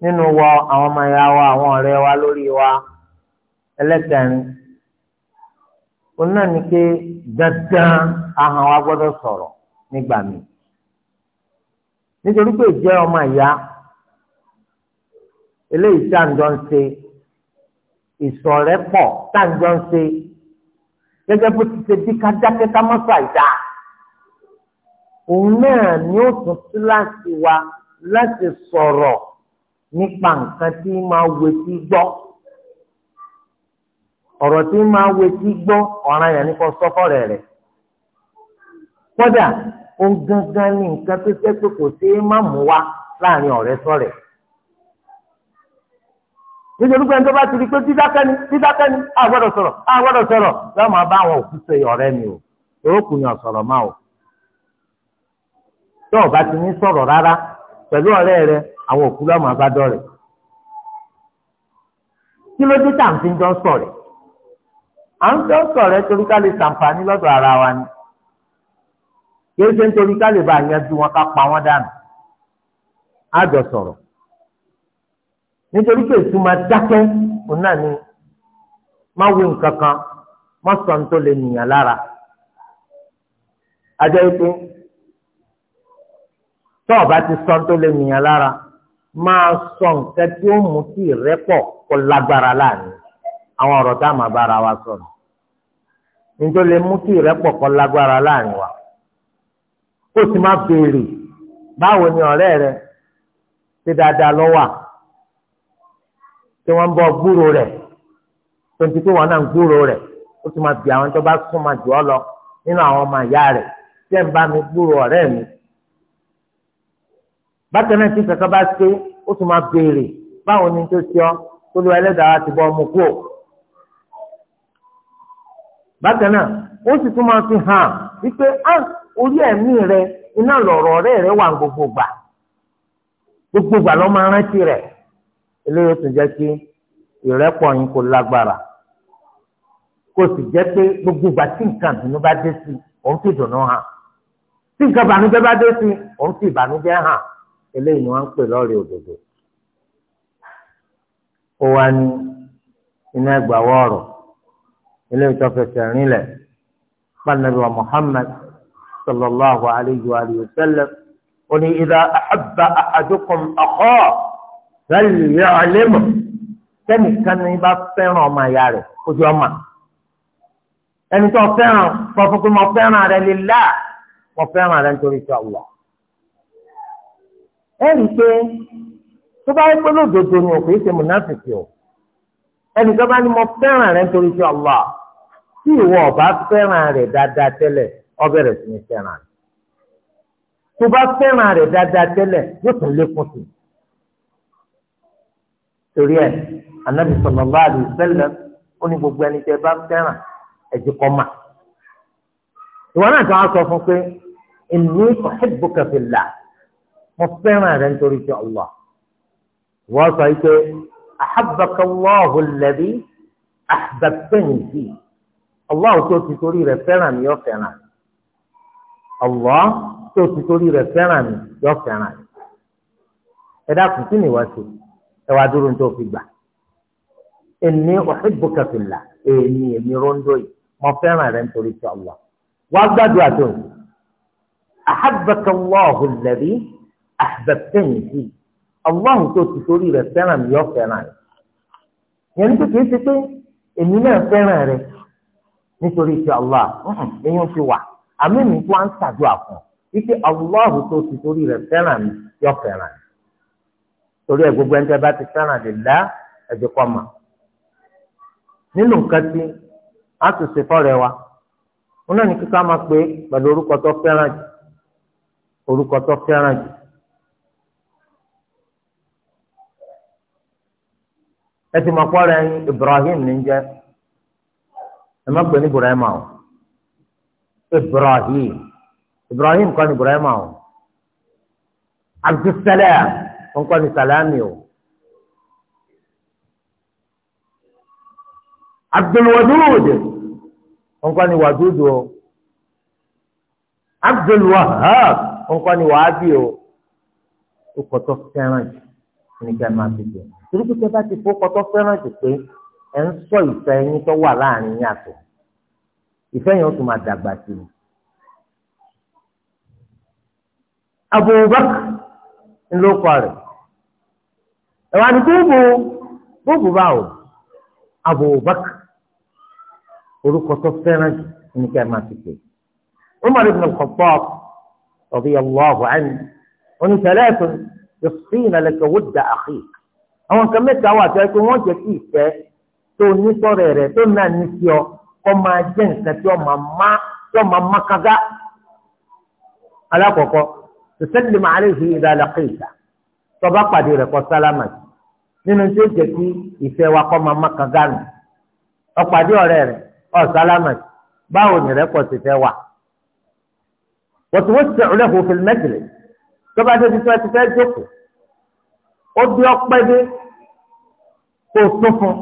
nínú wọ àwọn ọmọ ìyá wa àwọn ọ̀rẹ́ wa lórí wa ẹlẹ́kẹrin òun náà ni pé dandan ahọ́n wa gbọ́dọ̀ sọ̀rọ̀ nígbà míì nítorí pé ìjẹ́ ọmọ ìyá eléyìí tí à ń jọ ń ṣe ìsọ̀rẹ́pọ̀ táǹjọ́ ń ṣe gẹ́gẹ́ bó ti ṣe bí ká dákẹ́ ká mọ́tò àìdá òun náà ni ó tún tú láti wá láti sọ̀rọ̀ nípa nǹkan tí máa wetí gbọ́ ọ̀rọ̀ tí máa wetí gbọ́ ọ̀ràn yẹn nípa sọ́kọ̀rẹ̀ rẹ̀ kódà ó ń gángan ní nǹkan tó jẹ́ pé kò sí má mú wá láàrin ọ̀rẹ́ sọ̀rẹ́. So nítorí pé ẹni tó bá ti di pé dídákẹ́ni dídákẹ́ni àgbọ́dọ̀ sọ̀rọ̀ àgbọ́dọ̀ sọ̀rọ̀ yóò máa bá àwọn òkú sèyí ọ̀rẹ́ mi o èrò kù yàn sọ̀rọ̀ máa o. tó o bá ti ní sọ̀rọ̀ rárá pẹ̀lú ọ̀rẹ́ rẹ àwọn òkú lọ́ọ́ máa bá dọ̀rẹ̀. kí ló dé tà ń fi jọ sọ̀rẹ̀? à ń jọ sọ̀rẹ̀ torí ká lè ṣàǹfààní lọ́dọ̀ ara wa ni. kì í ṣe nítorí ká lè bá àyànjú wọn ká pa wọn dànù. á jọ sọ̀rọ̀ nítorí pé ìtumọ̀ dákẹ́ òun náà ni má wí nǹkan kan má sọ ní tó lè nìyàn lára ajẹ́ pé tọ́ ọba ti sọ ní tó lè nìyàn lára máa sọ nǹkan tí ó mú sí ìrẹ́pọ̀ kó lágbára láàrin àwọn ọ̀rọ̀ tá a máa bára wa sọ̀rọ̀ nítorí lè mú kí ìrẹ́pọ̀ kó lágbára láàrin wa ó sì máa béèrè báwo ni ọ̀rẹ́ rẹ ṣe dáadáa lọ́wọ́ à tí wọ́n ń bọ́ gbúrò rẹ̀ tó ń ti náà gbúrò rẹ̀ ó ti máa bí àwọn tó bá sún máa lọ nínú àwọn ọmọ ìyá rẹ tí ẹ̀ bá mi gbúrò ọ̀rẹ́ mi. bákan náà tí kankan bá ṣe ó tún máa béèrè báwo ni tó ṣe tó lu ti bọ ọmọ kú eléyìí ó tún jẹ́ kí ìrẹ́pọ̀ yín kó lágbára kó sì jẹ́ pé gbogbo ìgbà tí nǹkan ìdùnnú bá dé sí òun fi ìdùnnú hàn tí nǹkan ìbànújẹ́ bá dé sí òun fi ìbànújẹ́ hàn eléyìí ni wọ́n ń pè lọ́ọ̀rẹ́ òdòdó. ó wá ní iná ẹgbàáwọ̀ ọ̀rọ̀ eléyìí tó fẹsẹ̀ rinlẹ̀ pàǹdàbí wa Muhammad sallallahu alayhi wa sallam ó ní idha ahabba ahadukum lálẹ́ ọ̀lẹ́ mọ̀ tẹ́nìkan ní bá fẹ́ràn ọmọ ìyá rẹ̀ ojú ọmọ ẹni tó fẹ́ràn fọfún pé mo fẹ́ràn rẹ̀ lílá mo fẹ́ràn rẹ̀ nítorí tí ọ̀wọ́. ẹ rí i pé tó bá yẹ pé lódodo ni òkè ṣe múnáfìkì o ẹni tó bá ní mo fẹ́ràn rẹ̀ nítorí tí ọ̀wọ́ tí ìwọ ọba fẹ́ràn rẹ̀ dáadáa tẹ́lẹ̀ ọbẹ̀ rẹ̀ sì fẹ́ràn rẹ̀ tó bá fẹ́ràn rẹ̀ dáadáa tẹ́lẹ̀ yóò tún lékún sí i torí ẹ̀ anabi sallallahu alaihi wasallam ó ní gbogbo ẹni tẹ́ bá fẹ́ràn ẹ̀jẹ̀ kọ́ mà ìwọ náà tó wá sọ fún pé inni uhibbuka fillah mo fẹ́ràn rẹ̀ nítorí ti Allah wọ́n sọ yìí pé ahabbaka Allahu alladhi ahbabtani fihi Allah tó ti torí rẹ̀ fẹ́ràn mi yọ fẹ́ràn mi tó ti torí rẹ̀ fẹ́ràn mi yọ fẹ́ràn ẹ dákun kí ni wàá ṣe ẹ wá dúró ní tó fi gbà inni uhibbuka fillah èmi èmi rondo yìí mo fẹ́ràn rẹ nítorí ti Allah wá gbàdúrà tó yìí ahabbaka Allahu alladhi ahbabtani fi Allah tó ti torí rẹ fẹ́ràn mi yọ fẹ́ràn rẹ yẹn ní kékeré ṣe pé èmi náà fẹ́ràn rẹ nítorí ti Allah ẹ̀yìn fi wà àmì mi tó à ń ṣàdúrà fún ọ wípé Allah tó ti torí rẹ fẹ́ràn mi yọ fẹ́ràn rẹ torí ẹ gbogbo ẹni tẹ́ bá ti fẹ́ràn lè lá ẹ̀jẹ̀ kọ́ mà nínú nǹkan tí a tún ṣe fọ́rẹ̀ wa wọn náà ní kíkọ́ máa pé pẹ̀lú orúkọ tó fẹ́ràn jù orúkọ tó fẹ́ràn jù ẹ ti mọ̀ pọ́rẹ́ yín Ibrahim ní jẹ́ ẹ má pè ní burama o Ibrahim Ibrahim kọ́ ní burama o Abdulsalam ó ń kọ́ ni sàlámì o. abdulwadud ó ń kọ́ ni wàdúdù o abdulwahab ó ń kọ́ ni wàhábì o ó kọ́tọ́ fẹ́ràn jù ní ká máa fi bá ti fó kọ́tọ́ fẹ́ràn jù pé ẹ ń sọ ìfẹ́ yín tó wà láàrin yín àtọ̀ yẹn ó tún máa dàgbà sí i. Abubakar ńlọkọ rẹ̀ ẹ̀wà ni gbogbo gbogbo bá o Abubakar orúkọ tó fẹ́ràn jù ní kí ẹ máa ti pè Umar ibn al-Khattab radiyallahu anhu oníṣẹ́lẹ́sùn yusfina laka wudda akhik àwọn kan mẹ́ta wà tó yẹ pé wọ́n jẹ́ kí ìfẹ́ tó ní rẹ̀ tó náà ní sí ọ kọ́ máa jẹ́ nǹkan tí ọ máa má tí ọ máa má kágá alákọ̀ọ́kọ́ tusallimu alayhi idha laqita tọba pàdé rẹ̀ kọ sálámà nínú tí ó jẹ kí ìfẹ́ wa kọ máa má kan gánà ọpàdé ọ̀rẹ́ rẹ̀ ọ sálámà báwo ni rẹ̀ pọ sí fẹ́ wà. wọ́tíwọ́tí ọ̀rẹ́ kò fìlì mẹ́tìlì tọba débi tí wọ́n ti fẹ́ jókòó ó bí ọpẹ́ dé kó tún fún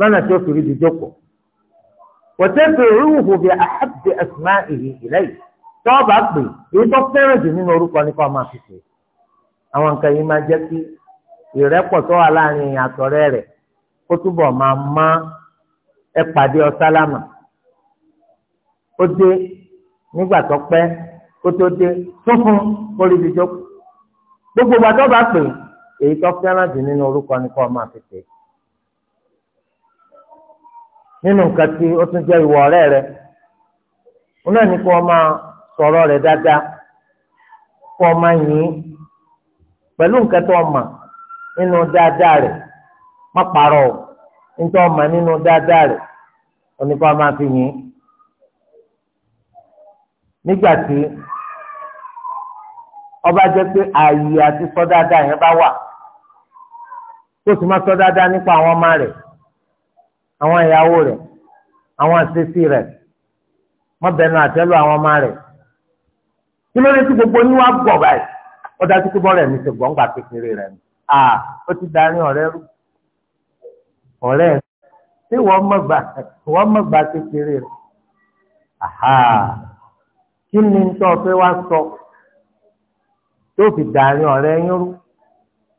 lọ́nà tí fi rí di jókòó. wọ́tẹ́sì ìrúwùfù bí àhàbì asma'ihi ilayhi tọ́ọ̀bà pè èyí tó fẹ́ràn jù nínú orúkọ ní kọ́ máa fi pè àwọn nǹkan yìí máa jẹ́ kí ìrẹ́pọ̀ tó wà láàrin èèyàn àtọ̀rẹ́ rẹ̀ kó túbọ̀ máa má ẹ pàdé ọ̀sálámà ó dé nígbà tó pẹ́ kó tó dé tó fún orí ìdíjọ́ gbogbo ìgbà tó bá pè èyí tó fẹ́ràn jù nínú orúkọ ni kó máa fi pè é nínú nǹkan tí ó tún jẹ́ ìwọ ọ̀rẹ́ rẹ òun náà ní kó máa sọ̀rọ̀ rẹ̀ dáadáa kó máa yìn ín pẹ̀lú nǹkan tó ọmọ nínú dáadáa rẹ̀ má parọ́ o ọmọ nínú dáadáa rẹ̀ onípa máa fi nígbà tí ọba jẹ́ pé ààyè àti sọ yẹn bá wà tó sì máa sọ nípa àwọn ọmọ rẹ̀ àwọn ìyàwó rẹ̀ àwọn gbogbo gbọ̀ ó dájú pé bọ́ọ̀rẹ̀ mi ṣe gbọ́ngbà kékeré rẹ̀ ni à ó ti darí ọ̀rẹ́ rú ọ̀rẹ́ tí wọ́n mọ̀gbà wọ́n mọ̀gbà kékeré rẹ̀ àhà kí ni tó o fẹ́ wá sọ tó fi darí ọ̀rẹ́ yín rú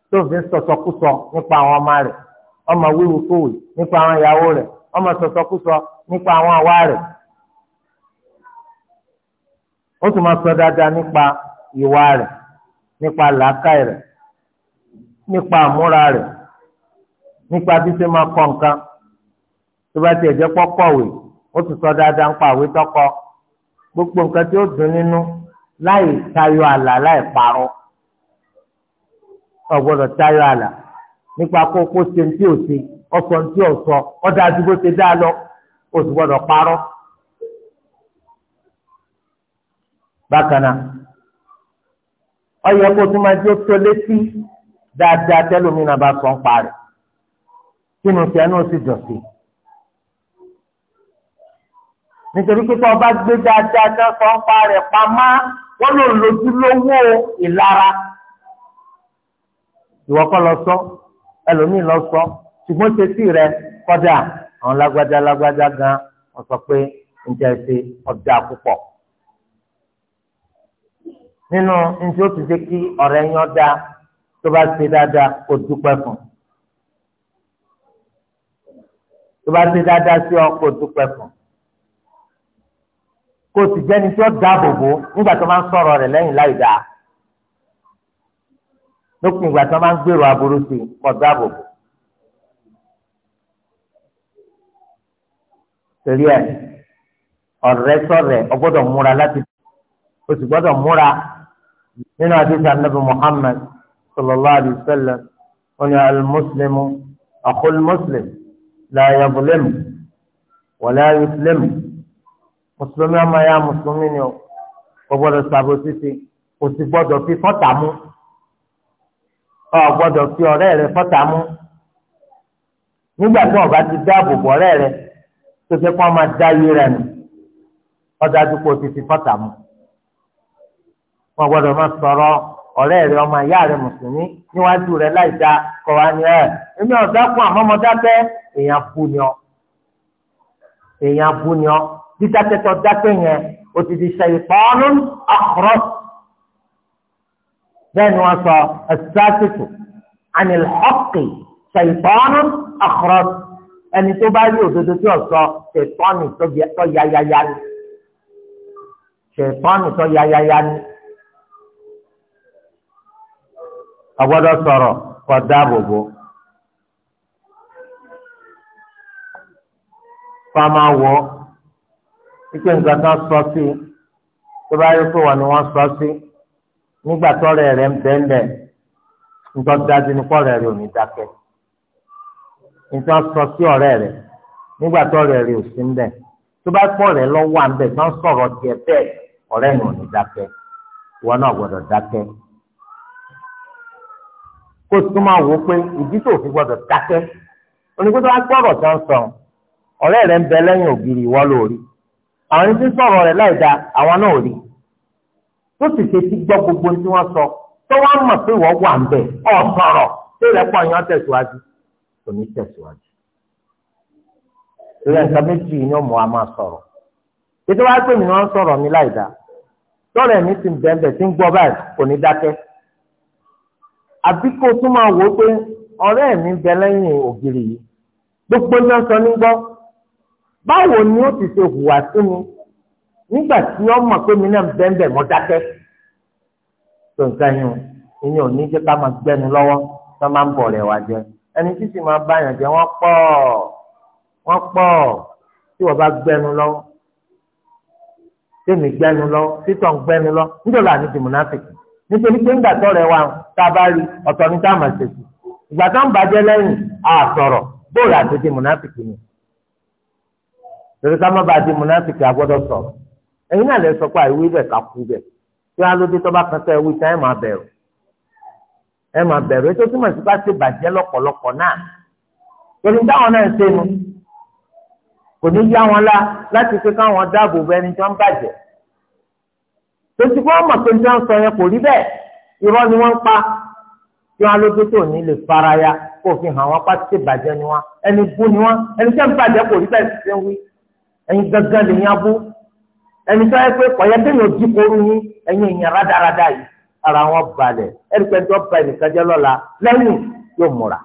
tó fi sọ̀sọ̀kúsọ nípa àwọn ọmọ rẹ̀ ọmọ wíwu kówì nípa àwọn ìyàwó rẹ̀ ọmọ sọ̀sọ̀kúsọ nípa àwọn àwa rẹ̀ ó tún máa sọ dáadáa nípa ìwà rẹ̀ nípa làákàyè rẹ̀ nípa àmúra rẹ̀ nípa bí ṣe máa kọ nǹkan tó bá tiẹ̀ jẹ́ pọ́ kọ̀wé ó ti sọ dáadáa ń pa àwé tọkọ gbogbo nǹkan tí ó dùn nínú láì tayọ àlà láì parọ́ ọ̀gbọ́dọ̀ tayọ àlà nípa kókó ṣe ní tí ò ṣe ọsọ ní tí ò sọ ọdá àdúgbò ṣe dá lọ ó sì gbọ́dọ̀ parọ́ bákan náà ọyẹ kó tó máa jó tó létí dáadáa tẹlómìnà bá sọ ń parẹ kínú tiẹ̀ náà sì dùn sí i nítorí pé tó o bá gbé dáadáa tẹ sọ ń parẹ pamá wọn lò lójúlówó ìlara ìwọ kọ́ lọ sọ ẹlòmíì lọ sọ ṣùgbọ́n tètè rẹ kọjá àwọn lágbájá lágbájá gan wọn sọ pé ń jẹ ṣe ọjà púpọ̀ nínú ntí ó ti ṣe kí ọ̀rẹ́ yẹn ọ̀dà tó bá ṣe dáadáa kó dúpẹ́ fún tó bá ṣe dáadáa sí ọ kó dúpẹ́ fún kó sì jẹ́ni tí ó dáàbò bò nígbà tó máa ń sọ̀rọ̀ rẹ̀ lẹ́yìn láì dáa lópin ìgbà tó máa ń gbèrò aburú sí i kó dáàbò bò. torí ọ̀rẹ́ sọ̀rẹ́ ọ gbọ́dọ̀ múra láti o gbọ́dọ̀ múra nínú àdìsí anabi muhammed sallallahu alayhi wa sallam oní alimuslimu akul muslim láyà bulẹ́mu wàlẹ́ yuslẹ́mu mùsùlùmí ọmọ ya mùsùlùmí ni o kò gbọ́dọ̀ sàbò títí kò sì gbọ́dọ̀ fi fọ́tà mú ọ gbọ́dọ̀ fi ọ̀rẹ́ rẹ fọ́tà mú nígbà tí wọn bá ti dáàbò bò ọ̀rẹ́ rẹ tó fẹ́ kó wọn máa dá yé rẹ nù ọ̀dájú kò sì fi fọ́tà mú wọn gbọ́dọ̀ máa sọ̀rọ̀ ọ̀rẹ́ rẹ ọmọ ìyá rẹ mùsùlùmí níwájú rẹ láì dáa kọ wá ní ẹ èmi ọ̀dà fún àmọ́mọdábẹ́ èèyàn bú ni ọ èèyàn bú ni ọ dídákẹ́tọ̀ dákẹ́ yẹn o ti di ṣe ìpọ́nú àkọ́rọ́ bẹ́ẹ̀ ni wọ́n sọ ẹ̀sításìtò anil haqqi ṣe ìpọ́nú àkọ́rọ́ ẹni tó bá rí òdodo tí ọ̀sọ́ ṣètọ́nì tó yáyáyá ni ṣètọ́nì tó yáyáyá ni. ọgbọ́dọ̀ sọ̀rọ̀ kọ dáàbò bò. fama wọ ike nǹkan kan sọ sí tó bá yẹ kó wà ní wọ́n sọ sí nígbà tọ́rẹ̀ rẹ̀ ń bẹ́ẹ̀ lẹ̀ nǹkan dájú ní kọ́rẹ̀ rẹ̀ ò dákẹ́ nǹkan sọ sí ọ̀rẹ́ rẹ̀ nígbà tọ́rẹ̀ rẹ̀ ò sí tó bá kọ́rẹ̀ lọ́wọ́ à ń bẹ̀ tó ń sọ̀rọ̀ tiẹ̀ bẹ́ẹ̀ ọ̀rẹ́ ni ò dákẹ́ ìwọ náà gbọ́dọ̀ dákẹ́ kó o tún máa wò ó pé ìdí tó fi gbọdọ̀ dákẹ́ oníkótó wá gbọ́rọ̀ tó ń sọ ọ̀rẹ́ rẹ̀ ń bẹ lẹ́yìn ògiri ìwọ lórí àwọn ẹni tí ń sọ̀rọ̀ rẹ̀ láì da àwọn náà rí tó sì ṣe ti gbọ́ gbogbo tí wọ́n sọ tó wá mọ̀ pé ìwọ wà ń bẹ̀ ọ̀ sọ̀rọ̀ tó rẹ̀ pọ̀ yàn tẹ̀síwájú kò ní tẹ̀síwájú ìrẹ̀ nǹkan méjì ni ó mọ̀ á máa sọ̀rọ̀ ètò wá pé mi ni wọ́n sọ̀rọ̀ mi láì da tọ́rọ̀ ẹ̀mí ti bẹ̀ẹ̀ tí ń gbọ́ báyìí kò ní dákẹ́ àbí kó o tún máa wò ó pé ọ̀rẹ́ mi bẹ lẹ́yìn ògiri yìí gbogbo náà sọ ní gbọ́ báwo ni ó ti ṣe hùwà sí mi nígbà tí wọ́n mọ̀ pé mi náà bẹ́ẹ̀ mọ́ dákẹ́ tó nǹkan yìí ìyẹn ò ní jẹ́ ká máa gbẹ́nu lọ́wọ́ tó máa ń bọ̀ rẹ̀ wá jẹ ẹni tí máa bá yàn jẹ wọ́n pọ̀ wọ́n pọ̀ tí wọ́n bá gbẹ́nu lọ́wọ́ tèmi gbẹ́nu lọ́wọ́ títọ̀ ń gbẹ́nu lọ́wọ́ níjọba àní dìmúnáfìkì nítorí pé ńgbà tó rẹ wa tá a bá rí ọ̀tọ̀ ní tá a máa ṣèṣì ìgbà tó ń bàjẹ́ lẹ́yìn a bóòlù àti mùnáfìkì ni torí ká má bàa di mùnáfìkì a gbọ́dọ̀ sọ̀rọ̀ ẹ̀yin náà lè sọ pé àìwí bẹ̀ ká kú bẹ̀ tí a lóde tó bá kan sọ ẹwí tá ẹ máa bẹ̀rù ẹ máa bẹ̀rù ètò tí màsí bá ṣe bàjẹ́ lọ́pọ̀lọpọ̀ náà kò ní tòtí fún ọmọ pé ní wọ́n sọ yẹn kò rí bẹ́ẹ̀ irọ́ ni wọ́n ń pa kí wọ́n lójú tó ní lè fara ya kó fi hàn wọ́n pàṣẹ ìbàjẹ́ ni wọ́n ẹni bú ni wọ́n ẹni tẹ́ ń bàjẹ́ kò rí bẹ́ẹ̀ ti ṣe ń wí ẹ̀yin gangan lè yan bú ẹni tẹ́ pé kọ̀yẹ́ déyìn ojú kooru yín ẹ̀yin èèyàn rádaràda yìí ara wọn balẹ̀ ẹni pé tó ba ẹnìkan jẹ́ lọ́la lẹ́yìn yóò múra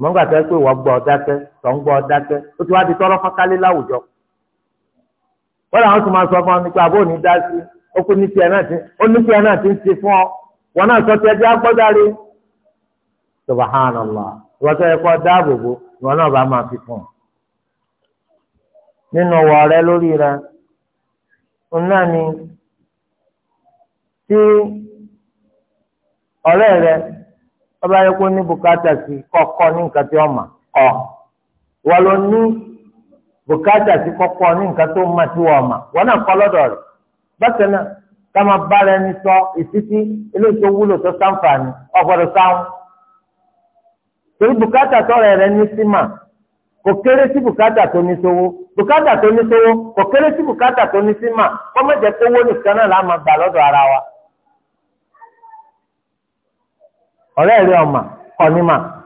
mọ̀ngbà tẹ́ pé wọ́n gbọ́ ọ dákẹ́ tọ́ ń gbọ́ ọ dákẹ́ ó ti wá di tọ́lọ́fọ́kálé wọ́n làwọn tó máa sọ fún ọ nípa àbó òní dá sí ó kú ní tiẹ̀ náà ti ó ní tiẹ̀ náà ti ń fún ọ wọn náà sọ tiẹ̀ ọ. nínú ọwọ́ rẹ lórí rẹ náà ni tí ọ̀rẹ́ rẹ ọba yẹ kó ní sí kọ́kọ́ ní nǹkan tí wọ́n bùkátà ti kọ́kọ́ ní nǹkan tó mọ̀ tí wọ́n mọ̀ wọ́n náà kọ́ lọ́dọ̀ rẹ̀ bákan náà ká máa bára ẹni sọ ìsísí eléyìí tó wúlò tó sáǹfààní sáwọn. torí bùkátà tọrọ rẹ ní símà kò kéré sí bùkátà tó ní sówó bùkátà tó ní sówó kò kéré sí bùkátà tó ní símà kọ́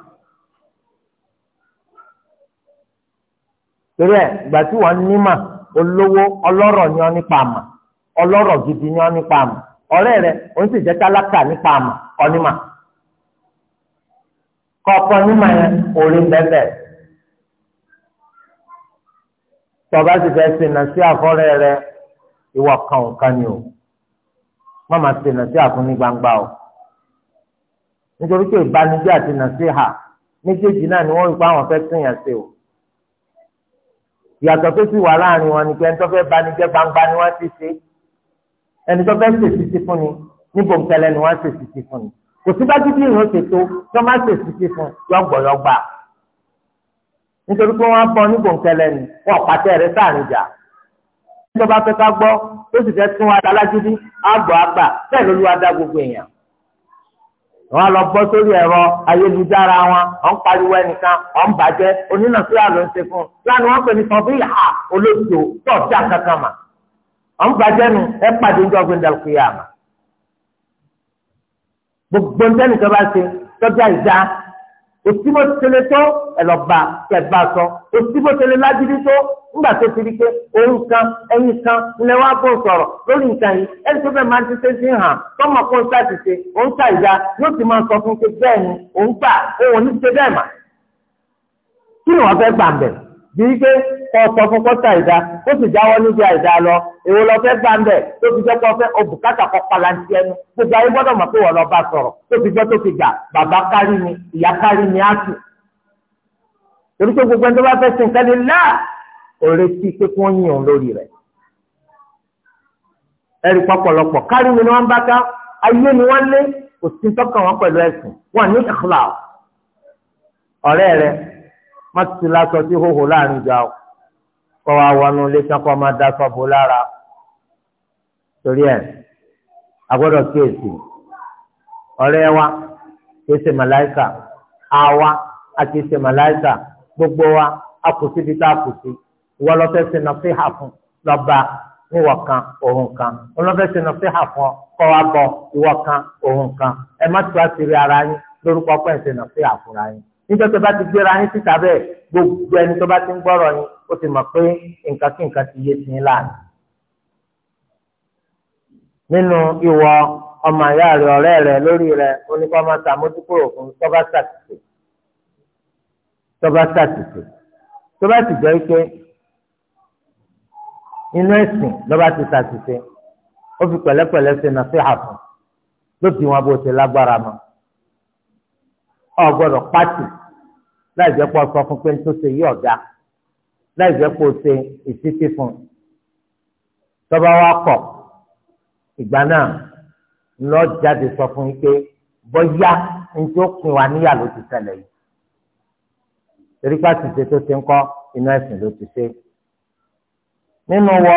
torí ẹ̀ ìgbà tí wọ́n nímà olówó ọlọ́rọ̀ ni wọ́n nípa àmà ọlọ́rọ̀ gidi ni wọ́n nípa àmà ọ̀rẹ́ rẹ̀ ó sì jẹ́ tálákà nípa àmà ọ̀nímà kọ̀ọ̀kan nímà yẹn orí bẹ́ẹ̀ tọba ti fẹ́ sinà sí àfọ́rẹ́ rẹ ìwọ kan òkan ni o má má sinà sí àfún ní gbangba o nítorí pé ìbánijẹ́ àti nàṣíhà méjèèjì náà ni wọ́n rí pé àwọn fẹ́ sìn yàn sí o. ìyàtọ̀ tó sì wà láàrin wọn ni pé ẹni tó fẹ́ bani jẹ́ gbangba ni wọ́n ti ṣe ẹni tó fẹ́ ṣèṣì sí fún ni níbo nkẹlẹ ni wọ́n ṣèṣì sí fún ni kò sí bá títí ìrìn oṣù tó tó má ṣèṣì sí fún yọgbọ̀yọgbà nítorí pé wọ́n á bọ́ níbo nkẹlẹ ni wọ́n pàtẹ́ rẹ sáàrin jà ẹni bá fẹ́ ká gbọ́ tó sì fẹ́ tún wa dálágídí àgbọ̀ àgbà bẹ́ẹ̀ lóluwà dá gbogbo èèyàn wọn lọ bọ́ sórí ẹ̀rọ ayélujára wọn ọ̀n pariwo ẹnìkan ọ̀n bàjẹ́ onínàfíà ló ń ṣe fún un lánàá wọn pè ní sọfíà olóòtú tọ́ọ̀tì àkàkàn mà ọ̀n bàjẹ́ nu ẹ pàdé ń jọgbìn dàlùkìyà mà gbogbo ntẹ́nìkan bá ṣe tọ́jú àìsàn òsì bó tẹlẹ tó ẹlọba kẹba sọ òsì bó tẹlẹ lágídí tó ńgbà tó ti di pé òun kan ẹyin kan ilẹ̀ wa bó sọ̀rọ̀ lórí nǹkan yìí ẹni tó fẹ́ máa ti ṣe sí hàn tọ́mọ̀ kó ń ṣàtìṣe òun ta ìdá yóò ti máa sọ fún pé bẹ́ẹ̀ ni òun gbà òun ò ní ṣe bẹ́ẹ̀ mà kí ni wọ́n fẹ́ gbà bẹ̀rẹ̀ bí pé kọ́ sọ fún kọ́tà ìdá ó sì jáwọ́ níbi àìdá lọ èwo lọ fẹ́ gbà ń bẹ̀ tó fi jẹ́ kó fẹ́ òbùkátà kọ́ palantí ẹnu gbogbo ayé gbọ́dọ̀ mọ̀ pé wọ́n lọ bá sọ̀rọ̀ tó fi jẹ́ tó fi gbà bàbá kárí mi ìyá kárí mi á sùn. torí pé gbogbo ẹni tó bá fẹ́ sin nǹkan ní ò retí pé kí wọ́n yìn lórí rẹ̀. ẹ̀rí pọ̀pọ̀lọpọ̀ kárí ni wọ́n bá ká ayé ni wọ́n lé òsì má ti lásọ sí hóhó láàrin ìjà o kọ́ wa wọnú ilé tán kọ́ máa dasọ bò lára torí ẹ̀ agbọ́dọ̀ kíyèsí ọ̀rẹ́ wa kéésì màláìkà àwa àkéésì màláìkà gbogbo wa a kù síbi tá a kù sí wọ́n lọ fẹ́ sinà fíhà fún lọ́ba níwọ̀ kan òun kan wọ́n lọ fẹ́ sinà fíhà fún ọ kọ́ wa bọ̀ ìwọ̀ kan òun kan ẹ má tó àṣírí ara yín lórúkọ pẹ̀sẹ̀ nà fíhà fúnra yín níjọ́ tó bá ti gbéra yín síta bẹ́ẹ̀ gbogbo ẹni tó bá ti ń gbọ́rọ̀ yín ó ti mọ̀ pé nǹkan kí nǹkan ti yé sí yín láàánú. nínú ìwọ ọmọ ìyá rẹ ọ̀rẹ́ rẹ lórí rẹ oníkọ́ máa ṣàmójúkúrò fún tọ́ba ṣàtìsè tọ́ba ṣàtìsè tọ́ba sì jẹ́ pé inú ẹ̀sìn lọ́ba ti ṣàtìsè ó fi pẹ̀lẹ́pẹ̀lẹ́ ṣe nàṣíhà fún lópin wọn bó ṣe lágbára mọ́ ọ̀gbọ́dọ̀ pàtì láì jẹ́ pọ̀ sọ fún pé tó ṣe yí ọ̀gá láì jẹ́ pọ̀ ṣe ìṣítí fún un tọ́ba wa kọ̀ ìgbà náà lọ jáde sọ fún yín pé bọ́yá ní tó pin wa níyà ló ti ṣẹlẹ̀ yìí torí pàtì ṣe tó ṣe ń kọ́ inú ẹ̀sìn ló ti ṣe nínú wọ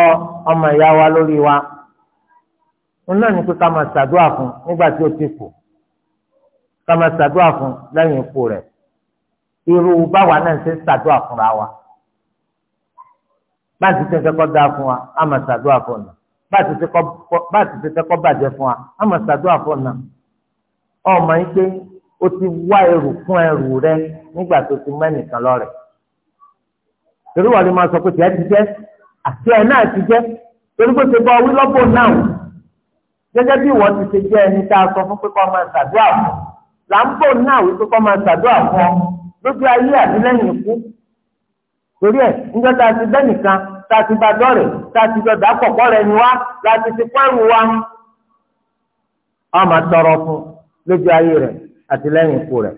ọmọ ìyá wa lórí wa òun náà ní pé máa ṣàdúrà fún nígbà tí ó ti kù ká máa ṣàdúrà fún lẹ́yìn ikú rẹ̀ irú báwa náà ṣe ṣàdúrà fúnra wa báàtì ṣe fẹ́ kọ́ dáa fún wa á máa ṣàdúrà fún ọ̀nà báàtì ṣe fẹ́ kọ́ bàjẹ́ fún wa á máa ṣàdúrà fún ọ̀nà ọmọ yín pé o ti wá ẹrù fún ẹrù rẹ nígbà tó ti mọ ẹnìkan lọ́rẹ̀ torí wọ́n lè máa sọ pé tiẹ̀ ti jẹ́ àti ẹ̀ náà ti jẹ́ torí pé ṣe wí lọ́bọ̀ náà gẹ́gẹ́ bí ìwọ ti ṣe jẹ́ ẹni tá a sọ fún pé kọ́ máa ṣàdúrà fún là ń bọ̀ ní àwìn tó kọ́ máa ṣàdúrà fún ọ lójú ayé àti lẹ́yìn ikú torí tá a ti bẹ́ nìkan tá a ti bá dọ́rẹ̀ tá a ti jọ dàpọ̀pọ̀ rẹ̀ ni wá la ti ti pẹ́rù wa ọmọ tọrọ fún lójú ayé rẹ àti lẹ́yìn ikú rẹ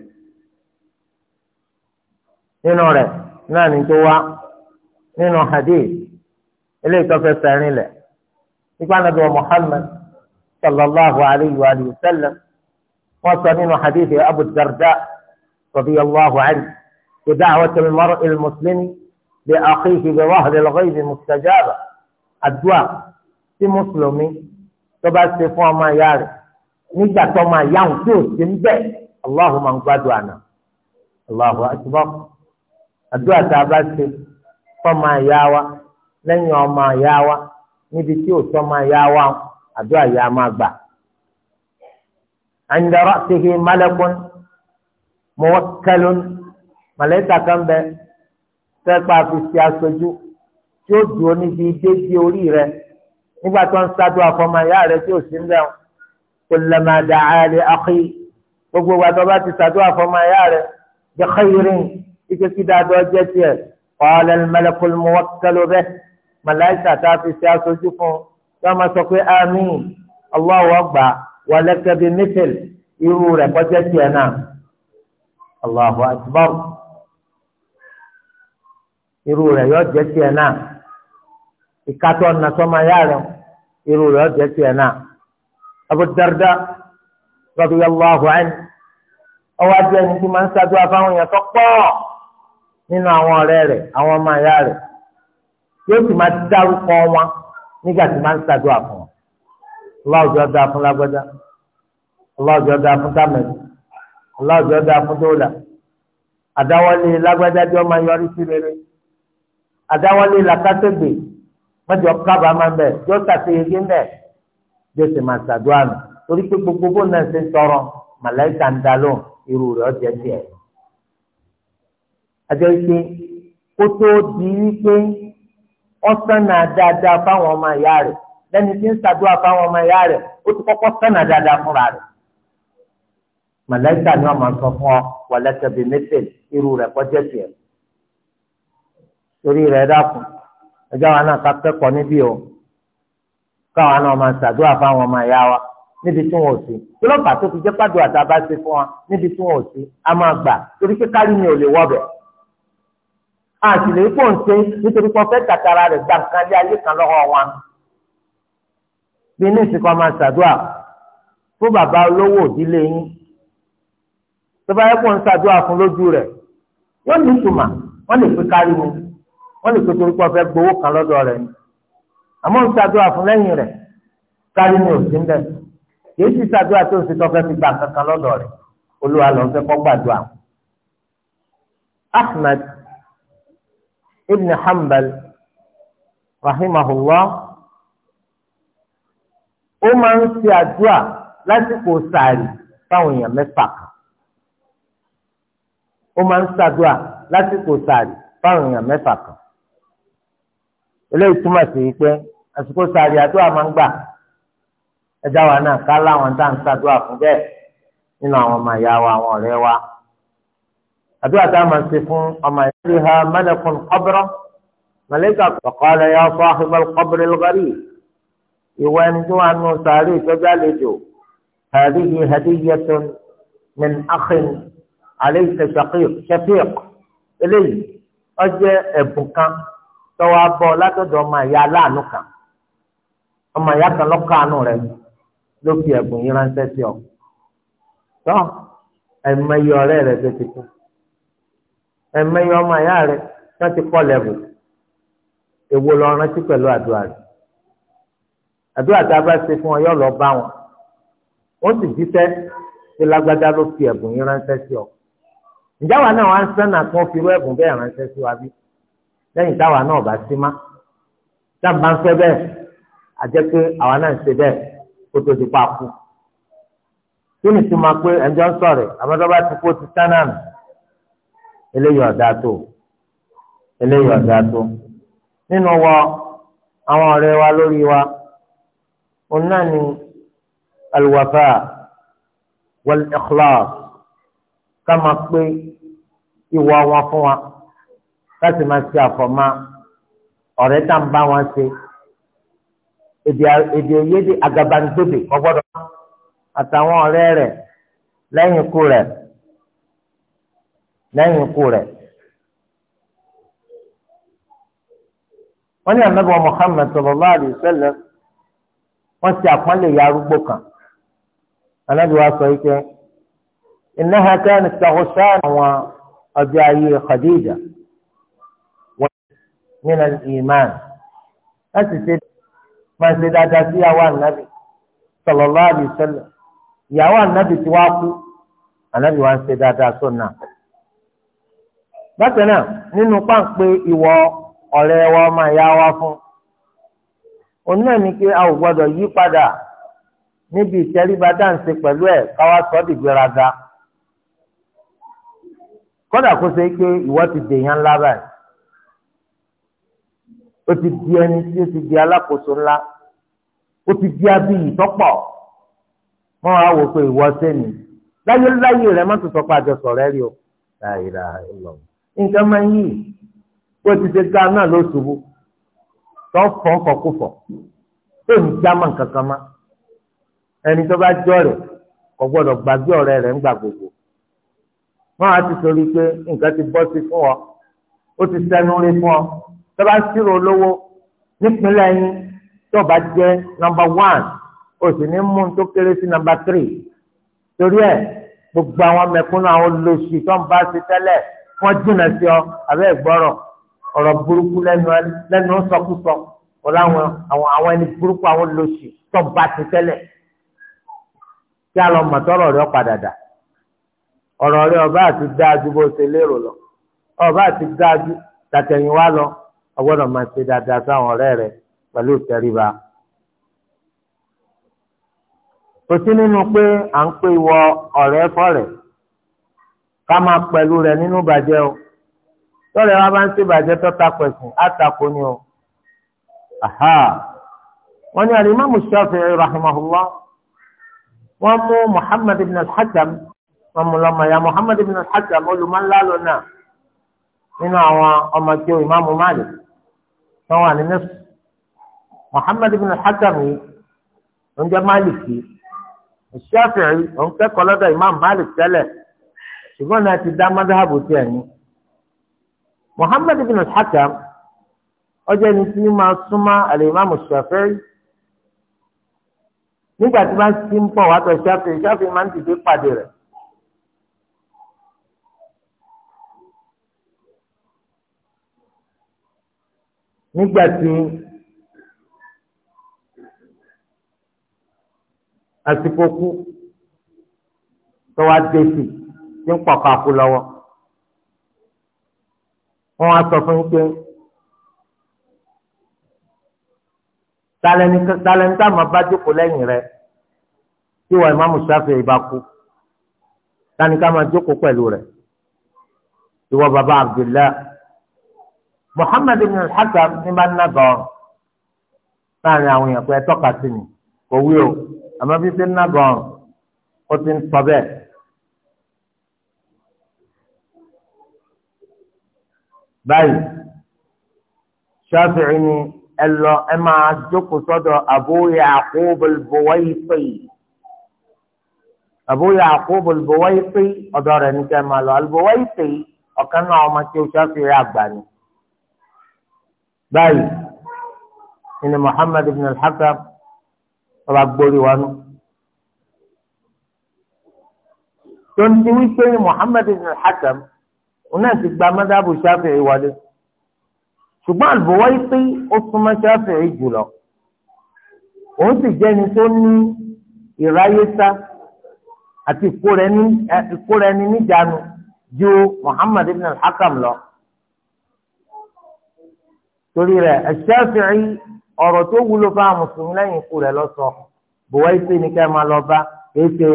nínú rẹ náà ní tó wá nínú hadith eléyìí tó fẹ́ alayhi wa sallam. wọ́n sọ nínú hadithi abu darda radiyallahu anhu kò da'wat al-mar'i al-muslimi bi akhihi bi dhahri al-ghaybi mustajaba àdúrà tí mùsùlùmí tó bá ṣe fún ọmọ ìyá rẹ̀ nígbà tó máa yáhùn tí ò sí ń bẹ̀ Allahu máa ń gbádùn àná Allahu akbar àdúrà tá a bá ṣe fọmọ àyà wa lẹ́yìn ọmọ àyà wa níbi tí òtọ́ máa yá wa àdúrà yà máa gbà عند رأسه ملك موكل ملائكة كان به تقع في السياسة tí ó dúró níbi déédéé orí rẹ nígbà tó ń ṣàdúrà fọmọ ìyá rẹ tí ò sí ń bẹ̀rù kò lẹ́mọ̀ àdá àlẹ́ àkì gbogbo wa tó bá ti ṣàdúrà fọmọ ìyá rẹ bí xeyirin ike kí dáadọ́ jẹ́ tiẹ̀ ọ̀ọ́lẹ́ mẹlẹ́kùn mọ́ kẹló bẹ́ màláìsà tá a fi ṣe aṣojú fún un tí wọ́n máa sọ pé àmín Allahu akbar. wàlẹ́kẹ́ bíi mísìl irú rẹ̀ kọjá tiẹ̀ náà Allahu akbar irú rẹ̀ yọ jẹ́ tiẹ̀ náà ìkatọ́ nasọ́mọ ayá rẹ̀ irú rẹ̀ yọ jẹ́ tiẹ̀ náà Abu Darda radiyallahu anhu ọwọ́ adé ẹni tí máa ń ṣàdúrà fáwọn èèyàn tó pọ̀ nínú àwọn aláwùjọ dáa fún lágbájá aláwùjọ dáa fún tàmẹ̀lì aláwùjọ dáa fún dọ́là àdáwọ́lé lágbájá jọ máa yọrí sí rere àdáwọ́lé làkàtẹ́gbè mẹ́jọ kábà máa ń bẹ̀ yóò ṣàṣeyege ń bẹ̀ yóò sì máa ṣàdúrà nù torí pé gbogbo bó náà ṣe ń sọ̀rọ̀ màláìka ń dalò irú rẹ̀ ọ̀jẹ̀ tiẹ̀. àjọ ike kó di wípé ọ̀sán náà dáadáa fáwọn ọmọ ìyá rẹ̀ lẹ́ni tí ń ṣàdúrà fáwọn ọmọ ìyá rẹ̀ ó ti kọ́kọ́ sọnà dáadáa fúnra rẹ̀ màláìka ni wọn máa sọ fún ọ wàlẹsẹ bíi mẹsẹl irú rẹ̀ kọjá tiẹ̀ torí rẹ̀ dákun ẹjọ́ wa náà ká níbí o káwa náà máa ṣàdúrà fáwọn ọmọ ìyá wa níbi tí wọn ò sí kílọ̀pàá tó fi jẹ́ pàdé àtàbá ṣe fún wa níbi tí wọn ò sí a máa gbà torí pé kárí mi ò lè wọbẹ̀ àtìlẹ́yìn pọ̀ ń ṣe nítorí pé wọ́n fẹ́ tàkàrà rẹ̀ gbàǹkan lé ayé kan lọ́wọ́ wa bí ní ìsìnkú ọmọ ṣàdúà fún bàbá olówó òdílé yín tó bá yẹ kó ń ṣàdúà fún lójú rẹ̀ wọ́n ní ìtumà wọ́n lè fi kárí mu wọ́n lè pété orúkọ fẹ́ gbowó kan lọ́dọ̀ rẹ̀ ni àmọ́ ń ṣàdúà fún lẹ́yìn rẹ̀ kárí mi ò sí ń kìí sì ṣàdúà tó ń ṣe fẹ́ fi gbà kankan lọ́dọ̀ rẹ̀ olúwa ló fẹ́ kọ́ gbàdúà. Ahmad ibn Hanbal rahimahullah. ó máa ń ṣe àdúrà lásìkò sàárì fáwọn èèyàn mẹ́fà kan ó máa ń ṣàdúrà lásìkò sàárì fáwọn èèyàn mẹ́fà kan eléyìí túmọ̀ sí pé àsìkò sàárì àdúrà máa ń gbà ẹja wa náà ká láwọn tá ń ṣàdúrà fún bẹ́ẹ̀ nínú àwọn ọmọ ìyá wa àwọn ọ̀rẹ́ wa ha ya ìwọ ẹni tó wà nù sàárè ìtọ́jú àlejò hadihi hadiyatun min akhin alayka shaqiq shafiq eléyìí ó jẹ́ ẹ̀bùn kan tọwọ abọ látọ̀dọ̀ ọmọ ìyá aláàánú kan ọmọ ìyá kan lọkàánú rẹ ló fi ẹ̀bùn yìí ránṣẹ́ sí ọ tọ ẹmẹyẹ ọ̀rẹ́ rẹ tó ti kú ẹmẹyẹ ọmọ ìyá rẹ tó ti kọ lẹbù èwo lọ rántí pẹ̀lú àdúrà rẹ àdúrà tá a bá ṣe fún ọ yọ lọ bá wọn ó sì jíṣẹ́ pé lágbádá ló fi ẹ̀bùn yín ránṣẹ́ sí ọ ǹjẹ́ àwa náà wá ń sánà kí wọ́n fi irú ẹ̀bùn bẹ́ẹ̀ ránṣẹ́ sí wa bí lẹ́yìn táwa náà bá sí má tá a ń fẹ́ bẹ́ẹ̀ a pé àwa náà ń ṣe bẹ́ẹ̀ kó tó di pa kú kí ni tí máa pé ẹjọ́ ń sọ̀rọ̀ àbádọ́bá ti kó ti sánà nù eléyìí ọ̀dà tó eléyìí ọ̀dà tó nínú wọ àwọn ọ̀rẹ́ wa lórí wa. قلنا الوفاء والإخلاص كما قلت ìwà wọn fún wa láti máa ṣe àfọ̀mọ́ ọ̀rẹ́ tá ń bá wọn ṣe èdè òyédè àgàbàǹgbèbè ọgbọ́dọ̀ àtàwọn ọ̀rẹ́ rẹ̀ lẹ́yìn ikú rẹ̀ lẹ́yìn ikú rẹ̀. wọ́n ní ànábọ̀ Muhammad sallallahu alaihi wọ́n ti àpọ́nlé ya arúgbó kan anábì wa sọ wípé iná ha kẹ́ni ṣàkóso àwọn ọjọ́ ayé Khadija wọ́n nínú iman láti ṣe máa ṣe dáadáa sí ìyàwó ànábì sallallahu alaihi wasallam ìyàwó ànábì ti wá kú ànábì wa ń ṣe dáadáa sọ́nà bákan náà nínú ìwọ ọ̀rẹ́ wa máa yá wa fún òun náà ni pé a ò gbọdọ̀ yí padà níbi ìtẹríba dáǹsì pẹ̀lú ẹ̀ káwá sọ ọ́ dìgbéraga kódà kó ṣe pé ìwọ ti dèèyàn ńlá báyìí ó ti di ẹni tí ó ti di alákòóso ńlá ó ti di abíyì tọ́pọ̀ mọ́ wá wò pé ìwọ sẹ́ni láyé rẹ má tó sọ pé àjọsọ rẹ rí o láyé lọ nǹkan máa ń yí ó ti ṣe gáà ló ṣubú tó fọ́ kọkúfọ̀ tó ní jámà kankan má ẹni tó bá jọ rẹ̀ kò gbọ́dọ̀ gbàgbé ọ̀rẹ́ rẹ̀ ńgbà gbogbo wọn á ti sori pé nǹkan ti bọ́ sí fún ọ ó ti sẹ́nu rí fún ọ tó bá sírò olówó nípínlẹ̀ yín tó bá jẹ́ nọmba wán o sì ní mú tó kéré sí nọmba tírì torí ẹ̀ gbogbo àwọn mẹ̀kúnnù àwọn olóṣì tó ń bá ṣe tẹ́lẹ̀ wọ́n jìnnà sí ọ abẹ́ ìgbọ́rọ̀ ọ̀rọ̀ burúkú lẹ́nu lẹ́nu sọkúsọ ọláwọn àwọn ẹni burúkú àwọn lòsì tọba ti tẹ́lẹ̀ kí a lọ mọ̀ tọrọ rẹ padà dà ọ̀rọ̀ rẹ ọba àti dáadu bó ṣe lérò lọ ọba àti dáadu tàtẹ̀yìnwá lọ ọgbọ́dọ̀ máa ṣe dáadáa sáwọn ọ̀rẹ́ rẹ pẹ̀lú ìtẹríba kò sí nínú pé à ń pè wọ ọ̀rẹ́ fọ̀rẹ́ ká máa pẹ̀lú rẹ nínú bàjẹ́ o tọ́lẹ̀ wa bá ń ṣèbàjẹ́ tọ́ta pẹ̀sìn àtakò ni o. wọ́n ní alimami Shafi'i rahimahullah wọ́n mú Muhammad ibn al-Hakam wọ́n mú lọ́mọ ya Muhammad ibn al-Hakam olùmọ̀lá lọ́nà nínú àwọn ọmọ tí o ìmáàmù Malik wọ́n wà ní Misr. Muhammad ibn al-Hakam yìí ń jẹ́ Maliki Shafi'i òun kẹ́kọ̀ọ́ lọ́dọ̀ ìmáàmù Malik tẹ́lẹ̀ ṣùgbọ́n náà ti dá mọ́dáhàbù tiẹ̀ ní. Muhammad ibn al-Hakam ọjọ́ ẹni tí máa súnmọ́ alimami Shafi'i nígbà tí wọ́n ti ń bọ̀ wá tọ̀ Shafi'i Shafi'i máa ń dìde pàdé rẹ̀. nígbà tí àsìkò kú tó dé sí tí ń pàpà kú lọ́wọ́ wọn á sọ fún yín pé talẹni tá máa bá jókòó lẹ́yìn rẹ tí wọ́n ìmáàmù Ṣáfi'í bá kú tani ká máa jókòó pẹ̀lú rẹ̀ ìwọ bàbá Abdullah Muhammad ibn al-Hakam ní bá ná gọ̀ọ́rùn láàrin àwọn èèyàn pé ẹ tọ́ka sí mi kò wí o àmọ́ bí ṣe ń ná gọ̀ọ́rùn ó ti ń sọ bẹ́ẹ̀. báyìí ṣáfìrì ni ẹ lọ ẹ máa jókòó sọ́dọ̀ Abu Ya'qub al-Buwayti Abu Ya'qub al-Buwayti ọ̀dọ̀ rẹ̀ al-Buwayti ọ̀kan náà ọmọ tí o ṣáfìrì àgbà ni báyìí ni Muhammad ibn al-Hakam ọba gbórí wọnú. tó ń ti wí pé Muhammad ibn al-Hakam. òun náà ti gba mọ́tàbù Ṣáfi'í wọlé ṣùgbọ́n àlùbọ̀wọ́ yìí pé ó súnmọ́ Ṣáfi'í jùlọ òun sì jẹ́ni tó ní ìráyésá àti ìkóra ẹni níjànú ju Muhammad ibn al-Hakam lọ torí rẹ̀ Ṣáfi'í ọ̀rọ̀ tó wúlò fáwọn mùsùlùmí lẹ́yìn ikú rẹ̀ lọ sọ bùwá ìpè ní kẹ́ máa lọ bá èsè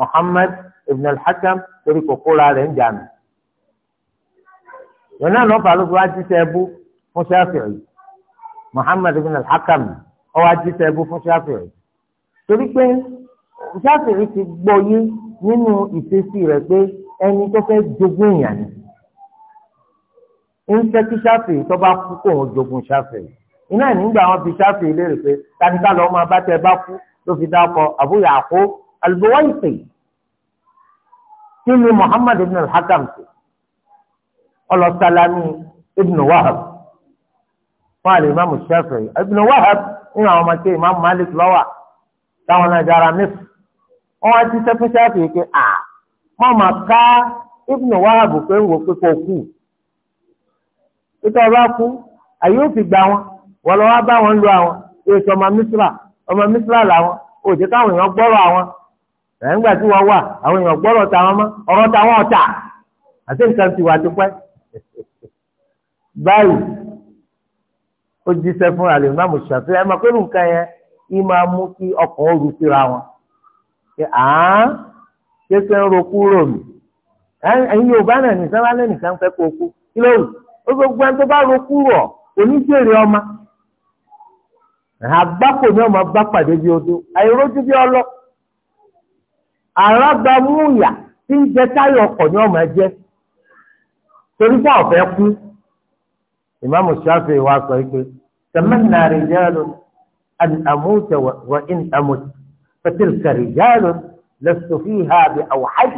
Muhammad ibn al-Hakam torí kòkóra rẹ̀ ń jànú wọn náà lọ́ọ́ fàlùfù wá jíṣẹ́ ẹbú fún Ṣáfi'í Muhammad bin al-Hakam ọ wá jíṣẹ́ ẹbú fún Ṣáfi'í torí pé Ṣáfi'í ti gbọ́ yé nínú ìṣesí rẹ̀ pé ẹni tó fẹ́ jogún èèyàn ni ń fẹ́ kí Ṣáfi'í tó bá kú kó òun jogún Ṣáfi'í iná nígbà wọn fi Ṣáfi'í léèrè pé tàbíkà lọ́ọ́ máa bá tẹ bá kú ló fi dákọ̀ Abu Ya'qub al-Buwaisi kí ni Muhammad bin al-Hakam ọlọ́sálámì ibnu wahab fún àlè imáàmù Shafi'i ibnu wahab nínú àwọn ọmọ tí imáàmù malik lọ́wà táwọn náà dára mẹ́fù wọ́n wá ti sẹ́fún Shafi'i pé à wọ́n máa ká ibnu wahab pé ń wò pé kò kú títọ́ bá kú àyè ó fi gbà wọn wọ́n lọ wá bá wọn lu àwọn èso ọmọ misra ọmọ misra làwọn òjò káwọn èèyàn gbọ́rọ̀ àwọn ẹ̀ ń gbà tí wọ́n wà àwọn èèyàn gbọ́rọ̀ tàwọn mọ́ ọ̀rọ̀ tàwọn ọ̀tà àti nǹkan tiwa ti pẹ́. báyìí ó jíṣẹ́ fún alimami ṣàtúnṣe ẹ máa pé nǹkan yẹn yìí máa mú kí ọkàn síra wọn ṣe àán ń ro kúrò mi ẹ̀yin yorùbá náà nìkan wá lẹ́nìkan fẹ́ kó kú kí ló ó gbogbo ẹni tó bá ro oníjèrè ni ọmọ bá pàdé bí odó àìrójú bí ọlọ àràgbàmúyà tí ń jẹ torí bá ọ̀fẹ́ kú ìmáàmù ṣáfì wa sọ pé tamanna rijalun an amuta wa in amut fatilka rijalun lastu ha bi awhad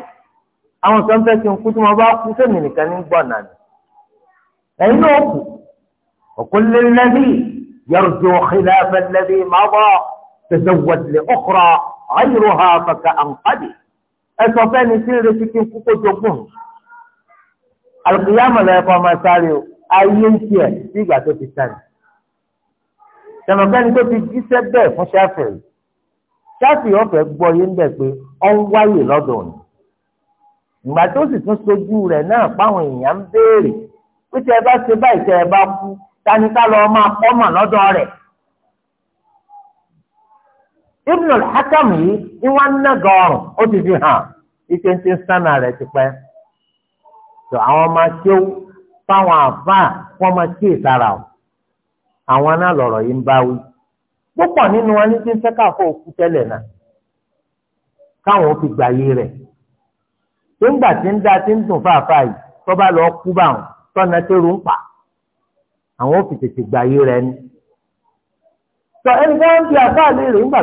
àwọn kan fẹ́ kí n kú tí wọ́n bá kú sẹ́mi nìkan ní gbọ̀nà ni ẹ̀yin ni náà kù xìláfẹ́ ọ̀kún lẹ́lẹ́dí yarju khilafa alladhi mada tazawwad li ukhra ghayruha faka àǹfààní ẹ̀sọ́ fẹ́ni tí ń sí n kú kó jogún mi. alùpùpù lẹ́kọ̀ọ́ máa sáré o ayé ń tiẹ̀ sí ìgbà tó ti sáré. tẹ̀mọ̀kẹ́ni tó ti jíṣẹ́ bẹ́ẹ̀ fún ṣáfìrì ṣáfìrì ọ̀fẹ́ gbọ́ yé ń bẹ̀ pé ọ́n wáyè lọ́dọ̀ òní. ìgbà tó sì tún sojú rẹ̀ náà páwọn èèyàn ń béèrè pé ẹ bá ṣe báyìí ẹ bá kú tani ká lọ máa lọ́dọ̀ rẹ̀. Ibn al-Hakam yìí ni wọ́n ń nàgọ̀ tó àwọn ọmọ akéwú fáwọn àfáà wọn máa kí ìsara o àwọn náà lọ̀rọ̀ yìí ń bá wí púpọ̀ nínú wọn ní ti ń fẹ́ káfọ́ òkú tẹ́lẹ̀ náà káwọn ó fi rẹ̀ tó ń gbà tí ń tí ń dùn lọ kú tọ́nà tó pa àwọn ó fi tètè ni tọ ẹni tí wọn ń fi léèrè nígbà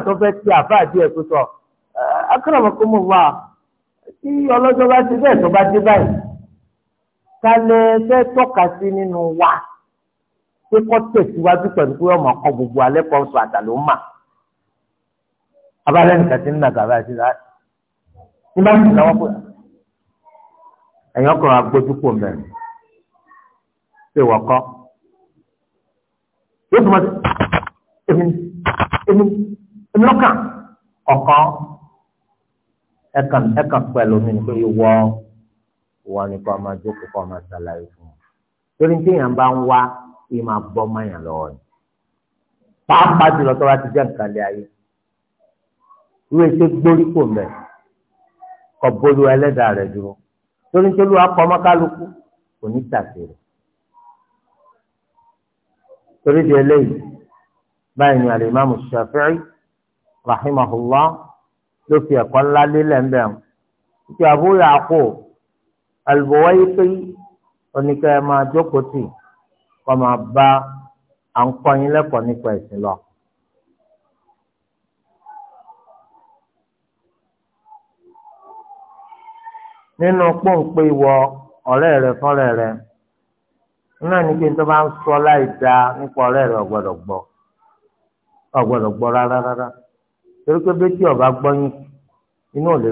ti sọ tí ọlọ́jọ́ bá ti bẹ́ẹ̀ tó bá dé báyìí tálẹ̀ fẹ́ tọ́ka sí nínú wa pé kọ́ tẹ̀síwájú pẹ̀lú pé ọmọ kọ gbogbo alẹ́ kọ́ sọ àtàló mà abalẹ̀ nìkan ti ń nà gàba àti láti ní bá ti náwó pé ẹ̀yìn ọkùnrin agbójúpọ̀ mẹ́rin ṣe wọ̀kọ́ yóò tún bá ti èmi èmi èmi lọ́kàn ọ̀kan ẹ̀kan ẹ̀kan pẹ̀lú mi ni pé ìwọ wọ́n ní kó máa jókòó kó máa ṣàlàyé fún un torí tí èèyàn bá ń wá yìí máa gbọ́ mọ́yàn lọ́wọ́ ni pàápàá jùlọ tó bá ti jẹ́ nǹkan lé ayé irú ètò gbóríkò mẹ́ kọ́ bólú ẹlẹ́dàá rẹ̀ dúró torí tí olúwa kọ́ mọ́kálukú kò ní tàsé rẹ̀ torí di eléyìí báyìí ni alimami shafi'i rahimahullah ló fi ẹ̀kọ́ ńlá lélẹ̀ ńbẹ̀ ń ti Abu àlùbọ̀wá yìí pé oníkẹ́ ẹ máa jókòó tì kọ́ máa bá à ń kọ́ yín lẹ́kọ̀ọ́ nípa ẹ̀sìn lọ. nínú pọ́ǹpẹ́ ìwọ ọ̀rẹ́ rẹ fọ́rẹ́ rẹ náà ní kí n tó bá ń sọ láì dáa nípa ọ̀rẹ́ rẹ ọ̀gbọ́dọ̀ gbọ́ ọba gbọ́ yín inú ò lè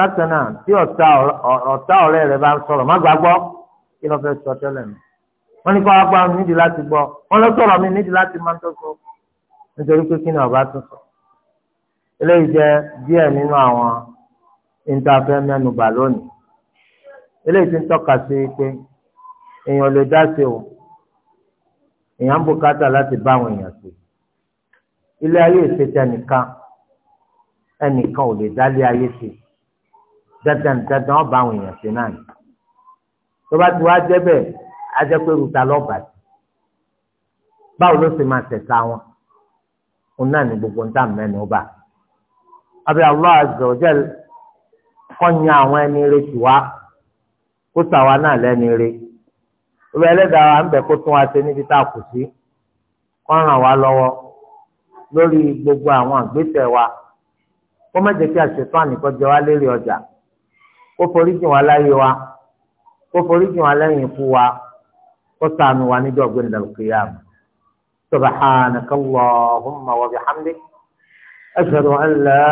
bákan náà tí ọ̀tá ọ̀rẹ́ rẹ bá ń sọ̀rọ̀ má gbàgbọ́ kí ló fẹ́ sọ tẹ́lẹ̀ mi wọ́n ní kó wá gbọ́ nídìí láti gbọ́ wọ́n lọ sọ̀rọ̀ mi nídìí láti máa ń tọ́sọ nítorí pé kí ni ọba tún sọ eléyìí jẹ́ díẹ̀ nínú àwọn ìntàfẹ́ mẹ́nubà lónìí eléyìí ti ń tọ́ka sí pé èèyàn lè dá sí o èèyàn ń bùkátà láti bá àwọn èèyàn sí ilé ayé ìṣètẹ nìkan ẹnìkan ò lè dá ayé sí i dandan dandan ọba àwọn èèyàn ṣe náà ni tó bá ti wá jẹ́ bẹ́ẹ̀ ajẹ́pẹ́rù ta lọ́ọ̀bà sí báwo ló ṣe máa tẹ̀sà wọn òun náà ni gbogbo ń dà mẹ́nu bá abẹ́ Allah azza wa jal kọ́nyà àwọn ẹni rẹ̀ tì wá kó sàwa náà lẹ́ni rẹ̀ ìwé ẹlẹ́dàá wa ń bẹ̀ kó tún wa ṣe níbi tá a kù sí kó ràn wá lọ́wọ́ lórí gbogbo àwọn àgbésẹ̀ wa kó má jẹ́ kí àṣetán ànìkọ́jẹ́ wa lérí ọjà ó forí jìn wá láyé wa ó forí jìn wá lẹ́yìn ikú wa ó ṣàánú wa níjọ́ gbẹ̀ndà al-qiyam subhanaka allahumma wa bihamdik ashhadu an la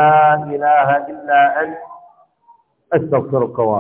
ilaha illa anta astaghfiruka wa